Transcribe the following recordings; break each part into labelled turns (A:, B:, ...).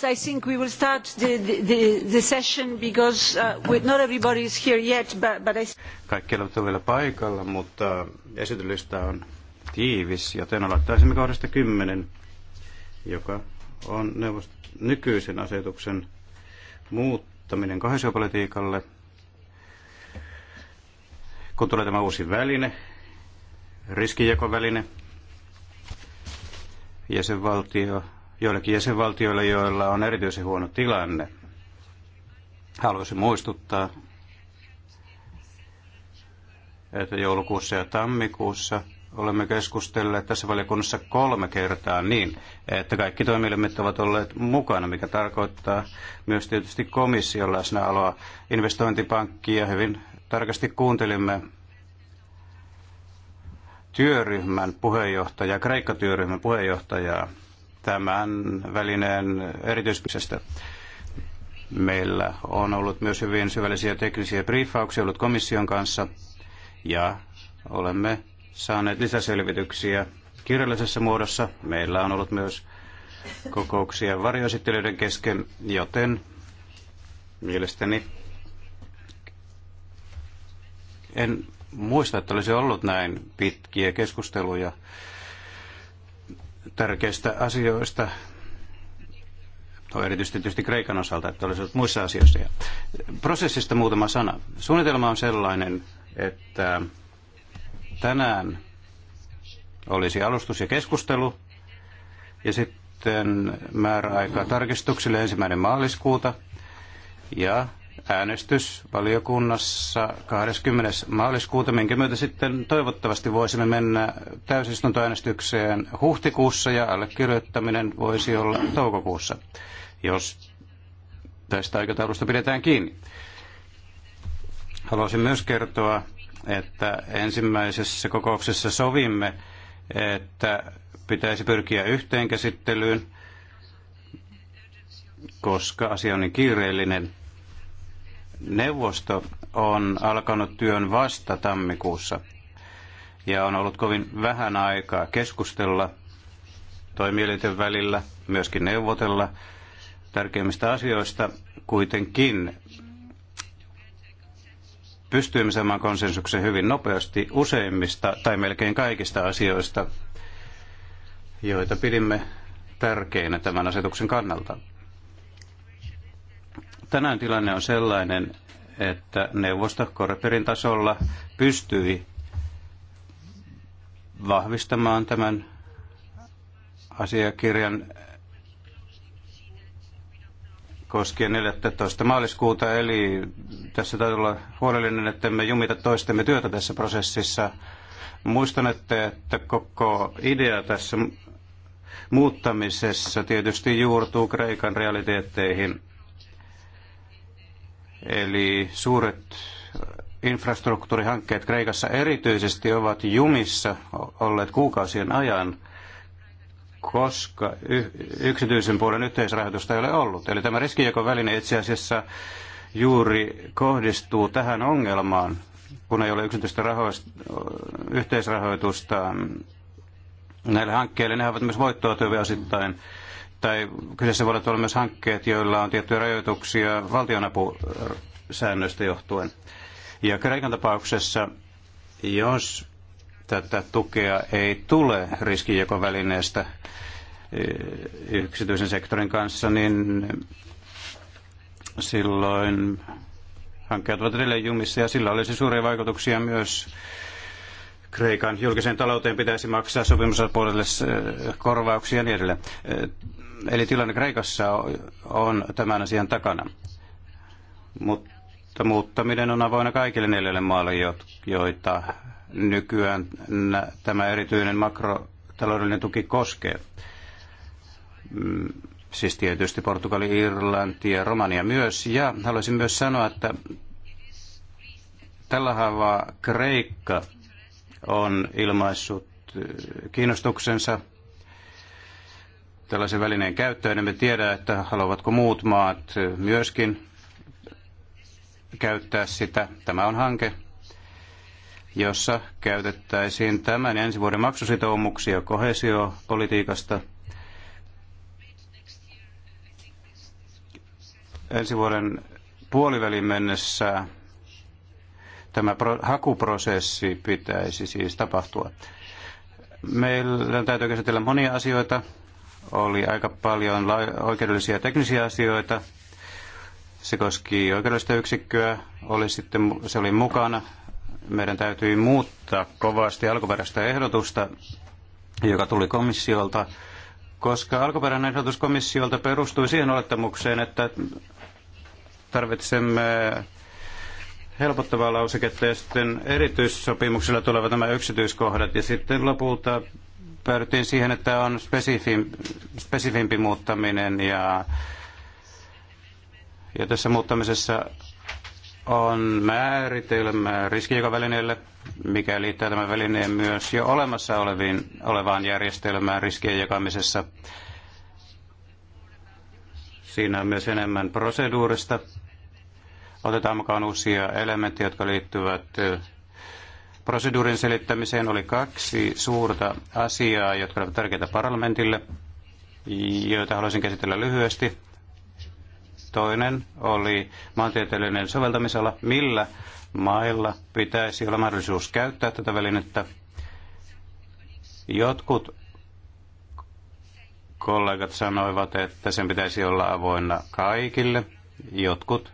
A: colleagues i think we will start the, the, the session because uh, not everybody is here yet but, but I...
B: Kaikki eivät ole vielä paikalla, mutta esitylista on tiivis, joten aloittaisimme kohdasta 10, joka on neuvost- nykyisen asetuksen muuttaminen kohesiopolitiikalle, kun tulee tämä uusi väline, riskijakoväline, jäsenvaltio joillekin jäsenvaltioille, joilla on erityisen huono tilanne. Haluaisin muistuttaa, että joulukuussa ja tammikuussa olemme keskustelleet tässä valiokunnassa kolme kertaa niin, että kaikki toimielimet ovat olleet mukana, mikä tarkoittaa myös tietysti komission läsnäoloa investointipankkia. Hyvin tarkasti kuuntelimme työryhmän puheenjohtajaa, Kreikka-työryhmän puheenjohtajaa, tämän välineen erityispisestä. Meillä on ollut myös hyvin syvällisiä teknisiä briefauksia ollut komission kanssa ja olemme saaneet lisäselvityksiä kirjallisessa muodossa. Meillä on ollut myös kokouksia varjoesittelyiden kesken, joten mielestäni en muista, että olisi ollut näin pitkiä keskusteluja tärkeistä asioista, erityisesti tietysti Kreikan osalta, että olisi muissa asioissa. Ja prosessista muutama sana. Suunnitelma on sellainen, että tänään olisi alustus ja keskustelu, ja sitten määräaika tarkistuksille ensimmäinen maaliskuuta, ja äänestys valiokunnassa 20. maaliskuuta, minkä myötä sitten toivottavasti voisimme mennä täysistuntoäänestykseen huhtikuussa ja allekirjoittaminen voisi olla toukokuussa, jos tästä aikataulusta pidetään kiinni. Haluaisin myös kertoa, että ensimmäisessä kokouksessa sovimme, että pitäisi pyrkiä yhteen käsittelyyn, koska asia on niin kiireellinen – Neuvosto on alkanut työn vasta tammikuussa ja on ollut kovin vähän aikaa keskustella toimielinten välillä, myöskin neuvotella tärkeimmistä asioista. Kuitenkin pystyimme saamaan konsensuksen hyvin nopeasti useimmista tai melkein kaikista asioista, joita pidimme tärkeinä tämän asetuksen kannalta. Tänään tilanne on sellainen, että neuvosto Koreperin tasolla pystyi vahvistamaan tämän asiakirjan koskien 14. maaliskuuta, eli tässä täytyy olla huolellinen, että me jumita toistemme työtä tässä prosessissa. Muistan, että, että koko idea tässä muuttamisessa tietysti juurtuu Kreikan realiteetteihin – Eli suuret äh, infrastruktuurihankkeet Kreikassa erityisesti ovat jumissa olleet kuukausien ajan, koska yksityisen puolen yhteisrahoitusta ei ole ollut. Eli tämä riskijakoväline itse asiassa juuri kohdistuu tähän ongelmaan, kun ei ole yksityistä rahoista, yhteisrahoitusta näille hankkeille. Ne ovat myös voittoa osittain tai kyseessä voivat olla myös hankkeet, joilla on tiettyjä rajoituksia valtionapusäännöistä johtuen. Ja Kreikan tapauksessa, jos tätä tukea ei tule välineestä eh, yksityisen sektorin kanssa, niin silloin hankkeet ovat edelleen jumissa ja sillä olisi suuria vaikutuksia myös Kreikan julkiseen talouteen pitäisi maksaa sopimusosapuolelle eh, korvauksia ja niin edelleen. Eh, Eli tilanne Kreikassa on tämän asian takana. Mutta muuttaminen on avoinna kaikille neljälle maalle, joita nykyään tämä erityinen makrotaloudellinen tuki koskee. Mm, siis tietysti Portugali, Irlanti ja Romania myös. Ja haluaisin myös sanoa, että tällä haavaa Kreikka on ilmaissut kiinnostuksensa – tällaisen välineen käyttöön. Emme tiedä, että haluavatko muut maat myöskin käyttää sitä. Tämä on hanke, jossa käytettäisiin tämän ensi vuoden maksusitoumuksia kohesiopolitiikasta. Ensi vuoden puolivälin mennessä tämä hakuprosessi pitäisi siis tapahtua. Meillä täytyy käsitellä monia asioita oli aika paljon oikeudellisia ja teknisiä asioita. Se koski oikeudellista yksikköä, oli sitten, se oli mukana. Meidän täytyi muuttaa kovasti alkuperäistä ehdotusta, joka tuli komissiolta, koska alkuperäinen ehdotus komissiolta perustui siihen olettamukseen, että tarvitsemme helpottavaa lauseketta ja sitten erityissopimuksilla tulevat nämä yksityiskohdat ja sitten lopulta päädyttiin siihen, että on spesifim, spesifimpi muuttaminen ja, ja tässä muuttamisessa on määritelmä riskijakovälineelle, mikä liittää tämän välineen myös jo olemassa oleviin, olevaan järjestelmään riskien jakamisessa. Siinä on myös enemmän proseduurista. Otetaan mukaan uusia elementtejä, jotka liittyvät Proseduurin selittämiseen oli kaksi suurta asiaa, jotka ovat tärkeitä parlamentille, joita haluaisin käsitellä lyhyesti. Toinen oli maantieteellinen soveltamisala, millä mailla pitäisi olla mahdollisuus käyttää tätä välinettä. Jotkut kollegat sanoivat, että sen pitäisi olla avoinna kaikille. Jotkut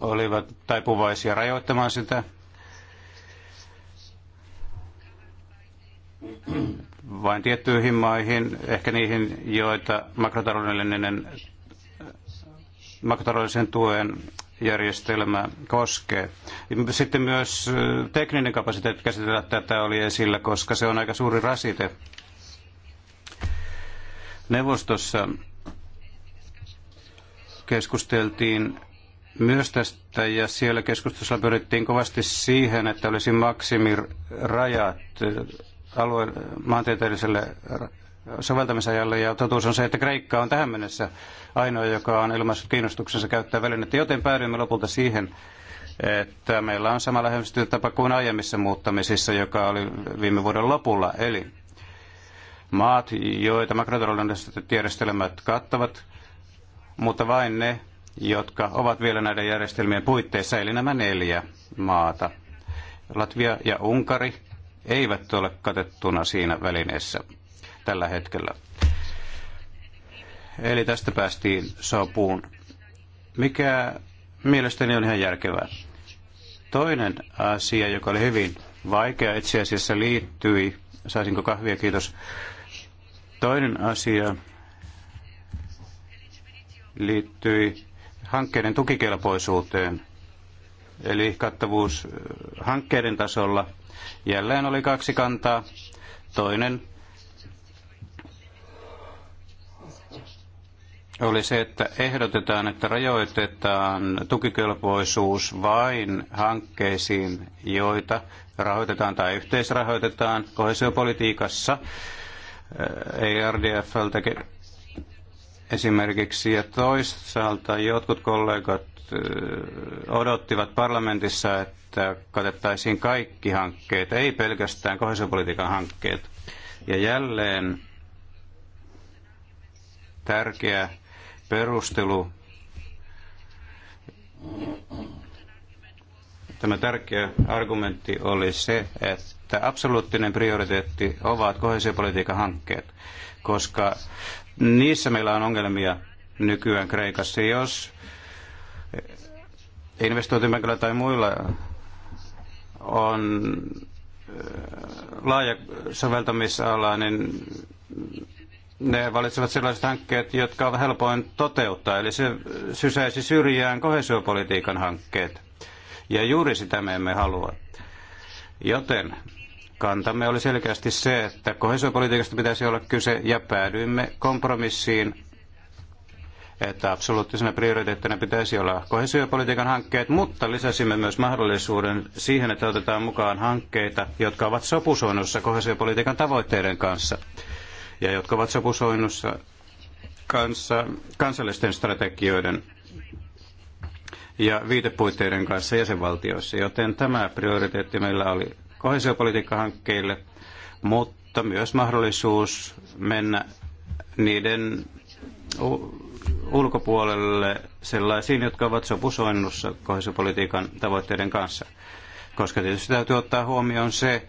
B: olivat taipuvaisia rajoittamaan sitä. vain tiettyihin maihin, ehkä niihin, joita makrotaloudellinen makrotaloudellisen tuen järjestelmä koskee. Sitten myös tekninen kapasiteetti käsitellä tätä oli esillä, koska se on aika suuri rasite. Neuvostossa keskusteltiin myös tästä ja siellä keskustelussa pyrittiin kovasti siihen, että olisi maksimirajat alue, maantieteelliselle soveltamisajalle ja totuus on se, että Kreikka on tähän mennessä ainoa, joka on ilmaissut kiinnostuksensa käyttää välinettä, joten päädyimme lopulta siihen, että meillä on sama lähestymistapa kuin aiemmissa muuttamisissa, joka oli viime vuoden lopulla. Eli maat, joita makrotaloudelliset järjestelmät kattavat, mutta vain ne, jotka ovat vielä näiden järjestelmien puitteissa, eli nämä neljä maata. Latvia ja Unkari eivät ole katettuna siinä välineessä tällä hetkellä. Eli tästä päästiin sopuun, mikä mielestäni on ihan järkevää. Toinen asia, joka oli hyvin vaikea itse asiassa liittyi, saisinko kahvia, kiitos. Toinen asia liittyi hankkeiden tukikelpoisuuteen, eli kattavuus eh, hankkeiden tasolla – Jälleen oli kaksi kantaa. Toinen oli se, että ehdotetaan, että rajoitetaan tukikelpoisuus vain hankkeisiin, joita rahoitetaan tai yhteisrahoitetaan kohesiopolitiikassa, ei RDFltä esimerkiksi. Ja toisaalta jotkut kollegat odottivat parlamentissa, että katettaisiin kaikki hankkeet, ei pelkästään kohesiopolitiikan hankkeet. Ja jälleen tärkeä perustelu, tämä tärkeä argumentti oli se, että absoluuttinen prioriteetti ovat kohesiopolitiikan hankkeet, koska niissä meillä on ongelmia nykyään Kreikassa. Jos investointipankilla tai muilla on äh, laaja soveltamisala, niin ne valitsevat sellaiset hankkeet, jotka ovat helpoin toteuttaa, eli se sysäisi syrjään kohesiopolitiikan hankkeet. Ja juuri sitä me emme halua. Joten kantamme oli selkeästi se, että kohesiopolitiikasta pitäisi olla kyse ja päädyimme kompromissiin että absoluuttisena prioriteettina pitäisi olla kohesiopolitiikan hankkeet, mutta lisäsimme myös mahdollisuuden siihen, että otetaan mukaan hankkeita, jotka ovat sopusoinnussa kohesiopolitiikan tavoitteiden kanssa ja jotka ovat sopusoinnussa kanssa, kansallisten strategioiden ja viitepuitteiden kanssa jäsenvaltioissa, joten tämä prioriteetti meillä oli kohesiopolitiikkahankkeille, mutta myös mahdollisuus mennä niiden ulkopuolelle sellaisiin, jotka ovat sopusoinnussa kohesiopolitiikan tavoitteiden kanssa. Koska tietysti täytyy ottaa huomioon se,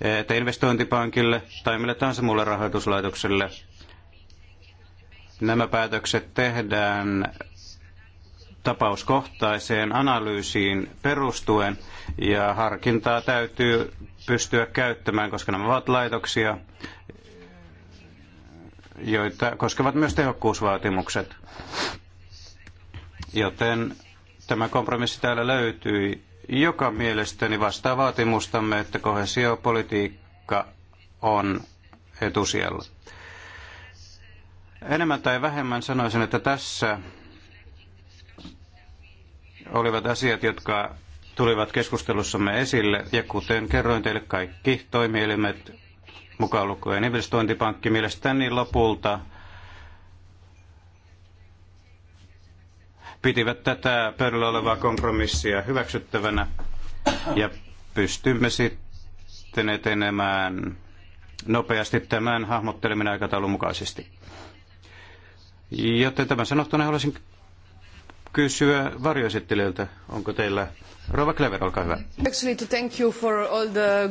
B: että investointipankille tai mille tahansa muulle rahoituslaitokselle nämä päätökset tehdään tapauskohtaiseen analyysiin perustuen ja harkintaa täytyy pystyä käyttämään, koska nämä ovat laitoksia, joita koskevat myös tehokkuusvaatimukset. Joten tämä kompromissi täällä löytyi, joka mielestäni vastaa vaatimustamme, että kohesiopolitiikka on etusijalla. Enemmän tai vähemmän sanoisin, että tässä olivat asiat, jotka tulivat keskustelussamme esille, ja kuten kerroin teille, kaikki toimielimet mukaan lukien investointipankki, mielestäni lopulta pitivät tätä pöydällä olevaa kompromissia hyväksyttävänä ja pystymme sitten etenemään nopeasti tämän hahmottelemin aikataulun mukaisesti. Joten tämän sanottuna haluaisin kysyä varjoesittelijöiltä, onko teillä... Rova Klever, olkaa hyvä.
C: Actually, to thank you for all the...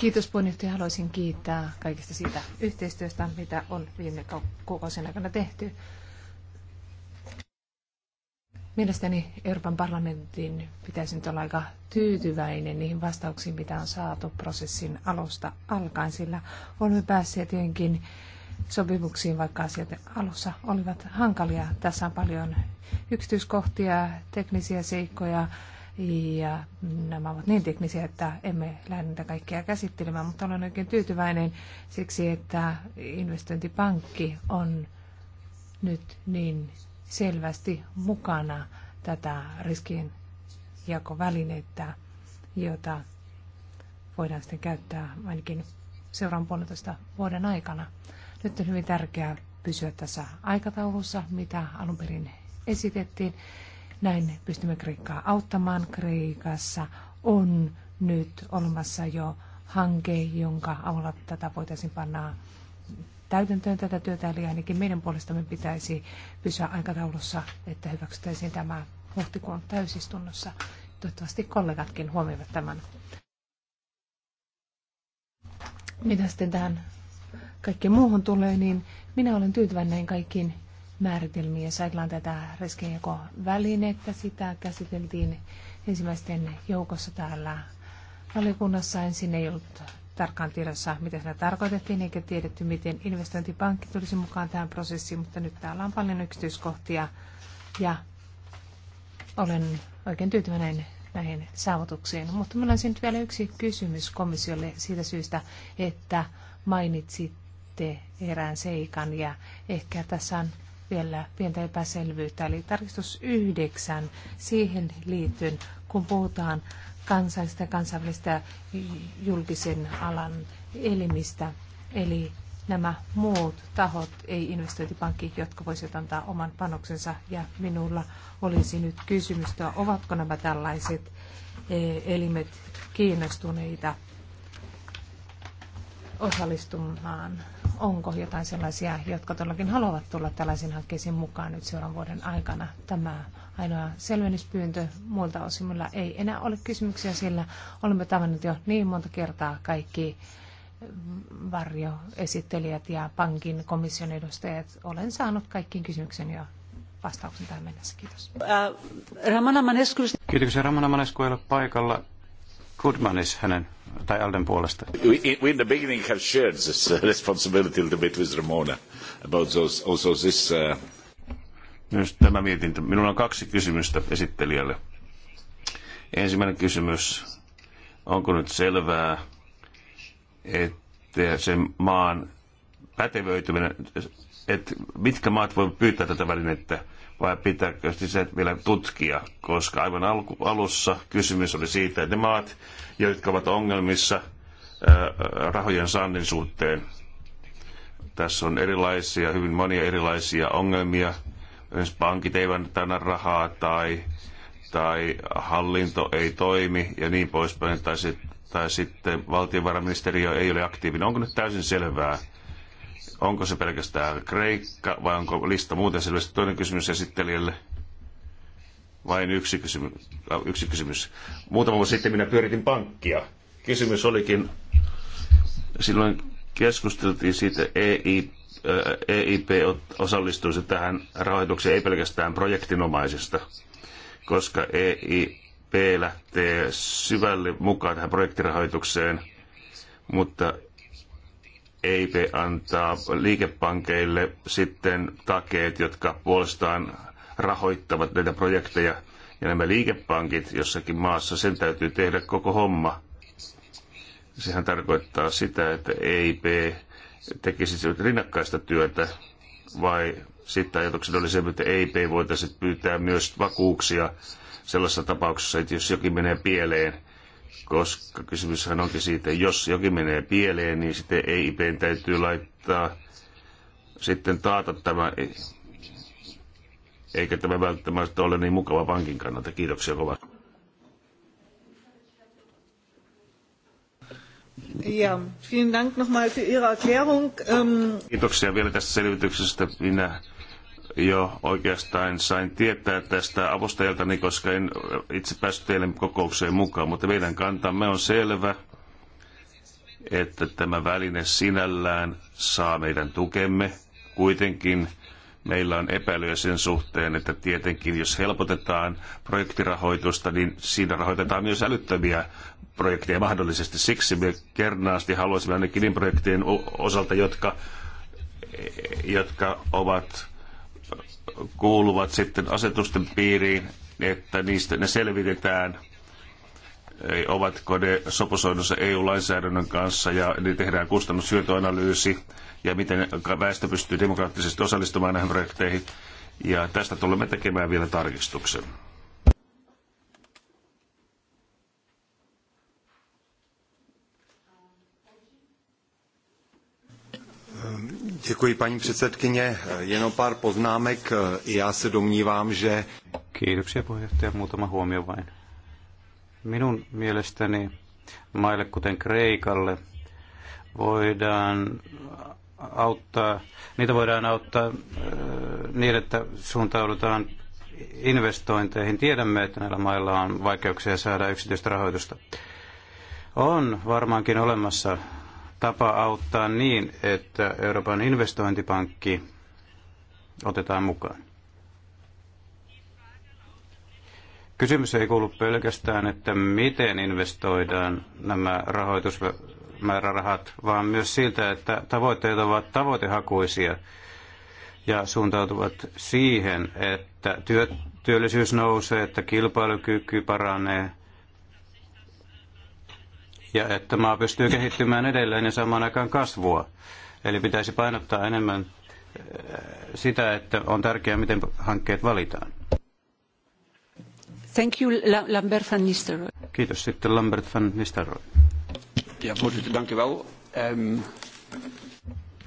C: Kiitos puheenjohtaja. Haluaisin kiittää kaikesta siitä yhteistyöstä, mitä on viime kuukausien aikana tehty. Mielestäni Euroopan parlamentin pitäisi nyt olla aika tyytyväinen niihin vastauksiin, mitä on saatu prosessin alusta alkaen, sillä olemme päässeet jotenkin sopimuksiin, vaikka asiat alussa olivat hankalia. Tässä on paljon yksityiskohtia, teknisiä seikkoja ja nämä ovat niin teknisiä, että emme lähde niitä kaikkia käsittelemään, mutta olen oikein tyytyväinen siksi, että investointipankki on nyt niin selvästi mukana tätä riskien jakovälinettä, jota voidaan sitten käyttää ainakin seuraavan puolentoista vuoden aikana. Nyt on hyvin tärkeää pysyä tässä aikataulussa, mitä alun perin esitettiin. Näin pystymme Kreikkaa auttamaan. Kreikassa on nyt olemassa jo hanke, jonka avulla tätä voitaisiin panna täytäntöön tätä työtä, eli ainakin meidän puolestamme pitäisi pysyä aikataulussa, että hyväksyttäisiin tämä huhtikuun täysistunnossa. Toivottavasti kollegatkin huomioivat tämän. Mitä sitten tähän kaikkeen muuhun tulee, niin minä olen tyytyväinen näihin kaikkiin määritelmiin. Jos ajatellaan tätä riskinjakovälinettä, sitä käsiteltiin ensimmäisten joukossa täällä valiokunnassa. Ensin ei ollut tarkkaan tiedossa, mitä sitä tarkoitettiin, eikä tiedetty, miten investointipankki tulisi mukaan tähän prosessiin, mutta nyt täällä on paljon yksityiskohtia ja olen oikein tyytyväinen näihin saavutuksiin. Mutta minulla on nyt vielä yksi kysymys komissiolle siitä syystä, että mainitsit sitten erään seikan ja ehkä tässä on vielä pientä epäselvyyttä. Eli tarkistus yhdeksän siihen liittyen, kun puhutaan kansallisista ja kansainvälistä julkisen alan elimistä, eli nämä muut tahot, ei investointipankki, jotka voisivat antaa oman panoksensa. Ja minulla olisi nyt kysymys, ovatko nämä tällaiset e, elimet kiinnostuneita osallistumaan onko jotain sellaisia, jotka todellakin haluavat tulla tällaisiin hankkeisiin mukaan nyt seuraavan vuoden aikana. Tämä ainoa selvennyspyyntö muilta osin meillä ei enää ole kysymyksiä, sillä olemme tavanneet jo niin monta kertaa kaikki varjoesittelijät ja pankin komission edustajat. Olen saanut kaikkiin kysymyksen jo vastauksen tähän mennessä. Kiitos.
A: Äh, Ramana Manesku
B: Kiitoksia. Ramana Manescu ei ole paikalla. Goodmanis hänen
D: tai Alden puolesta. We, in the beginning have shared this uh, responsibility a little bit with Ramona about those, also this... Uh... Myös tämä mietintö. Minulla on kaksi kysymystä esittelijälle. Ensimmäinen kysymys. Onko nyt selvää, että sen maan pätevöityminen, että mitkä maat voivat pyytää tätä välinettä? vai pitääkö se vielä tutkia, koska aivan alku, alussa kysymys oli siitä, että ne maat, jotka ovat ongelmissa ää, rahojen saannin suhteen, tässä on erilaisia, hyvin monia erilaisia ongelmia, myös pankit eivät anna rahaa tai, tai hallinto ei toimi ja niin poispäin, tai, sit, tai sitten valtiovarainministeriö ei ole aktiivinen. Onko nyt täysin selvää, Onko se pelkästään Kreikka vai onko lista muuten selvästi toinen kysymys esittelijälle? Vain yksi kysymys. Äh, yksi kysymys. Muutama vuosi sitten minä pyöritin pankkia. Kysymys olikin, silloin keskusteltiin siitä Ei e EIP äh, e osallistuisi tähän rahoitukseen ei pelkästään projektinomaisesta, koska EIP lähtee syvälle mukaan tähän projektirahoitukseen, mutta EIP antaa liikepankeille sitten takeet, jotka puolestaan rahoittavat näitä projekteja. Ja nämä liikepankit jossakin maassa, sen täytyy tehdä koko homma. Sehän tarkoittaa sitä, että EIP tekisi rinnakkaista työtä, vai sitten ajatuksena oli se, että EIP voitaisiin pyytää myös vakuuksia sellaisessa tapauksessa, että jos jokin menee pieleen, koska kysymyshän onkin siitä, että jos jokin menee pieleen, niin sitten EIP täytyy laittaa, sitten taata tämä, eikä tämä välttämättä ole niin mukava pankin kannalta. Kiitoksia kovasti.
A: Ja, vielen Dank nochmal für Ihre Erklärung. Ähm,
D: Kiitoksia vielä tästä selvityksestä. Minä jo oikeastaan sain tietää tästä avustajaltani, koska en itse päässyt teille kokoukseen mukaan, mutta meidän kantamme on selvä, että tämä väline sinällään saa meidän tukemme. Kuitenkin meillä on epäilyä sen suhteen, että tietenkin jos helpotetaan projektirahoitusta, niin siinä rahoitetaan myös älyttömiä projekteja mahdollisesti. Siksi me kernaasti haluaisimme ainakin niin projektien osalta, jotka, jotka ovat kuuluvat sitten asetusten piiriin, että niistä ne selvitetään, ovatko ne sopusoinnussa EU-lainsäädännön kanssa ja ne tehdään kustannushyötyanalyysi ja miten väestö pystyy demokraattisesti osallistumaan näihin projekteihin. Ja tästä tulemme tekemään vielä tarkistuksen. Děkuji, paní
B: předsedkyně. Jenom pár poznámek. I já se domnívám, že... Kiitoksia puheenjohtaja. Muutama huomio vain. Minun mielestäni maille kuten Kreikalle voidaan auttaa, niitä voidaan auttaa äh, niin, että suuntaudutaan investointeihin. Tiedämme, että näillä mailla on vaikeuksia saada yksityistä rahoitusta. On varmaankin olemassa tapa auttaa niin, että Euroopan investointipankki otetaan mukaan. Kysymys ei kuulu pelkästään, että miten investoidaan nämä rahoitusmäärärahat, vaan myös siltä, että tavoitteet ovat tavoitehakuisia ja suuntautuvat siihen, että työ, työllisyys nousee, että kilpailukyky paranee – ja että maa pystyy kehittymään edelleen ja samaan aikaan kasvua. Eli pitäisi painottaa enemmän eh, sitä, että on tärkeää, miten hankkeet valitaan.
A: Thank you, Lambert van Nistelrooy.
B: Kiitos. Sitten Lambert van Nistelrooy.
E: Ja, voorzitter, dank u wel. Um...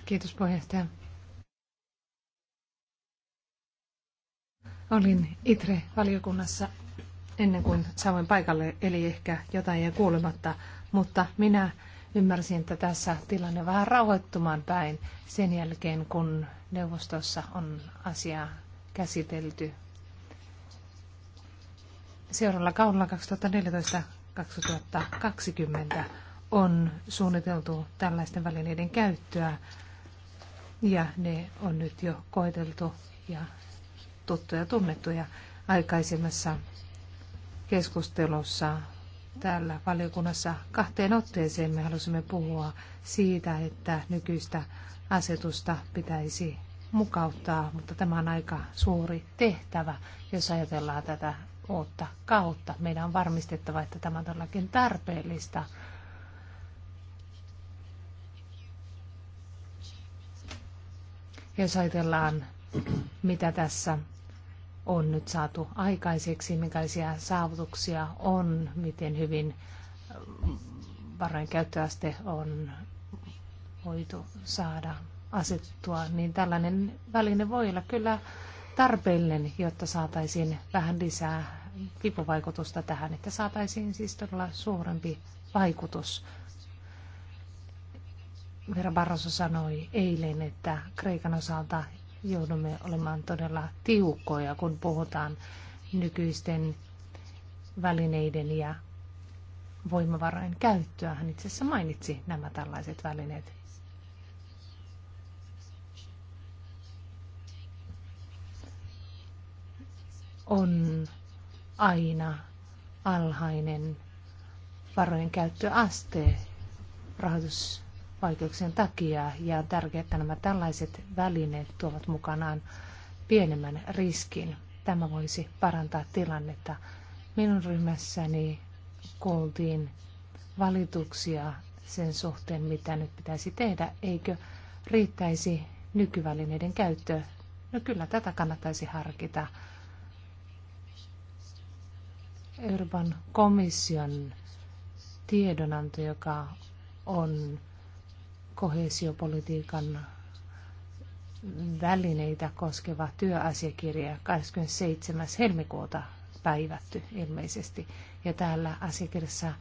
C: Kiitos puheenjohtaja. Olin ITRE-valiokunnassa ennen kuin saavuin paikalle, eli ehkä jotain ei kuulematta mutta minä ymmärsin, että tässä tilanne vähän rauhoittumaan päin sen jälkeen, kun neuvostossa on asiaa käsitelty seuraavalla kaudella 2014-2020 on suunniteltu tällaisten välineiden käyttöä ja ne on nyt jo koeteltu ja tuttuja tunnettuja aikaisemmassa keskustelussa täällä valiokunnassa kahteen otteeseen me halusimme puhua siitä, että nykyistä asetusta pitäisi mukauttaa, mutta tämä on aika suuri tehtävä, jos ajatellaan tätä uutta kautta. Meidän on varmistettava, että tämä on todellakin tarpeellista. Jos ajatellaan, mitä tässä on nyt saatu aikaiseksi, minkälaisia saavutuksia on, miten hyvin varojen käyttöaste on voitu saada asettua, niin tällainen väline voi olla kyllä tarpeellinen, jotta saataisiin vähän lisää kipuvaikutusta tähän, että saataisiin siis todella suurempi vaikutus. Vera Barroso sanoi eilen, että Kreikan osalta joudumme olemaan todella tiukkoja, kun puhutaan nykyisten välineiden ja voimavarojen käyttöä. Hän itse asiassa mainitsi nämä tällaiset välineet. On aina alhainen varojen käyttöaste rahoitus vaikeuksien takia ja on tärkeää, että nämä tällaiset välineet tuovat mukanaan pienemmän riskin. Tämä voisi parantaa tilannetta. Minun ryhmässäni kuultiin valituksia sen suhteen, mitä nyt pitäisi tehdä. Eikö riittäisi nykyvälineiden käyttö? No kyllä, tätä kannattaisi harkita. Euroopan komission tiedonanto, joka on kohesiopolitiikan välineitä koskeva työasiakirja 27. helmikuuta päivätty ilmeisesti. Ja täällä asiakirjassa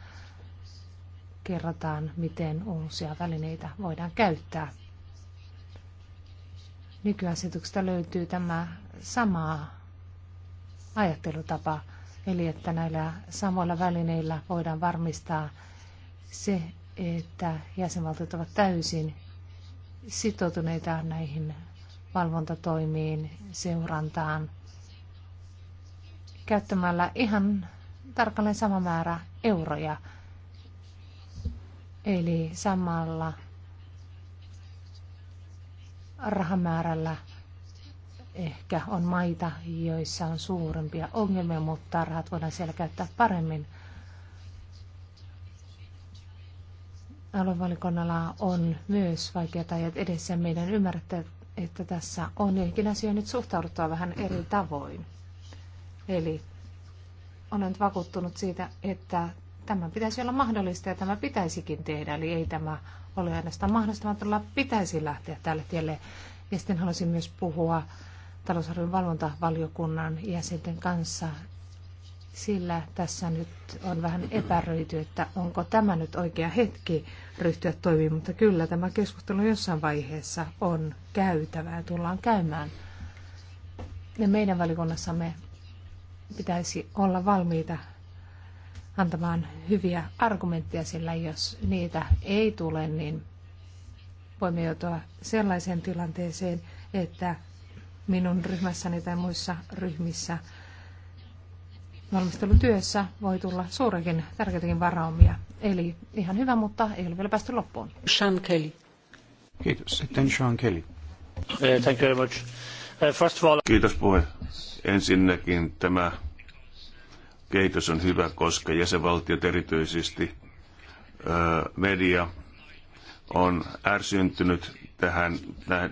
C: kerrotaan, miten uusia välineitä voidaan käyttää. Nykyasetuksesta löytyy tämä sama ajattelutapa, eli että näillä samoilla välineillä voidaan varmistaa se, että jäsenvaltiot ovat täysin sitoutuneita näihin valvontatoimiin, seurantaan, käyttämällä ihan tarkalleen sama määrä euroja. Eli samalla rahamäärällä ehkä on maita, joissa on suurempia ongelmia, mutta rahat voidaan siellä käyttää paremmin – aluevalikonnalla on myös vaikeat ajat edessä. Meidän ymmärrätte, että tässä on joihinkin asioihin nyt suhtauduttua vähän eri tavoin. Eli olen nyt vakuuttunut siitä, että tämä pitäisi olla mahdollista ja tämä pitäisikin tehdä. Eli ei tämä ole ainoastaan mahdollista, vaan todella pitäisi lähteä tälle tielle. Ja sitten haluaisin myös puhua talousarvion valvontavaliokunnan jäsenten kanssa sillä tässä nyt on vähän epäröity, että onko tämä nyt oikea hetki ryhtyä toimimaan, mutta kyllä tämä keskustelu jossain vaiheessa on käytävä ja tullaan käymään. Ja meidän valikunnassamme pitäisi olla valmiita antamaan hyviä argumentteja, sillä jos niitä ei tule, niin voimme joutua sellaiseen tilanteeseen, että minun ryhmässäni tai muissa ryhmissä – valmistelutyössä voi tulla suurikin tärkeitäkin varaumia. Eli ihan hyvä, mutta ei ole vielä päästy loppuun.
A: Sean Kelly.
B: Kiitos. Sitten Sean Kelly.
D: Eh, thank you very much. Eh, first of all... Kiitos puhe. Ensinnäkin tämä keitos on hyvä, koska jäsenvaltiot erityisesti media on ärsyntynyt tähän,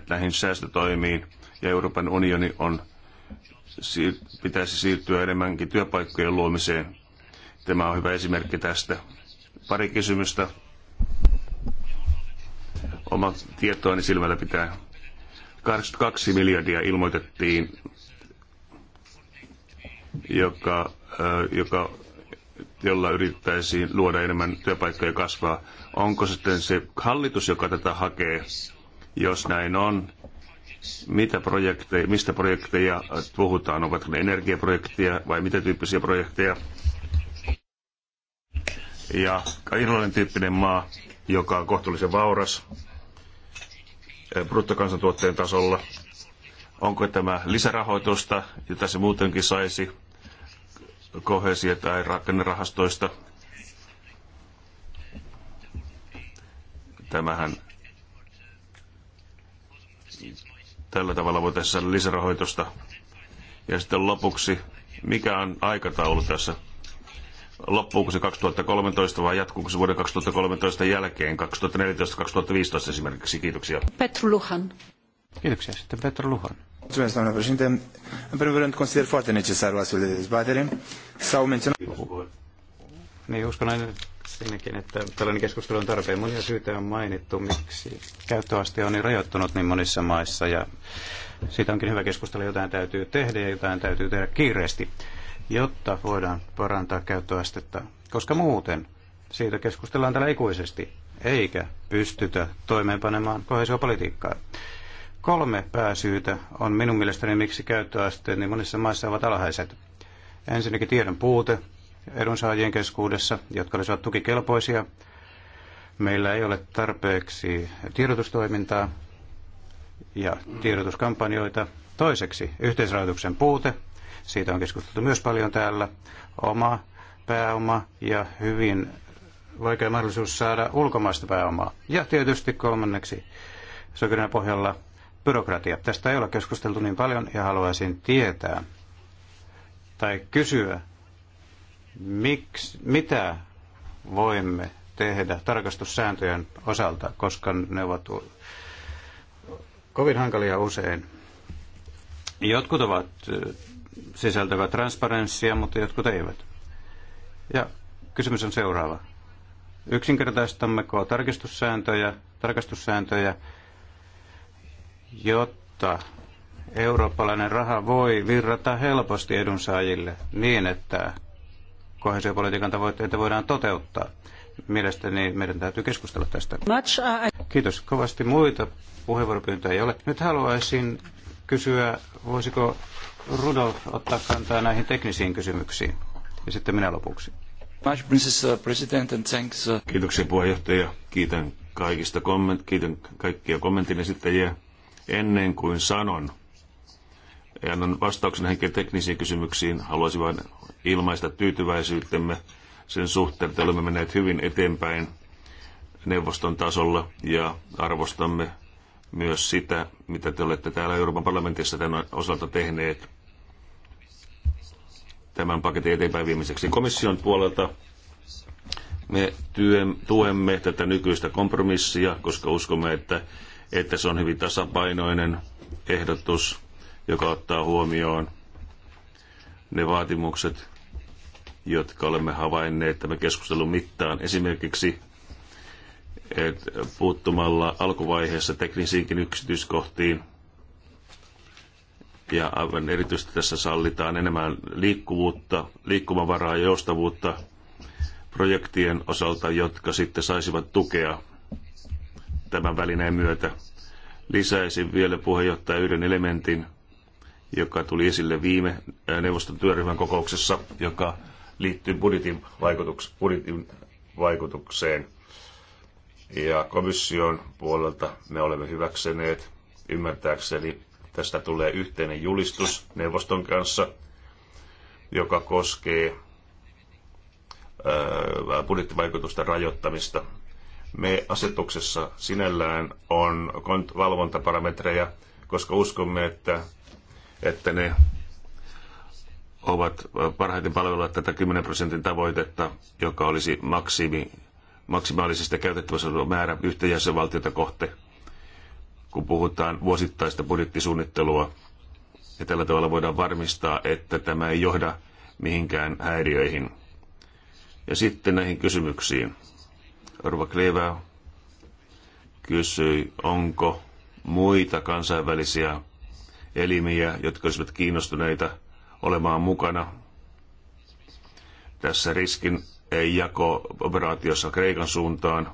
D: näihin säästötoimiin ja Euroopan unioni on siir- pitäisi siirtyä enemmänkin työpaikkojen luomiseen. Tämä on hyvä esimerkki tästä. Pari kysymystä oma tietoani silmällä pitää. 82 miljardia ilmoitettiin, joka, joka, jolla yrittäisiin luoda enemmän työpaikkoja kasvaa. Onko sitten se hallitus, joka tätä hakee? Jos näin on, mitä projekteja, mistä projekteja äh, puhutaan, ovatko ne energiaprojekteja vai mitä tyyppisiä projekteja. Ja Irlannin tyyppinen maa, joka on kohtuullisen vauras äh, bruttokansantuotteen tasolla. Onko tämä lisärahoitusta, jota se muutenkin saisi kohesia tai rakennerahastoista? Tämähän Tällä tavalla voitaisiin saada lisärahoitusta. Ja sitten lopuksi, mikä on aikataulu tässä? Loppuuko se 2013 vai jatkuuko se vuoden 2013 jälkeen, 2014-2015 esimerkiksi? Kiitoksia.
A: Petru Luhan. Kiitoksia. Sitten
B: Petru Luhan. Mulțumesc, doamnă
D: președinte. În primul rând, consider foarte necesar o astfel de dezbatere.
B: S-au menționat... Sinnekin, että tällainen keskustelu on tarpeen. Monia syitä on mainittu, miksi käyttöaste on niin rajoittunut niin monissa maissa ja siitä onkin hyvä keskustella, jotain täytyy tehdä ja jotain täytyy tehdä kiireesti, jotta voidaan parantaa käyttöastetta, koska muuten siitä keskustellaan täällä ikuisesti, eikä pystytä toimeenpanemaan kohesiopolitiikkaa. Kolme pääsyytä on minun mielestäni, miksi käyttöasteet niin monissa maissa ovat alhaiset. Ensinnäkin tiedon puute, edunsaajien keskuudessa, jotka olisivat tukikelpoisia. Meillä ei ole tarpeeksi tiedotustoimintaa ja tiedotuskampanjoita. Toiseksi yhteisrahoituksen puute. Siitä on keskusteltu myös paljon täällä. Oma pääoma ja hyvin vaikea mahdollisuus saada ulkomaista pääomaa. Ja tietysti kolmanneksi sokerina pohjalla byrokratia. Tästä ei ole keskusteltu niin paljon ja haluaisin tietää tai kysyä miksi, mitä voimme tehdä tarkastussääntöjen osalta, koska ne ovat kovin hankalia usein. Jotkut ovat sisältävät transparenssia, mutta jotkut eivät. Ja kysymys on seuraava. Yksinkertaistammeko tarkistussääntöjä, tarkastussääntöjä, jotta eurooppalainen raha voi virrata helposti edunsaajille niin, että kohesiopolitiikan tavoitteita voidaan toteuttaa. Mielestäni meidän täytyy keskustella tästä. Uh, Kiitos kovasti. Muita puheenvuoropyyntöjä ei ole. Nyt haluaisin kysyä, voisiko Rudolf ottaa kantaa näihin teknisiin kysymyksiin.
D: Ja sitten minä lopuksi. Uh, uh, Kiitoksia puheenjohtaja. Kiitän kaikista komment- kiitän kaikkia kommentin esittäjiä. Ennen kuin sanon annan vastauksen näihin teknisiin kysymyksiin. Haluaisin vain ilmaista tyytyväisyytemme sen suhteen, että olemme menneet hyvin eteenpäin neuvoston tasolla ja arvostamme myös sitä, mitä te olette täällä Euroopan parlamentissa tämän osalta tehneet tämän paketin eteenpäin viimeiseksi. Komission puolelta me tuemme tätä nykyistä kompromissia, koska uskomme, että, että se on hyvin tasapainoinen ehdotus joka ottaa huomioon ne vaatimukset, jotka olemme havainneet tämän keskustelun mittaan. Esimerkiksi että puuttumalla alkuvaiheessa teknisiinkin yksityiskohtiin ja aivan erityisesti tässä sallitaan enemmän liikkuvuutta, liikkumavaraa ja joustavuutta projektien osalta, jotka sitten saisivat tukea tämän välineen myötä. Lisäisin vielä puheenjohtaja yhden elementin, joka tuli esille viime äh, neuvoston työryhmän kokouksessa, joka liittyy budjetin, vaikutuks- budjetin vaikutukseen. Ja komission puolelta me olemme hyväksyneet, ymmärtääkseni tästä tulee yhteinen julistus neuvoston kanssa, joka koskee äh, budjettivaikutusten rajoittamista. Me asetuksessa sinällään on valvontaparametreja, koska uskomme, että että ne ovat parhaiten palvella tätä 10 prosentin tavoitetta, joka olisi maksimi, maksimaalisesta käytettävissä oleva määrä yhtä jäsenvaltiota kohti, kun puhutaan vuosittaista budjettisuunnittelua. Ja tällä tavalla voidaan varmistaa, että tämä ei johda mihinkään häiriöihin. Ja sitten näihin kysymyksiin. Orva Kleva kysyi, onko muita kansainvälisiä elimiä, jotka olisivat kiinnostuneita olemaan mukana tässä riskin jako-operaatiossa Kreikan suuntaan.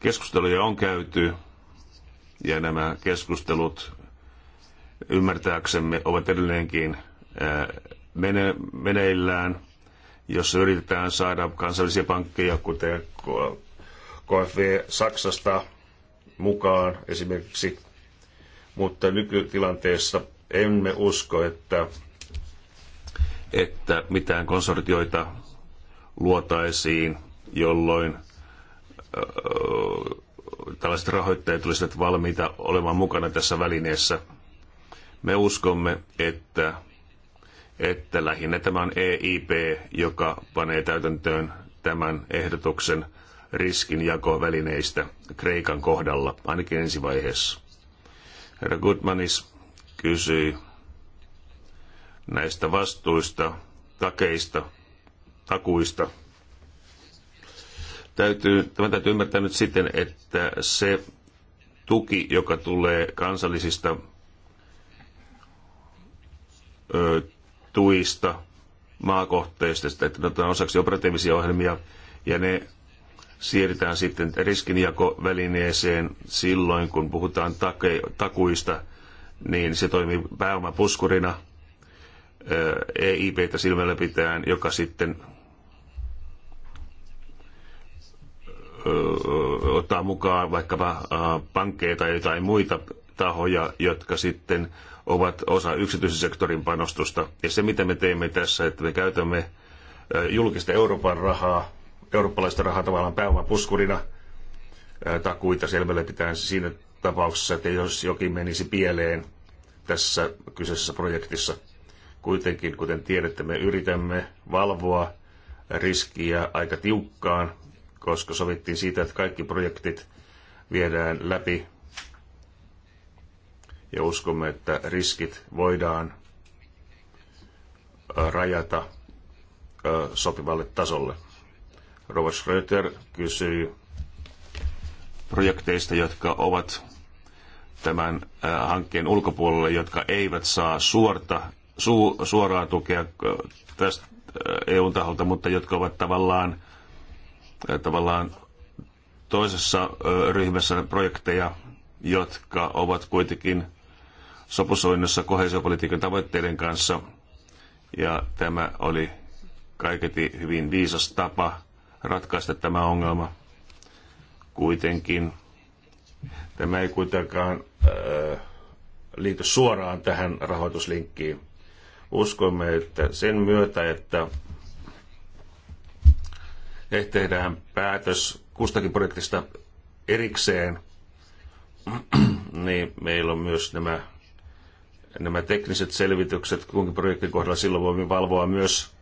D: Keskusteluja on käyty ja nämä keskustelut ymmärtääksemme ovat edelleenkin mene- meneillään, jos yritetään saada kansallisia pankkeja, kuten KFV Saksasta mukaan esimerkiksi mutta nykytilanteessa emme usko, että, että mitään konsortioita luotaisiin, jolloin tällaiset rahoittajat olisivat valmiita olemaan mukana tässä välineessä. Me uskomme, että, että lähinnä tämä on EIP, joka panee täytäntöön tämän ehdotuksen riskinjakovälineistä Kreikan kohdalla, ainakin ensi vaiheessa. Herra Goodmanis kysyi näistä vastuista, takeista, takuista. Täytyy, tämä täytyy ymmärtää nyt siten, että se tuki, joka tulee kansallisista ö, tuista, maakohteista, että ne otetaan osaksi operatiivisia ohjelmia, ja ne siirrytään sitten riskinjakovälineeseen silloin, kun puhutaan takuista, niin se toimii pääomapuskurina EIPtä silmällä pitäen, joka sitten ottaa mukaan vaikkapa pankkeja tai jotain muita tahoja, jotka sitten ovat osa yksityisen sektorin panostusta. Ja se, mitä me teemme tässä, että me käytämme julkista Euroopan rahaa eurooppalaista rahaa tavallaan pääomapuskurina takuita selvälle pitää siinä tapauksessa, että jos jokin menisi pieleen tässä kyseisessä projektissa. Kuitenkin, kuten tiedätte, me yritämme valvoa riskiä aika tiukkaan, koska sovittiin siitä, että kaikki projektit viedään läpi ja uskomme, että riskit voidaan rajata sopivalle tasolle. Robert Schröter kysyi projekteista, jotka ovat tämän äh, hankkeen ulkopuolella, jotka eivät saa suorta, su, suoraa tukea äh, tästä äh, EUn taholta, mutta jotka ovat tavallaan, tavallaan toisessa ryhmässä projekteja, jotka ovat kuitenkin sopusoinnossa kohesiopolitiikan tavoitteiden kanssa. Ja tämä oli kaiketi hyvin viisas tapa ratkaista tämä ongelma. Kuitenkin tämä ei kuitenkaan äh, liity suoraan tähän rahoituslinkkiin. Uskomme, että sen myötä, että eh, tehdään päätös kustakin projektista erikseen, niin meillä on myös nämä, nämä tekniset selvitykset kunkin projektin kohdalla. Silloin voimme valvoa myös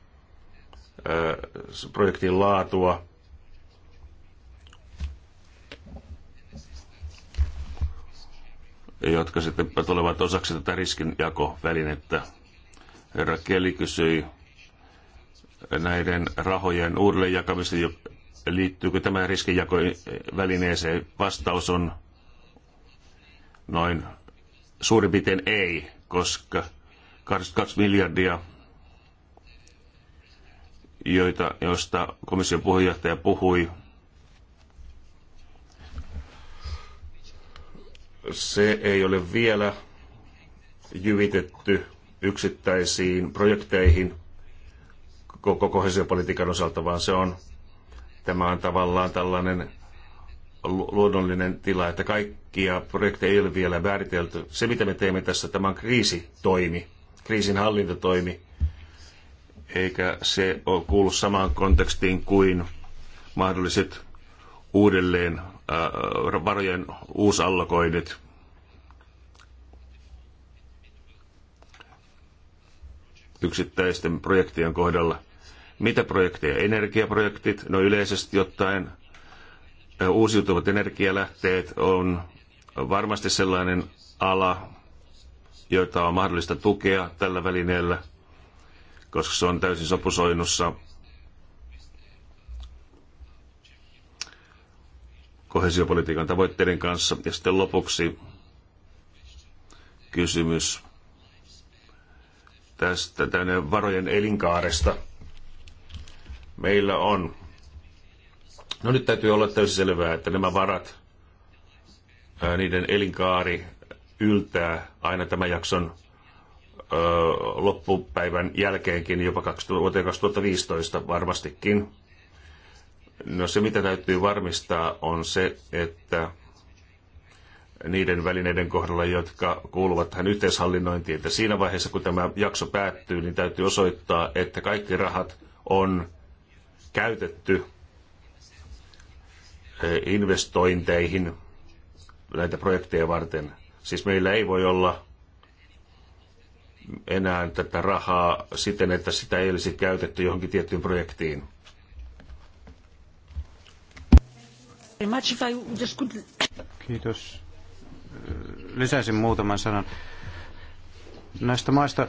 D: projektin laatua. jotka sitten tulevat osaksi tätä riskinjakovälinettä. Herra Keli kysyi näiden rahojen uudelleenjakamista, liittyykö tämä riskinjakovälineeseen. Vastaus on noin suurin piirtein ei, koska 22 miljardia joita, joista komission puheenjohtaja puhui. Se ei ole vielä jyvitetty yksittäisiin projekteihin koko kohesiopolitiikan osalta, vaan se on, tämä on tavallaan tällainen luonnollinen tila, että kaikkia projekteja ei ole vielä määritelty. Se, mitä me teemme tässä, tämä on kriisitoimi, kriisinhallintatoimi, eikä se ole kuulu samaan kontekstiin kuin mahdolliset uudelleen ää, äh, varojen uusallokoinnit. yksittäisten projektien kohdalla. Mitä projekteja? Energiaprojektit, no yleisesti ottaen äh, uusiutuvat energialähteet on varmasti sellainen ala, jota on mahdollista tukea tällä välineellä – koska se on täysin sopusoinnussa kohesiopolitiikan tavoitteiden kanssa. Ja sitten lopuksi kysymys tästä tänne varojen elinkaaresta. Meillä on. No nyt täytyy olla täysin selvää, että nämä varat, niiden elinkaari yltää aina tämän jakson loppupäivän jälkeenkin, jopa vuoteen 2015 varmastikin. No se, mitä täytyy varmistaa, on se, että niiden välineiden kohdalla, jotka kuuluvat tähän yhteishallinnointiin, että siinä vaiheessa, kun tämä jakso päättyy, niin täytyy osoittaa, että kaikki rahat on käytetty investointeihin näitä projekteja varten. Siis meillä ei voi olla enää tätä rahaa siten, että sitä ei olisi käytetty johonkin tiettyyn projektiin.
B: Kiitos. Lisäisin muutaman sanan. Näistä maista,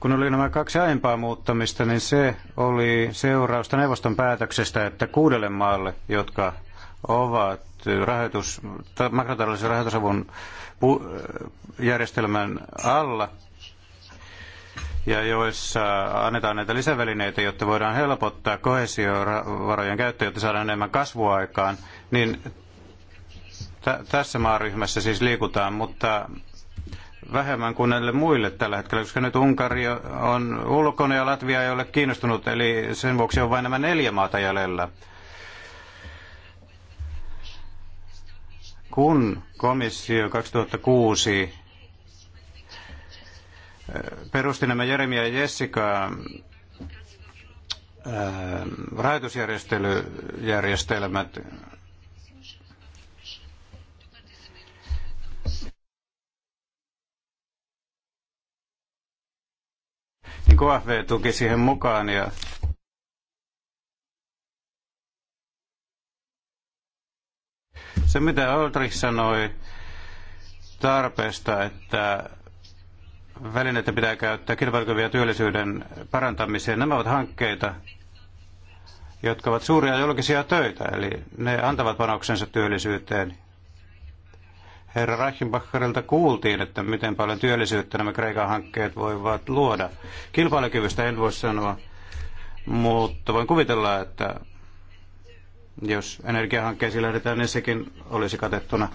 B: kun oli nämä kaksi aiempaa muuttamista, niin se oli seurausta neuvoston päätöksestä, että kuudelle maalle, jotka ovat rahoitus, makrotaloudellisen rahoitusavun järjestelmän alla, ja joissa annetaan näitä lisävälineitä, jotta voidaan helpottaa kohesiovarojen käyttöä, jotta saadaan enemmän kasvua aikaan, niin tässä maaryhmässä siis liikutaan, mutta vähemmän kuin näille muille tällä hetkellä, koska nyt Unkari on ulkona ja Latvia ei ole kiinnostunut, eli sen vuoksi on vain nämä neljä maata jäljellä. Kun komissio 2006 perusti nämä Jeremia ja Jessica rahoitusjärjestelmät niin KFV tuki siihen mukaan ja se mitä Oltrich sanoi tarpeesta, että välineitä pitää käyttää kilpailukyvyn ja työllisyyden parantamiseen. Nämä ovat hankkeita, jotka ovat suuria julkisia töitä, eli ne antavat panoksensa työllisyyteen. Herra Reichenbacherilta kuultiin, että miten paljon työllisyyttä nämä Kreikan hankkeet voivat luoda. Kilpailukyvystä en voi sanoa, mutta voin kuvitella, että jos energiahankkeisiin lähdetään, niin sekin olisi katettuna.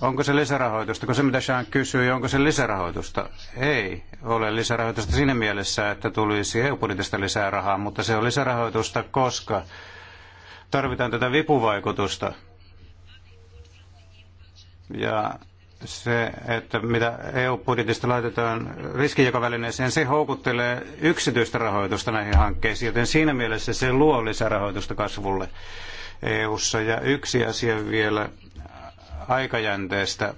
B: Onko se lisärahoitusta? Kun se mitä Sean kysyi, onko se lisärahoitusta? Ei ole lisärahoitusta siinä mielessä, että tulisi EU-budjetista lisää rahaa, mutta se on lisärahoitusta, koska tarvitaan tätä vipuvaikutusta. Ja se, että mitä EU-budjetista laitetaan riskijakovälineeseen, se houkuttelee yksityistä rahoitusta näihin hankkeisiin, joten siinä mielessä se luo lisärahoitusta kasvulle EU-ssa. Ja yksi asia vielä aikajänteestä.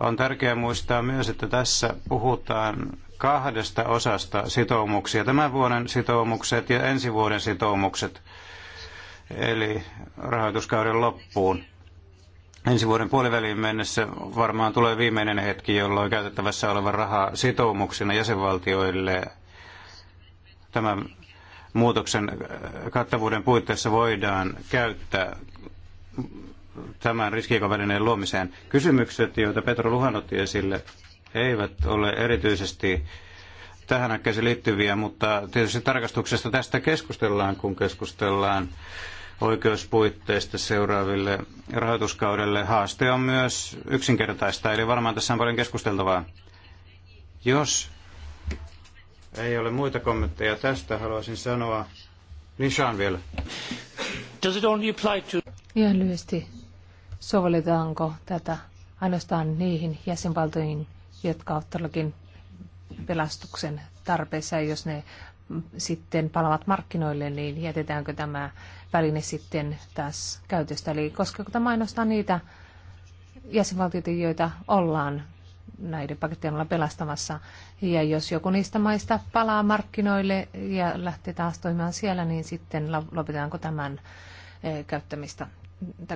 B: On tärkeää muistaa myös, että tässä puhutaan kahdesta osasta sitoumuksia. Tämän vuoden sitoumukset ja ensi vuoden sitoumukset, eli rahoituskauden loppuun. Ensi vuoden puoliväliin mennessä varmaan tulee viimeinen hetki, jolloin käytettävässä oleva raha sitoumuksena jäsenvaltioille tämän muutoksen kattavuuden puitteissa voidaan käyttää tämän riskiekovälineen luomiseen. Kysymykset, joita Petro Luhan otti esille, eivät ole erityisesti tähän hankkeeseen liittyviä, mutta tietysti tarkastuksesta tästä keskustellaan, kun keskustellaan oikeuspuitteista seuraaville rahoituskaudelle. Haaste on myös yksinkertaista, eli varmaan tässä on paljon keskusteltavaa. Jos ei ole muita kommentteja tästä, haluaisin sanoa niin vielä. Does it only apply to...
C: Ihan lyhyesti sovelletaanko tätä ainoastaan niihin jäsenvaltoihin, jotka ovat todellakin pelastuksen tarpeessa, ja jos ne sitten palavat markkinoille, niin jätetäänkö tämä väline sitten taas käytöstä. Eli koskeeko tämä ainoastaan niitä jäsenvaltioita, joita ollaan näiden pakettien pelastamassa. Ja jos joku niistä maista palaa markkinoille ja lähtee taas toimimaan siellä, niin sitten lopetetaanko tämän eh, käyttämistä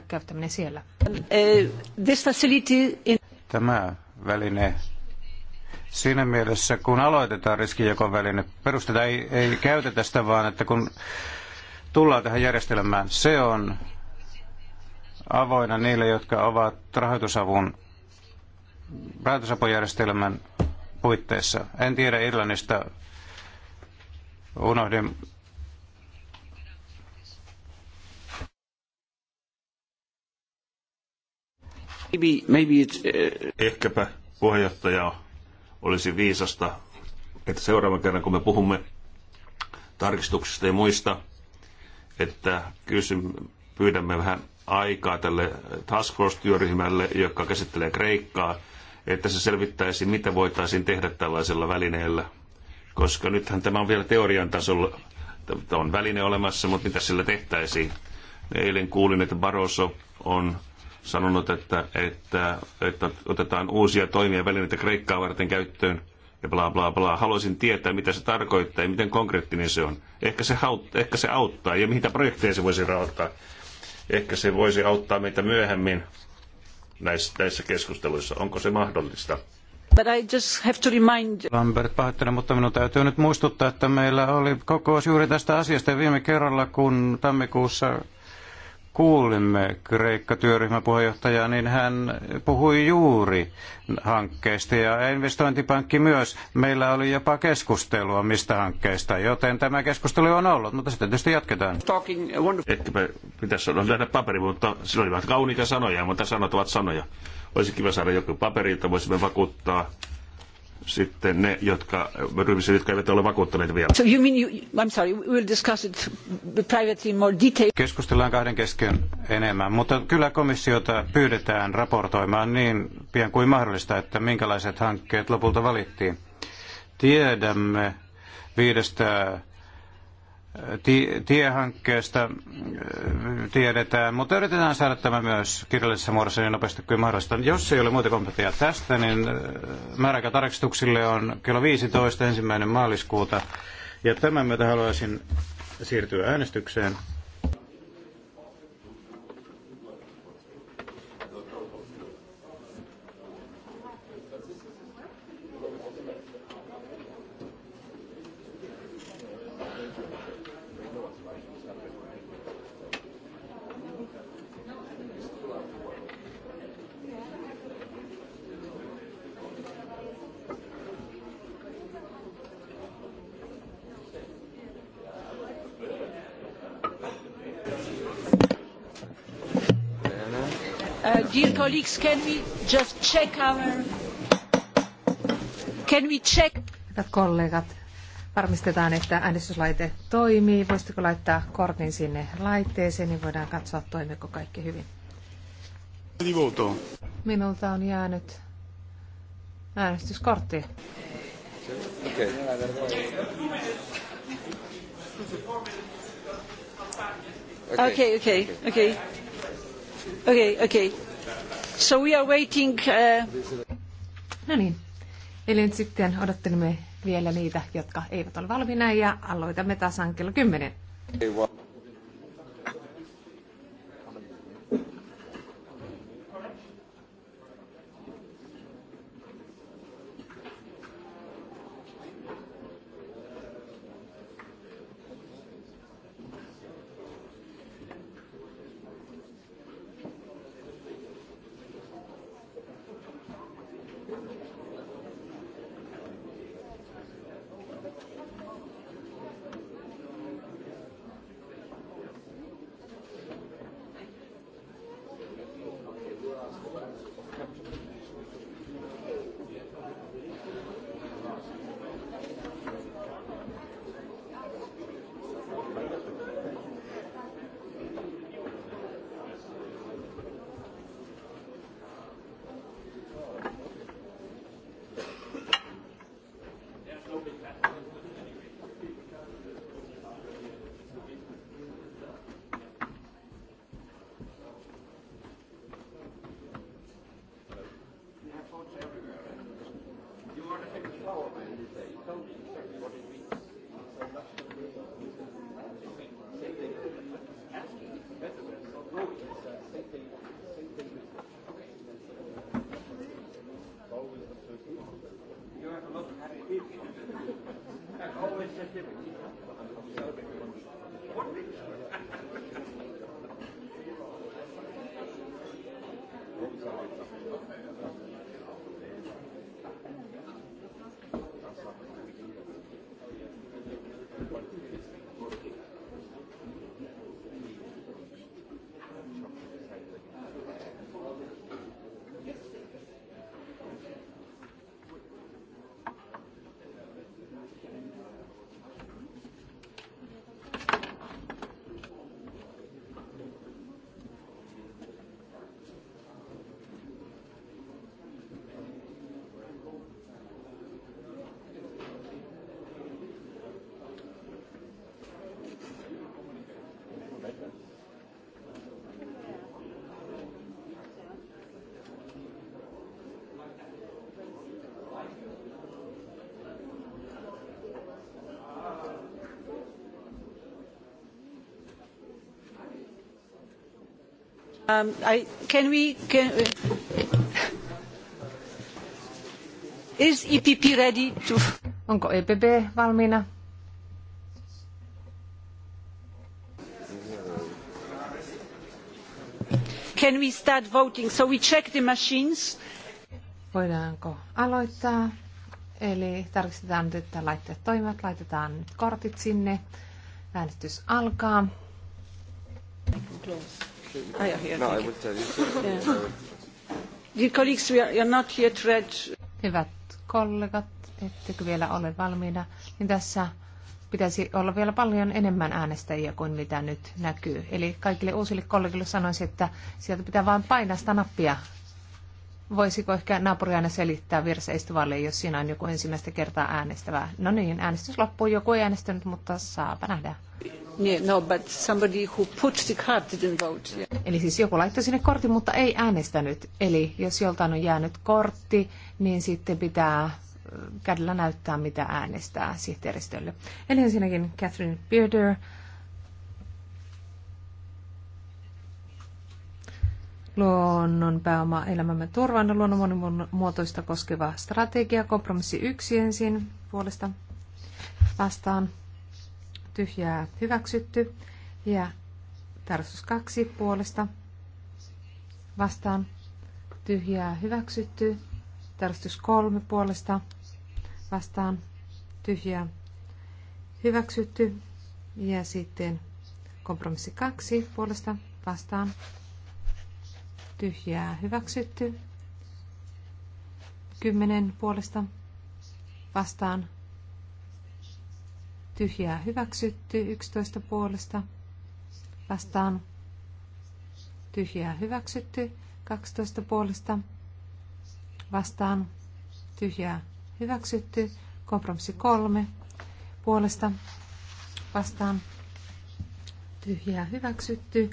C: käyttäminen siellä? Eh,
B: Tämä väline siinä mielessä, kun aloitetaan riskijakoväline, perustetaan ei, ei käytetä sitä, vaan että kun tullaan tähän järjestelmään, se on avoinna niille, jotka ovat rahoitusavun, rahoitusapujärjestelmän puitteissa. En tiedä Irlannista, unohdin
D: Maybe, maybe uh... Ehkäpä puheenjohtaja olisi viisasta, että seuraavan kerran kun me puhumme tarkistuksista ja muista, että kysym pyydämme vähän aikaa tälle task force-työryhmälle, joka käsittelee Kreikkaa, että se selvittäisi, mitä voitaisiin tehdä tällaisella välineellä. Koska nythän tämä on vielä teorian tasolla, tämä on väline olemassa, mutta mitä sillä tehtäisiin? Eilen kuulin, että Barroso on sanonut, että, että, että otetaan uusia toimia välineitä Kreikkaa varten käyttöön ja bla bla bla. Haluaisin tietää, mitä se tarkoittaa ja miten konkreettinen se on. Ehkä se, haut, ehkä se auttaa ja mitä projekteja se voisi rahoittaa. Ehkä se voisi auttaa meitä myöhemmin näissä, näissä keskusteluissa. Onko se mahdollista?
A: But I just have to remind...
B: Lambert pahoittelen, mutta minun täytyy nyt muistuttaa, että meillä oli kokous juuri tästä asiasta viime kerralla, kun tammikuussa kuulimme Kreikka-työryhmän puheenjohtajaa, niin hän puhui juuri hankkeista ja investointipankki myös. Meillä oli jopa keskustelua mistä hankkeista, joten tämä keskustelu
D: on ollut, mutta sitten tietysti jatketaan. Ehkäpä pitäisi olla nähdä paperi, mutta sillä vähän kauniita sanoja, mutta sanot ovat sanoja. Olisi kiva saada joku paperi, että voisimme vakuuttaa sitten ne, jotka, ryhmissä, jotka eivät ole vakuuttuneita vielä. So
A: you mean you, I'm sorry, we'll discuss it privately in more detail.
D: Keskustellaan kahden kesken enemmän, mutta
B: kyllä komissiota pyydetään raportoimaan niin pian kuin mahdollista, että minkälaiset hankkeet lopulta valittiin. Tiedämme viidestä tiehankkeesta äh, tiedetään, mutta yritetään saada tämä myös kirjallisessa muodossa niin nopeasti kuin mahdollista. Jos ei ole muita kommentteja tästä, niin äh, määräaika tarkistuksille on kello 15 ensimmäinen maaliskuuta. Ja tämän myötä haluaisin siirtyä äänestykseen.
A: Colleagues, can we just check our...
C: Can we check... Hyvät kollegat, varmistetaan, että äänestyslaite toimii. Voisitteko laittaa kortin sinne laitteeseen, niin voidaan katsoa, toimiko kaikki hyvin. Minulta on jäänyt äänestyskortti. Okay.
A: Okay, okay, okay. Okay, okay. So we are waiting... Uh...
C: No niin. Eli nyt sitten odottelemme vielä niitä, jotka eivät ole valmiina ja aloitamme tasan kello 10.
A: sitten Um, can we, uh,
C: is EPP ready to... Onko EPP valmiina?
A: Can we start voting? So we check the machines.
C: Voidaanko aloittaa? Eli tarkistetaan nyt, että laitteet toimivat. Laitetaan nyt kortit sinne. Äänestys alkaa. Close.
A: Ah, yeah, here, no, I will
E: tell you.
C: Dear colleagues, we are, not yet read. Hyvät kollegat, ettekö vielä ole valmiina, niin tässä pitäisi olla vielä paljon enemmän äänestäjiä kuin mitä nyt näkyy. Eli kaikille uusille kollegille sanoisin, että sieltä pitää vain painaa sitä nappia. Voisiko ehkä naapuri aina selittää vieressä istuvalle, jos siinä on joku ensimmäistä kertaa äänestävää? No niin, äänestys loppuu. Joku ei äänestänyt, mutta saapa nähdä. Eli siis joku laittoi sinne kortin, mutta ei äänestänyt. Eli jos joltain on jäänyt kortti, niin sitten pitää kädellä näyttää, mitä äänestää sihteeristölle. Eli ensinnäkin Catherine Bearder, luonnon pääoma elämämme ja luonnon monimuotoista koskeva strategia, kompromissi yksi ensin puolesta vastaan tyhjää hyväksytty. Ja tarkistus kaksi puolesta vastaan tyhjää hyväksytty. Tarkistus kolme puolesta vastaan tyhjää hyväksytty. Ja sitten kompromissi kaksi puolesta vastaan tyhjää hyväksytty. Kymmenen puolesta vastaan tyhjää hyväksytty 11 puolesta vastaan tyhjää hyväksytty 12 puolesta vastaan tyhjää hyväksytty kompromissi 3 puolesta vastaan tyhjää hyväksytty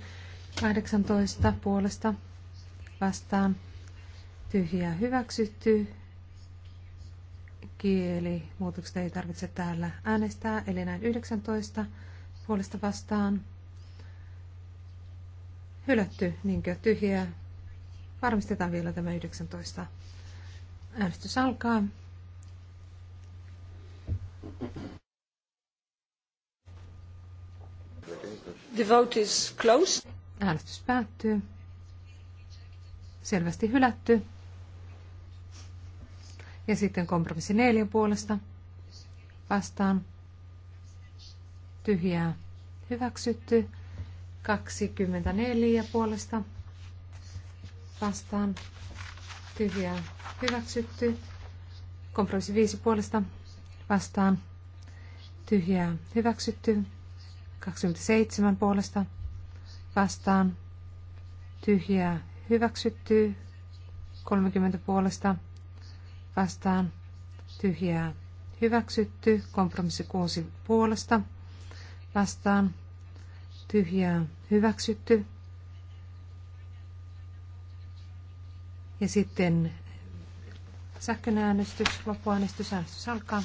C: 18 puolesta vastaan tyhjää hyväksytty Muutokset ei tarvitse täällä äänestää, eli näin 19 puolesta vastaan. Hylätty, niinkö tyhjää. Varmistetaan vielä tämä 19. Äänestys alkaa. The vote is closed. Äänestys päättyy. Selvästi hylätty. Ja sitten kompromissi neljä puolesta vastaan tyhjää hyväksytty. 24 puolesta vastaan tyhjää hyväksytty. Kompromissi viisi puolesta vastaan tyhjää hyväksytty. 27 puolesta vastaan tyhjää hyväksytty. 30 puolesta vastaan tyhjää hyväksytty. Kompromissi kuusi puolesta vastaan tyhjää hyväksytty. Ja sitten sähköäänestys, loppuäänestys, äänestys alkaa.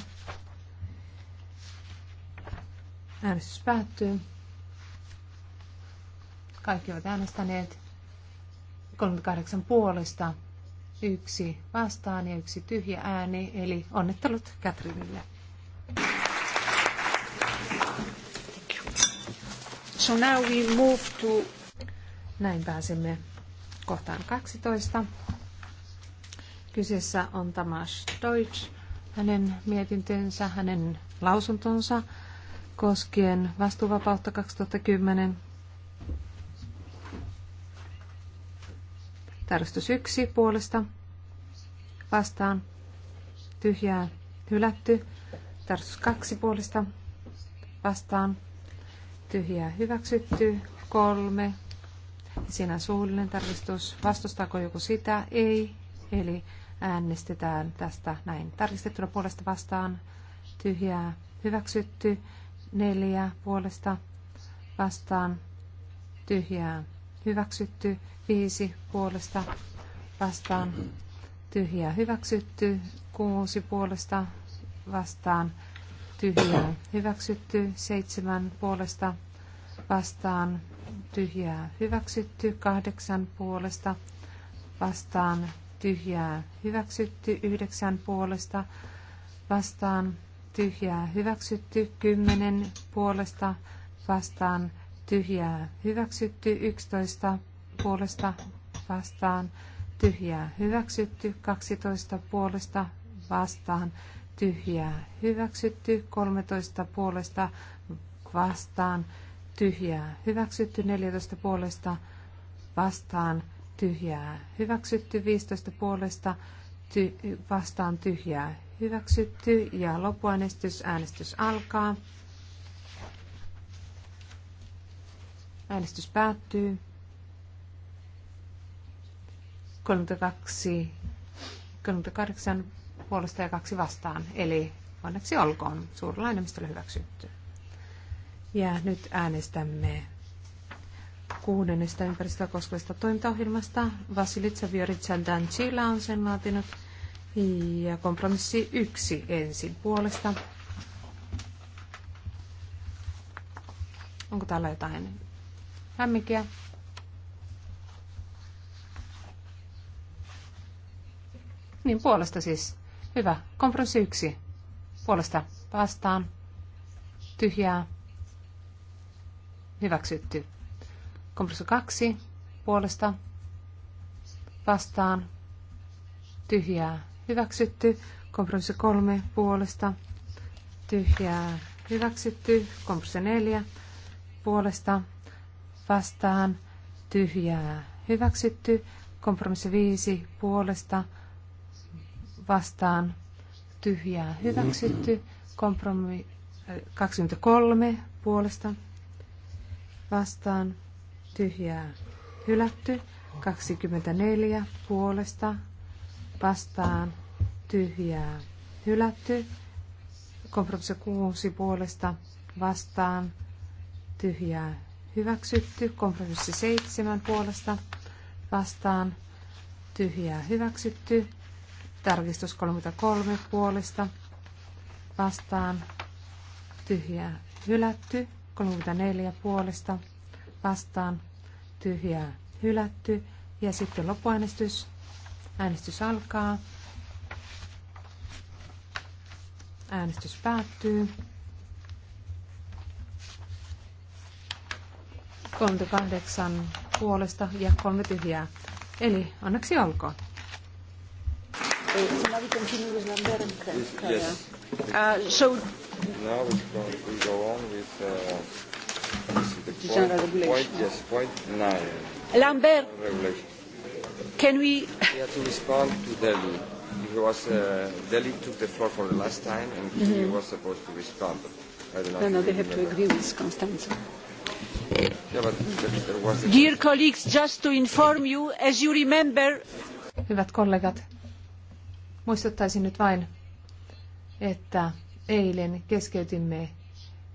C: Äänestys päättyy. Kaikki ovat äänestäneet. 38 puolesta, yksi vastaan ja yksi tyhjä ääni, eli onnittelut Katrinille. So now we move to... Näin pääsemme kohtaan 12. Kyseessä on Tamas Deutsch, hänen mietintönsä, hänen lausuntonsa koskien vastuuvapautta 2010 Tarkistus yksi puolesta vastaan tyhjää hylätty. Tarkistus kaksi puolesta vastaan tyhjää hyväksytty. Kolme. Siinä suullinen tarkistus. Vastustaako joku sitä? Ei. Eli äänestetään tästä näin tarkistettuna puolesta vastaan tyhjää hyväksytty. Neljä puolesta vastaan tyhjää hyväksytty, viisi puolesta vastaan tyhjää hyväksytty, kuusi puolesta vastaan tyhjää hyväksytty, seitsemän puolesta vastaan tyhjää hyväksytty, kahdeksan puolesta vastaan tyhjää hyväksytty, yhdeksän puolesta vastaan tyhjää hyväksytty, kymmenen puolesta vastaan tyhjää hyväksytty 11 puolesta vastaan, tyhjää hyväksytty 12 puolesta vastaan, tyhjää hyväksytty 13 puolesta vastaan, tyhjää hyväksytty 14 puolesta vastaan, tyhjää hyväksytty 15 puolesta ty- vastaan tyhjää hyväksytty ja lopuäänestys, äänestys alkaa. Äänestys päättyy. 32, 38 puolesta ja kaksi vastaan. Eli onneksi olkoon. Suurella enemmistöllä hyväksytty. Ja nyt äänestämme kuudennesta ympäristöä koskevasta toimintaohjelmasta. Vasilitsa Vioritsa Danchila on sen laatinut. Ja kompromissi yksi ensin puolesta. Onko täällä jotain hämminkiä. Niin puolesta siis. Hyvä. Kompromissi yksi. Puolesta vastaan. Tyhjää. Hyväksytty. Kompromissi kaksi. Puolesta vastaan. Tyhjää. Hyväksytty. Kompromissi kolme. Puolesta. Tyhjää. Hyväksytty. Kompromissi neljä. Puolesta vastaan tyhjää hyväksytty. Kompromissi viisi puolesta vastaan tyhjää hyväksytty. Kompromissi 23 äh, puolesta vastaan tyhjää hylätty. 24 puolesta vastaan tyhjää hylätty. Kompromissi 6 puolesta vastaan tyhjää hyväksytty. Kompromissi 7 puolesta vastaan tyhjää hyväksytty. Tarkistus 33 puolesta vastaan tyhjää hylätty. 34 puolesta vastaan tyhjää hylätty. Ja sitten loppuäänestys. Äänestys alkaa. Äänestys päättyy. 38 puolesta ja kolme tyhjää. Eli onneksi olkoon.
A: Yes. so
B: now we go, we go on with uh, point, point, yes, point nine. Lambert, regulation. can we? We have to respond to Delhi. He was uh, Delhi took the
A: floor for the last time, and mm -hmm. he mm-hmm. was supposed to respond. I don't know no, no, they have to agree with Constanza
C: colleagues, just to inform you, as you remember... Hyvät kollegat, muistuttaisin nyt vain, että eilen keskeytimme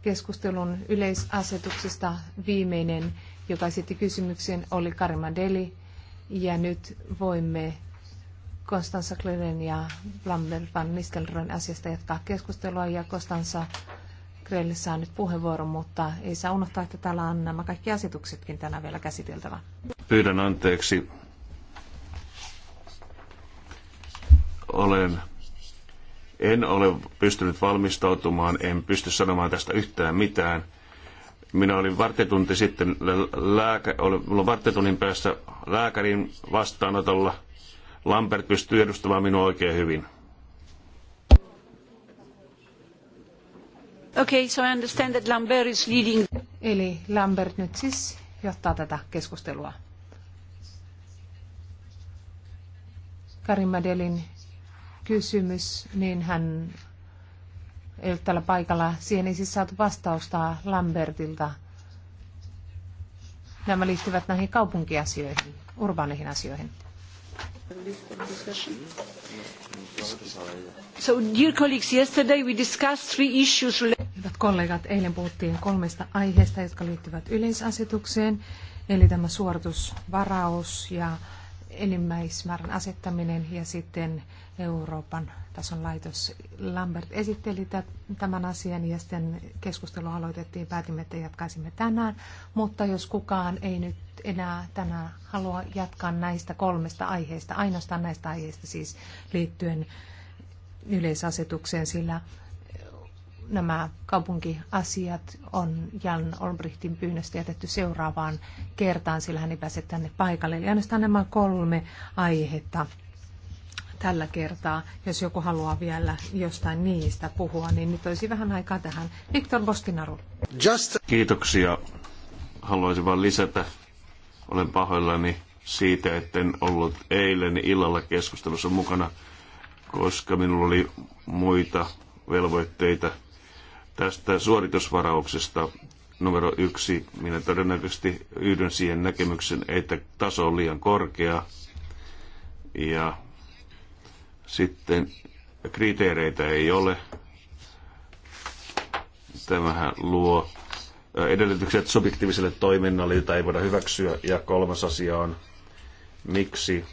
C: keskustelun yleisasetuksesta viimeinen, joka esitti kysymyksen, oli Karima Deli. Ja nyt voimme Konstanssa Klöden ja Lambert van Nistelrön asiasta jatkaa keskustelua. Ja Konstanssa Krell saa nyt puheenvuoron, mutta ei saa unohtaa, että täällä on nämä kaikki asetuksetkin tänään vielä käsiteltävä.
D: Pyydän anteeksi. Olen, en ole pystynyt valmistautumaan, en pysty sanomaan tästä yhtään mitään. Minä olin vartetunti sitten, lääkä, olin vartetunnin päässä lääkärin vastaanotolla. Lambert pystyy edustamaan minua oikein hyvin.
C: Okay, so I understand that Lambert is leading. Eli Lambert nyt siis johtaa tätä keskustelua. Karimadelin kysymys, niin hän ei ollut tällä paikalla. Siihen ei siis saatu vastausta Lambertilta. Nämä liittyvät näihin kaupunkiasioihin, urbaaneihin asioihin. So, dear colleagues, yesterday we discussed three issues. Hyvät kollegat, eilen puhuttiin kolmesta aiheesta, jotka liittyvät yleisasetukseen, eli tämä suoritusvaraus ja enimmäismäärän asettaminen ja sitten Euroopan tason laitos Lambert esitteli tämän asian ja sitten keskustelu aloitettiin. Päätimme, että jatkaisimme tänään, mutta jos kukaan ei nyt enää tänään halua jatkaa näistä kolmesta aiheesta, ainoastaan näistä aiheista siis liittyen yleisasetukseen, sillä nämä kaupunkiasiat on Jan Olbrichtin pyynnöstä jätetty seuraavaan kertaan, sillä hän ei pääse tänne paikalle. Eli ainoastaan nämä kolme aihetta tällä kertaa. Jos joku haluaa vielä jostain niistä puhua, niin nyt olisi vähän aikaa tähän. Viktor Bostinaru.
D: Just... Kiitoksia. Haluaisin vain lisätä. Olen pahoillani siitä, etten ollut eilen illalla keskustelussa mukana, koska minulla oli muita velvoitteita tästä suoritusvarauksesta numero yksi. Minä todennäköisesti yhdyn siihen näkemyksen, että taso on liian korkea ja sitten kriteereitä ei ole. Tämähän luo äh, edellytykset subjektiiviselle toiminnalle, jota ei voida hyväksyä. Ja kolmas asia on, miksi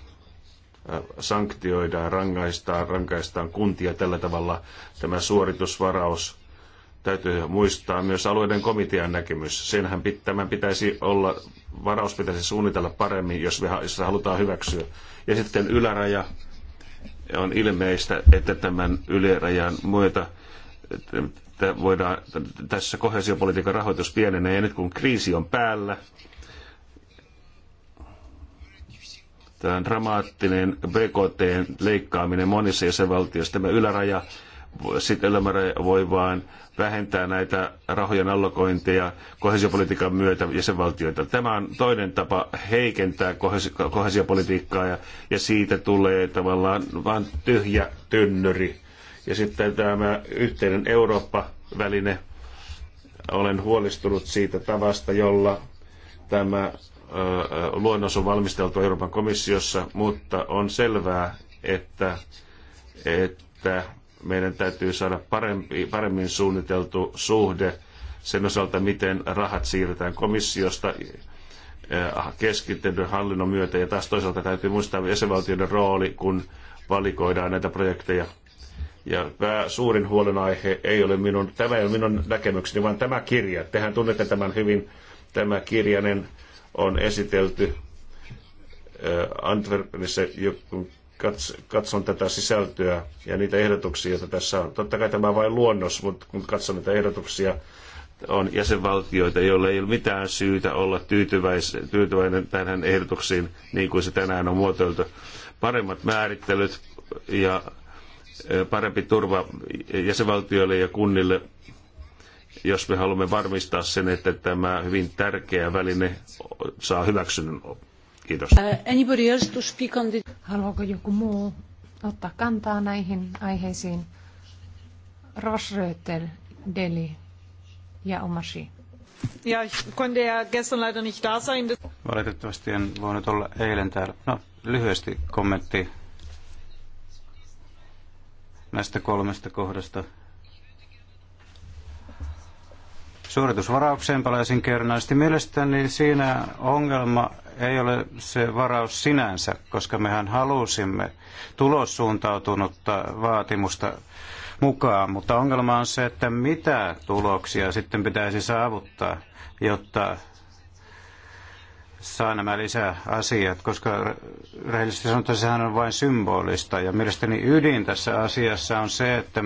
D: äh, sanktioidaan, rangaistaan, rangaistaan kuntia tällä tavalla tämä suoritusvaraus Täytyy muistaa myös alueiden komitean näkemys. Senhän pit, tämän pitäisi olla, varaus pitäisi suunnitella paremmin, jos, me, jos se halutaan hyväksyä. Ja sitten yläraja on ilmeistä, että tämän ylärajan myötä voidaan, tässä kohesiopolitiikan rahoitus pienenee ja nyt kun kriisi on päällä, tämä dramaattinen BKTn leikkaaminen monissa jäsenvaltioissa, tämä yläraja sitten voi vain vähentää näitä rahojen allokointeja kohesiopolitiikan myötä jäsenvaltioita. Tämä on toinen tapa heikentää kohesiopolitiikkaa ja, ja siitä tulee tavallaan vain tyhjä tynnyri. Ja sitten tämä yhteinen Eurooppa-väline, olen huolestunut siitä tavasta, jolla tämä luonnos on valmisteltu Euroopan komissiossa, mutta on selvää, että, että meidän täytyy saada parempi, paremmin suunniteltu suhde sen osalta, miten rahat siirretään komissiosta eh, keskittelyn hallinnon myötä. Ja taas toisaalta täytyy muistaa jäsenvaltioiden rooli, kun valikoidaan näitä projekteja. Ja tämä suurin huolenaihe ei ole minun, tämä ei ole minun näkemykseni, vaan tämä kirja. Tehän tunnette tämän hyvin. Tämä kirjanen on esitelty eh, Antwerpenissä, katson tätä sisältöä ja niitä ehdotuksia, joita tässä on. Totta kai tämä on vain luonnos, mutta kun katson näitä ehdotuksia, on jäsenvaltioita, joilla ei ole mitään syytä olla tyytyväis, tyytyväinen tähän ehdotuksiin, niin kuin se tänään on muotoiltu. Paremmat määrittelyt ja e, parempi turva jäsenvaltioille ja kunnille, jos me haluamme varmistaa sen, että tämä hyvin tärkeä väline saa hyväksynnän Kiitos.
C: anybody else to speak on the... Haluaako joku muu ottaa kantaa näihin aiheisiin? Rosröter, Deli ja Omashi.
A: Ja, ich konnte ja gestern leider nicht da sein.
B: Valitettavasti en voinut olla eilen täällä. No, lyhyesti kommentti näistä kolmesta kohdasta. Suoritusvaraukseen palaisin kernaasti. Mielestäni siinä ongelma ei ole se varaus sinänsä, koska mehän halusimme tulossuuntautunutta vaatimusta mukaan, mutta ongelma on se, että mitä tuloksia sitten pitäisi saavuttaa, jotta saa nämä lisäasiat, koska rehellisesti sanottuna sehän on vain symbolista. Ja mielestäni ydin tässä asiassa on se, että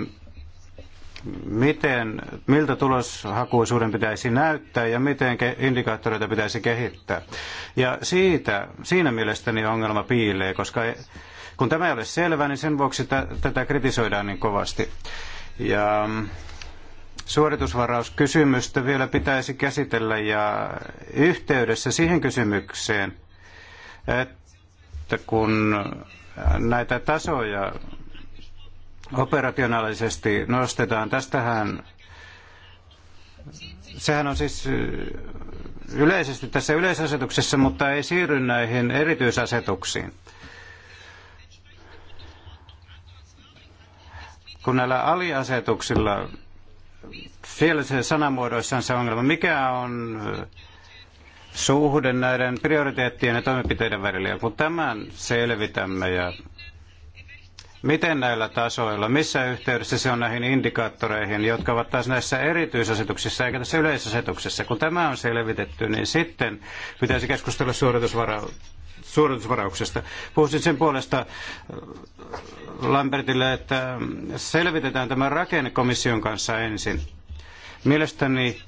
B: miten, miltä tuloshakuisuuden pitäisi näyttää ja miten indikaattoreita pitäisi kehittää. Ja siitä, siinä mielestäni ongelma piilee, koska e- kun tämä ei ole selvää, niin sen vuoksi tätä kritisoidaan niin kovasti. Ja mm, suoritusvarauskysymystä vielä pitäisi käsitellä ja yhteydessä siihen kysymykseen, että kun näitä tasoja operationaalisesti nostetaan. Tästähän sehän on siis yleisesti tässä yleisasetuksessa, mutta ei siirry näihin erityisasetuksiin. Kun näillä aliasetuksilla, siellä se sanamuodoissa on se ongelma, mikä on suhde näiden prioriteettien ja toimenpiteiden välillä. Kun tämän selvitämme ja Miten näillä tasoilla, missä yhteydessä se on näihin indikaattoreihin, jotka ovat taas näissä erityisasetuksissa eikä tässä yleisasetuksessa? Kun tämä on selvitetty, niin sitten pitäisi keskustella suoritusvarauksesta suoritusvarauksesta. Puhuisin sen puolesta äh, Lambertille, että selvitetään tämä rakenne komission kanssa ensin. Mielestäni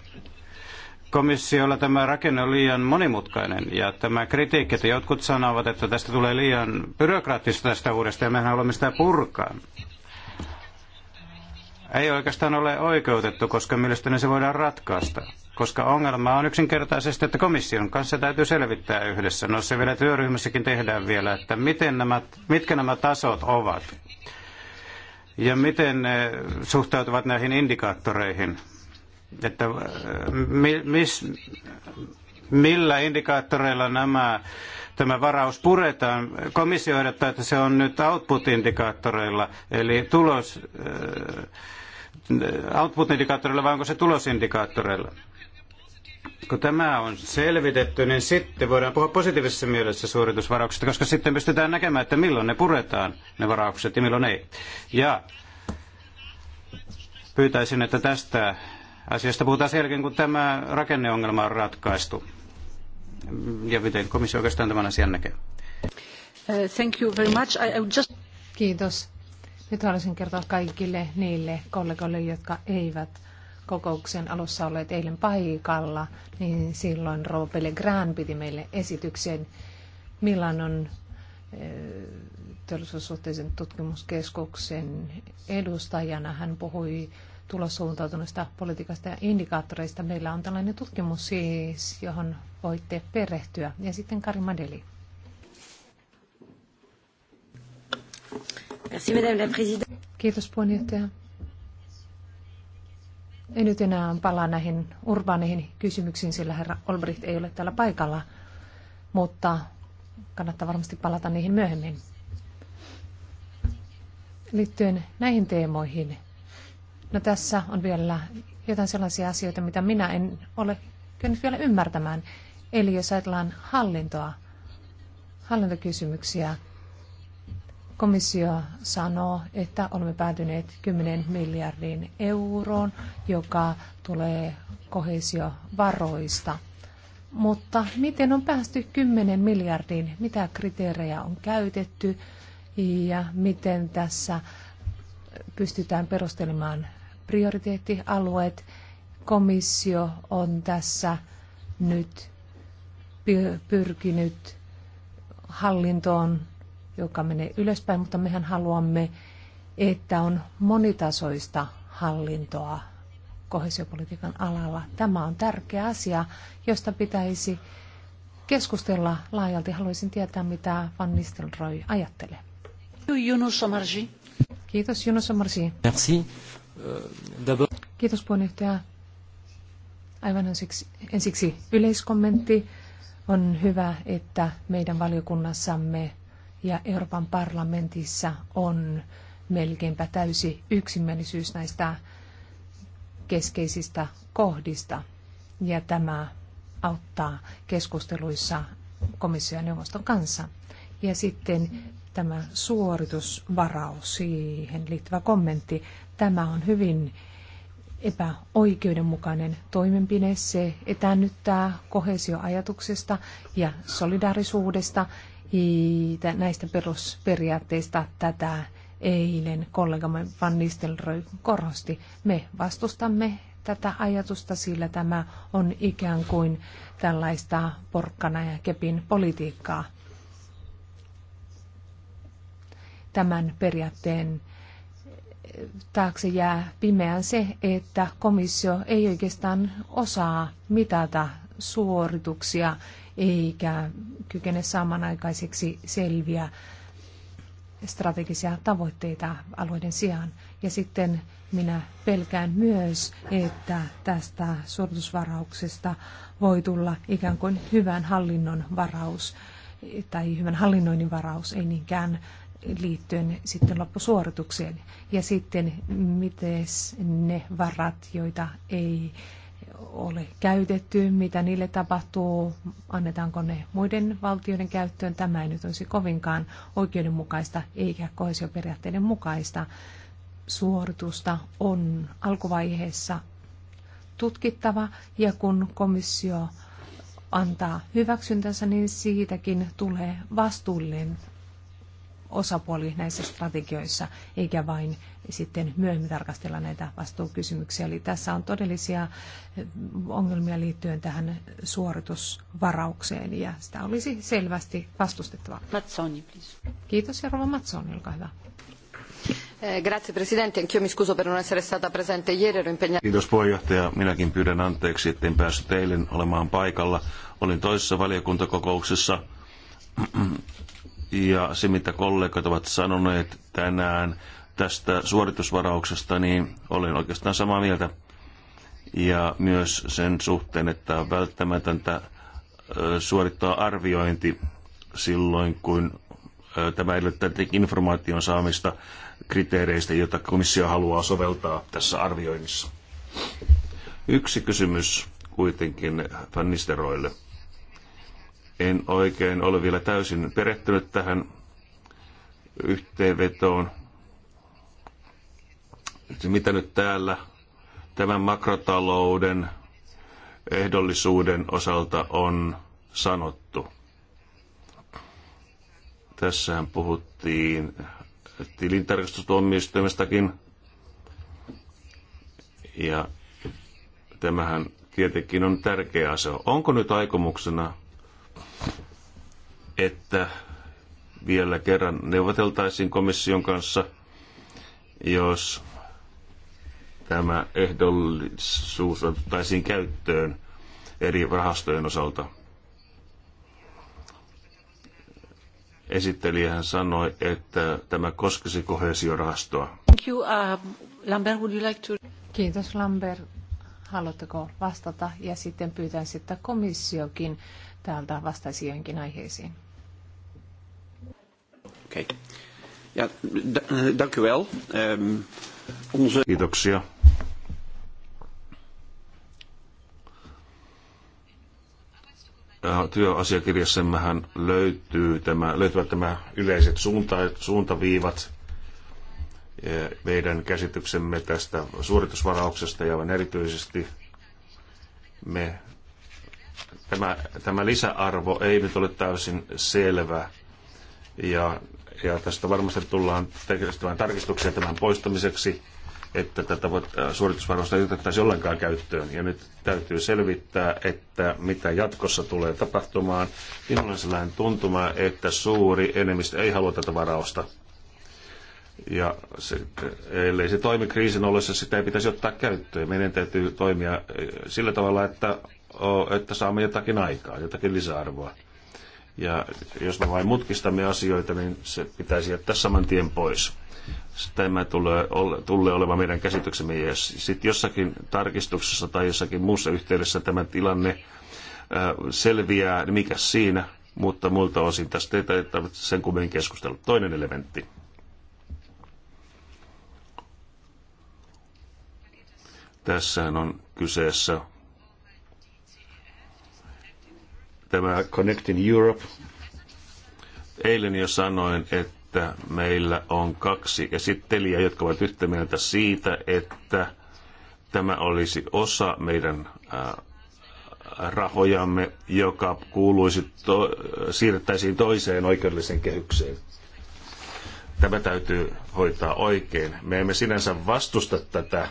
B: komissiolla tämä rakenne on liian monimutkainen ja tämä kritiikki, että jotkut sanovat, että tästä tulee liian byrokraattista tästä uudesta ja mehän haluamme sitä purkaa. Ei oikeastaan ole oikeutettu, koska mielestäni se voidaan ratkaista. Koska ongelma on yksinkertaisesti, että komission kanssa täytyy selvittää yhdessä. No se vielä työryhmässäkin tehdään vielä, että miten nämä, mitkä nämä tasot ovat. Ja miten ne suhtautuvat näihin indikaattoreihin, että äh, mis, millä indikaattoreilla nämä, tämä varaus puretaan. Komissio ehdottaa, että se on nyt output-indikaattoreilla, eli tulos, äh, output-indikaattoreilla vai onko se tulosindikaattoreilla? Kun tämä on selvitetty, niin sitten voidaan puhua positiivisessa mielessä suoritusvarauksista, koska sitten pystytään näkemään, että milloin ne puretaan, ne varaukset, ja milloin ei. Ja pyytäisin, että tästä Asiasta puhutaan sen jälkeen, kun tämä rakenneongelma on ratkaistu. Ja miten komissio oikeastaan tämän asian näkee?
C: Uh, thank you very much. I just... Kiitos. Nyt haluaisin kertoa kaikille niille kollegoille, jotka eivät kokouksen alussa olleet eilen paikalla, niin silloin Rouva Pellegrin piti meille esityksen Milanon uh, teollisuussuhteisen tutkimuskeskuksen edustajana. Hän puhui tulossuuntautuneesta politiikasta ja indikaattoreista. Meillä on tällainen tutkimus siis, johon voitte perehtyä. Ja sitten Kari Madeli. Kiitos puheenjohtaja. En nyt enää palaa näihin urbaaneihin kysymyksiin, sillä herra Olbricht ei ole täällä paikalla, mutta kannattaa varmasti palata niihin myöhemmin. Liittyen näihin teemoihin, No tässä on vielä jotain sellaisia asioita, mitä minä en ole kyennyt vielä ymmärtämään. Eli jos ajatellaan hallintoa, hallintokysymyksiä, komissio sanoo, että olemme päätyneet 10 miljardiin euroon, joka tulee kohesiovaroista. Mutta miten on päästy 10 miljardiin? Mitä kriteerejä on käytetty ja miten tässä pystytään perustelemaan prioriteettialueet. Komissio on tässä nyt pyrkinyt hallintoon, joka menee ylöspäin, mutta mehän haluamme, että on monitasoista hallintoa kohesiopolitiikan alalla. Tämä on tärkeä asia, josta pitäisi keskustella laajalti. Haluaisin tietää, mitä Van Nistelrooy ajattelee. Kiitos, Junus Omarji. Merci. Kiitos puheenjohtaja. Aivan ensiksi, ensiksi yleiskommentti. On hyvä, että meidän valiokunnassamme ja Euroopan parlamentissa on melkeinpä täysi yksimielisyys näistä keskeisistä kohdista. Ja tämä auttaa keskusteluissa komission ja neuvoston kanssa. Ja sitten tämä suoritusvaraus, siihen liittyvä kommentti, tämä on hyvin epäoikeudenmukainen toimenpide. Se etännyttää kohesioajatuksesta ja solidaarisuudesta, näistä perusperiaatteista tätä eilen kollegamme Van Nistelrooy korosti. Me vastustamme tätä ajatusta, sillä tämä on ikään kuin tällaista porkkana ja kepin politiikkaa. tämän periaatteen taakse jää pimeään se, että komissio ei oikeastaan osaa mitata suorituksia eikä kykene samanaikaiseksi selviä strategisia tavoitteita alueiden sijaan. Ja sitten minä pelkään myös, että tästä suoritusvarauksesta voi tulla ikään kuin hyvän hallinnon varaus tai hyvän hallinnoinnin varaus, ei niinkään liittyen sitten loppusuoritukseen. Ja sitten, miten ne varat, joita ei ole käytetty, mitä niille tapahtuu, annetaanko ne muiden valtioiden käyttöön. Tämä ei nyt olisi kovinkaan oikeudenmukaista eikä koesioperiaatteiden mukaista. Suoritusta on alkuvaiheessa tutkittava ja kun komissio antaa hyväksyntänsä, niin siitäkin tulee vastuullinen osapuoli näissä strategioissa, eikä vain sitten myöhemmin tarkastella näitä vastuukysymyksiä. Eli tässä on todellisia ongelmia liittyen tähän suoritusvaraukseen, ja sitä olisi selvästi vastustettava. Mazzoni, please. Kiitos, ja Rova Mazzoni, olkaa hyvä. Eh, grazie Presidente, anch'io mi scuso per non essere stata presente ieri, ero impegnata.
D: Kiitos puheenjohtaja, minäkin pyydän anteeksi, etten päässyt eilen olemaan paikalla. Olin toisessa valiokuntakokouksessa ja se, mitä kollegat ovat sanoneet tänään tästä suoritusvarauksesta, niin olen oikeastaan samaa mieltä. Ja myös sen suhteen, että on välttämätöntä suorittaa arviointi silloin, kun tämä edellyttää informaation saamista kriteereistä, joita komissio haluaa soveltaa tässä arvioinnissa. Yksi kysymys kuitenkin Van Nisteroille. En oikein ole vielä täysin perehtynyt tähän yhteenvetoon. Mitä nyt täällä tämän makrotalouden ehdollisuuden osalta on sanottu? Tässähän puhuttiin tilintarkastustuomioistuimestakin. Ja tämähän tietenkin on tärkeä asia. Onko nyt aikomuksena että vielä kerran neuvoteltaisiin komission kanssa, jos tämä ehdollisuus otettaisiin käyttöön eri rahastojen osalta. Esittelijähän sanoi, että tämä koskisi kohesiorahastoa.
C: Uh, Kiitos Lambert. Haluatteko vastata? Ja sitten pyytän, sitten komissiokin täältä vastaisi joihinkin aiheisiin.
D: Okay. Ja, eh, dank u wel. Um, onze... Kiitoksia. Äh, Työasiakirjassammehän löytyy tämä, löytyvät tämä yleiset suunta, suuntaviivat meidän käsityksemme tästä suoritusvarauksesta ja erityisesti me tämä, tämä lisäarvo ei nyt ole täysin selvä. Ja, ja tästä varmasti tullaan tekemään tarkistuksia tämän poistamiseksi, että tätä äh, suoritusvarausta ei otettaisi ollenkaan käyttöön. Ja nyt täytyy selvittää, että mitä jatkossa tulee tapahtumaan. Minulla on sellainen tuntuma, että suuri enemmistö ei halua tätä varausta. Ja se, ellei se toimi kriisin ollessa, sitä ei pitäisi ottaa käyttöön. Meidän täytyy toimia äh, sillä tavalla, että että saamme jotakin aikaa, jotakin lisäarvoa. Ja jos me vain mutkistamme asioita, niin se pitäisi jättää saman tien pois. Tämä tulee, tulee olemaan meidän käsityksemme. Ja sitten jossakin tarkistuksessa tai jossakin muussa yhteydessä tämä tilanne selviää, niin mikä siinä, mutta muilta osin tästä ei tarvitse sen kummemmin keskustella. Toinen elementti. Tässähän on kyseessä tämä Connecting Europe. Eilen jo sanoin, että meillä on kaksi esittelijää, jotka ovat yhtä mieltä siitä, että tämä olisi osa meidän äh, rahojamme, joka kuuluisi to, siirrettäisiin toiseen oikeudelliseen kehykseen. Tämä täytyy hoitaa oikein. Me emme sinänsä vastusta tätä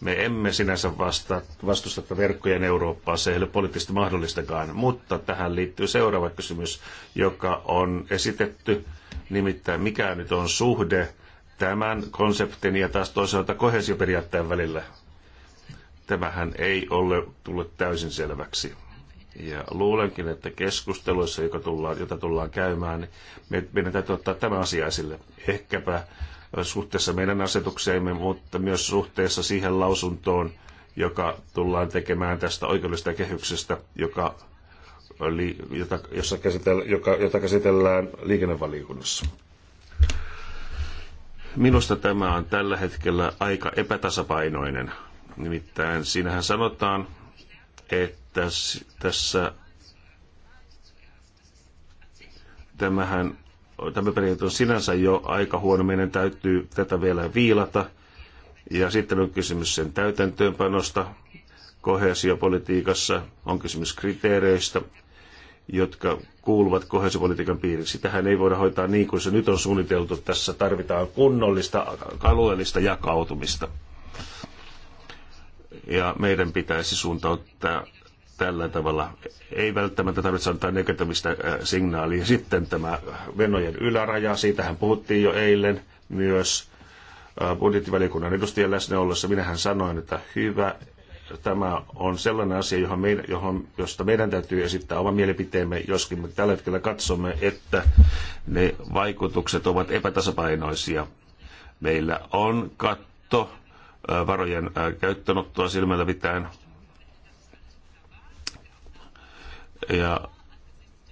D: me emme sinänsä vasta, vastusta verkkojen Eurooppaa, se ei ole poliittisesti mahdollistakaan, mutta tähän liittyy seuraava kysymys, joka on esitetty, nimittäin mikä nyt on suhde tämän konseptin ja taas toisaalta kohesioperiaatteen välillä. Tämähän ei ole tullut täysin selväksi. Ja luulenkin, että keskusteluissa, joka tullaan, jota tullaan käymään, niin meidän täytyy ottaa tämä asia esille. Ehkäpä suhteessa meidän asetukseemme, mutta myös suhteessa siihen lausuntoon, joka tullaan tekemään tästä oikeudellisesta kehyksestä, joka, li, jota, jossa käsitellä joka, jota käsitellään liikennevaliokunnassa. Minusta tämä on tällä hetkellä aika epätasapainoinen. Nimittäin siinähän sanotaan, että tässä tämähän tämä peli on sinänsä jo aika huono, meidän täytyy tätä vielä viilata. Ja sitten on kysymys sen täytäntöönpanosta, kohesiopolitiikassa on kysymys kriteereistä, jotka kuuluvat kohesiopolitiikan piiriin. Sitähän ei voida hoitaa niin kuin se nyt on suunniteltu. Tässä tarvitaan kunnollista alueellista jakautumista. Ja meidän pitäisi suuntauttaa tällä tavalla. Ei välttämättä tarvitse antaa negatiivista äh, signaalia. Sitten tämä Venojen yläraja, siitähän puhuttiin jo eilen myös äh, budjettivaliokunnan edustajan läsnä ollessa. Minähän sanoin, että hyvä, tämä on sellainen asia, johon meidän, johon, josta meidän täytyy esittää oma mielipiteemme, joskin me tällä hetkellä katsomme, että ne vaikutukset ovat epätasapainoisia. Meillä on katto äh, varojen käyttöönottoa silmällä pitäen, Ja,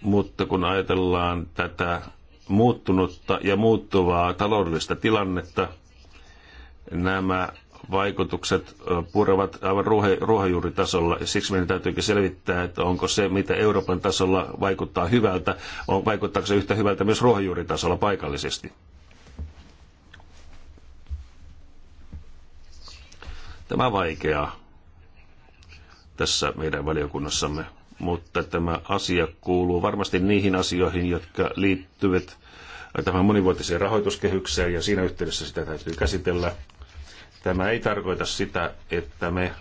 D: mutta kun ajatellaan tätä muuttunutta ja muuttuvaa taloudellista tilannetta, nämä vaikutukset purevat aivan ruohonjuuritasolla. Siksi meidän täytyykin selvittää, että onko se, mitä Euroopan tasolla vaikuttaa hyvältä, on, vaikuttaako se yhtä hyvältä myös ruohonjuuritasolla paikallisesti. Tämä on vaikeaa tässä meidän valiokunnassamme mutta tämä asia kuuluu varmasti niihin asioihin, jotka liittyvät tämän monivuotiseen rahoituskehykseen ja siinä yhteydessä sitä täytyy käsitellä. Tämä ei tarkoita sitä, että me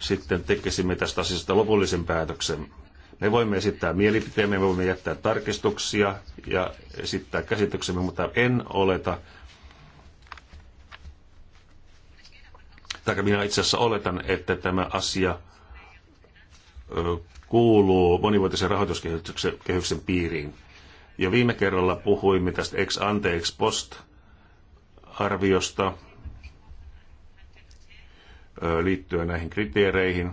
D: sitten tekisimme tästä asiasta lopullisen päätöksen. Me voimme esittää mielipiteemme, me voimme jättää tarkistuksia ja esittää käsityksemme, mutta en oleta, tai minä itse asiassa oletan, että tämä asia kuuluu monivuotisen rahoituskehyksen piiriin. ja viime kerralla puhuimme tästä ex ante ex post arviosta liittyen näihin kriteereihin.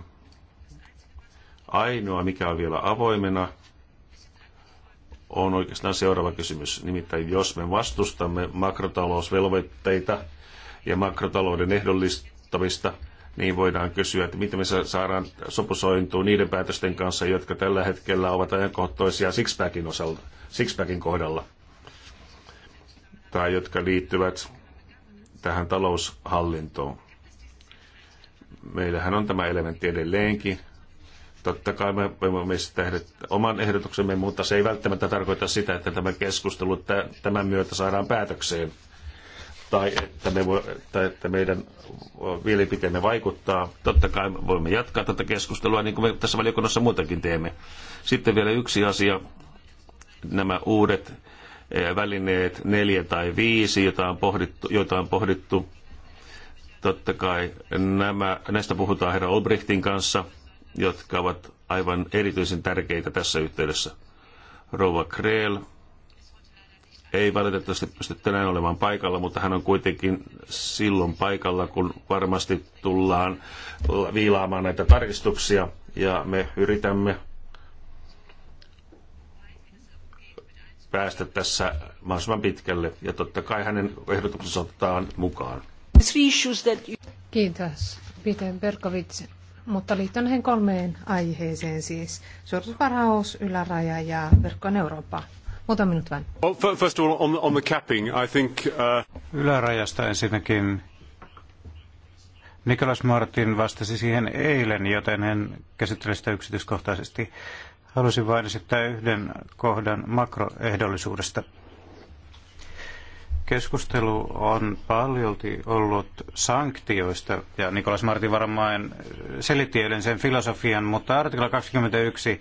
D: Ainoa, mikä on vielä avoimena, on oikeastaan seuraava kysymys. Nimittäin jos me vastustamme makrotalousvelvoitteita ja makrotalouden ehdollistamista, niin voidaan kysyä, että miten me saadaan sopusointua niiden päätösten kanssa, jotka tällä hetkellä ovat ajankohtaisia Sixpackin, osalta, Sixpackin kohdalla tai jotka liittyvät tähän taloushallintoon. Meillähän on tämä elementti edelleenkin. Totta kai me voimme myös tehdä oman ehdotuksemme, mutta se ei välttämättä tarkoita sitä, että tämä keskustelu tämän myötä saadaan päätökseen tai että, me voi, tai että meidän mielipiteemme vaikuttaa. Totta kai voimme jatkaa tätä keskustelua, niin kuin me tässä valiokunnassa muutenkin teemme. Sitten vielä yksi asia, nämä uudet eh, välineet neljä tai viisi, joita on pohdittu, joita on pohdittu. Totta kai nämä, näistä puhutaan herra Obrichtin kanssa, jotka ovat aivan erityisen tärkeitä tässä yhteydessä. Rova Krell, ei valitettavasti pysty tänään olemaan paikalla, mutta hän on kuitenkin silloin paikalla, kun varmasti tullaan viilaamaan näitä tarkistuksia ja me yritämme päästä tässä mahdollisimman pitkälle ja totta kai hänen ehdotuksensa otetaan mukaan.
C: Kiitos, Peter Berkovits. Mutta liittyen näihin kolmeen aiheeseen siis, suoritusvarhaus, yläraja ja verkkoon Eurooppa. Muutama minuutti vain.
B: First of all, on, on the capping, I think... Uh... Ylärajasta ensinnäkin Nikolas Martin vastasi siihen eilen, joten en käsittele sitä yksityiskohtaisesti. Halusin vain esittää yhden kohdan makroehdollisuudesta. Keskustelu on paljolti ollut sanktioista, ja Nikolas Martin varmaan selitti eilen sen filosofian, mutta artikla 21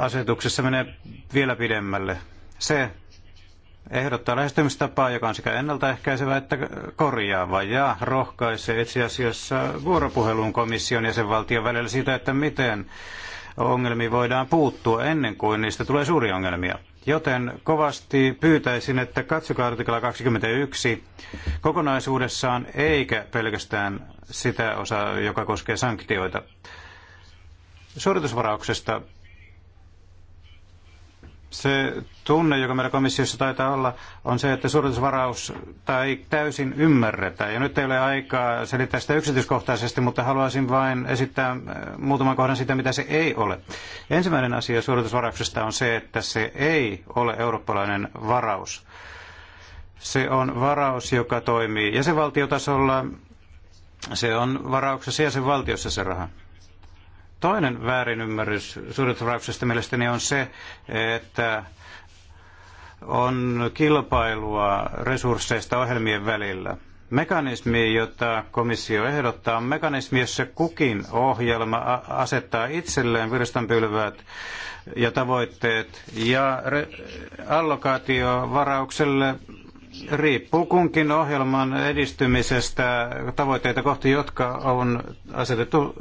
B: asetuksessa menee vielä pidemmälle. Se ehdottaa lähestymistapaa, joka on sekä ennaltaehkäisevä että korjaava ja rohkaisee itse asiassa vuoropuheluun komission ja sen valtion välillä siitä, että miten ongelmiin voidaan puuttua ennen kuin niistä tulee suuria ongelmia. Joten kovasti pyytäisin, että katsokaa artikla 21 kokonaisuudessaan, eikä pelkästään sitä osaa, joka koskee sanktioita. Suoritusvarauksesta se tunne, joka meillä komissiossa taitaa olla, on se, että suoritusvaraus tai täysin ymmärretä. Ja nyt ei ole aikaa selittää sitä yksityiskohtaisesti, mutta haluaisin vain esittää äh, muutaman kohdan sitä, mitä se ei ole. Ensimmäinen asia suoritusvarauksesta on se, että se ei ole eurooppalainen varaus. Se on varaus, joka toimii jäsenvaltiotasolla. Se on varauksessa jäsenvaltiossa se raha. Toinen väärinymmärrys suurituloksesta mielestäni on se, että on kilpailua resursseista ohjelmien välillä. Mekanismi, jota komissio ehdottaa, on mekanismi, jossa kukin ohjelma asettaa itselleen virstanpylväät ja tavoitteet ja allokaatiovaraukselle riippuu kunkin ohjelman edistymisestä tavoitteita kohti, jotka on asetettu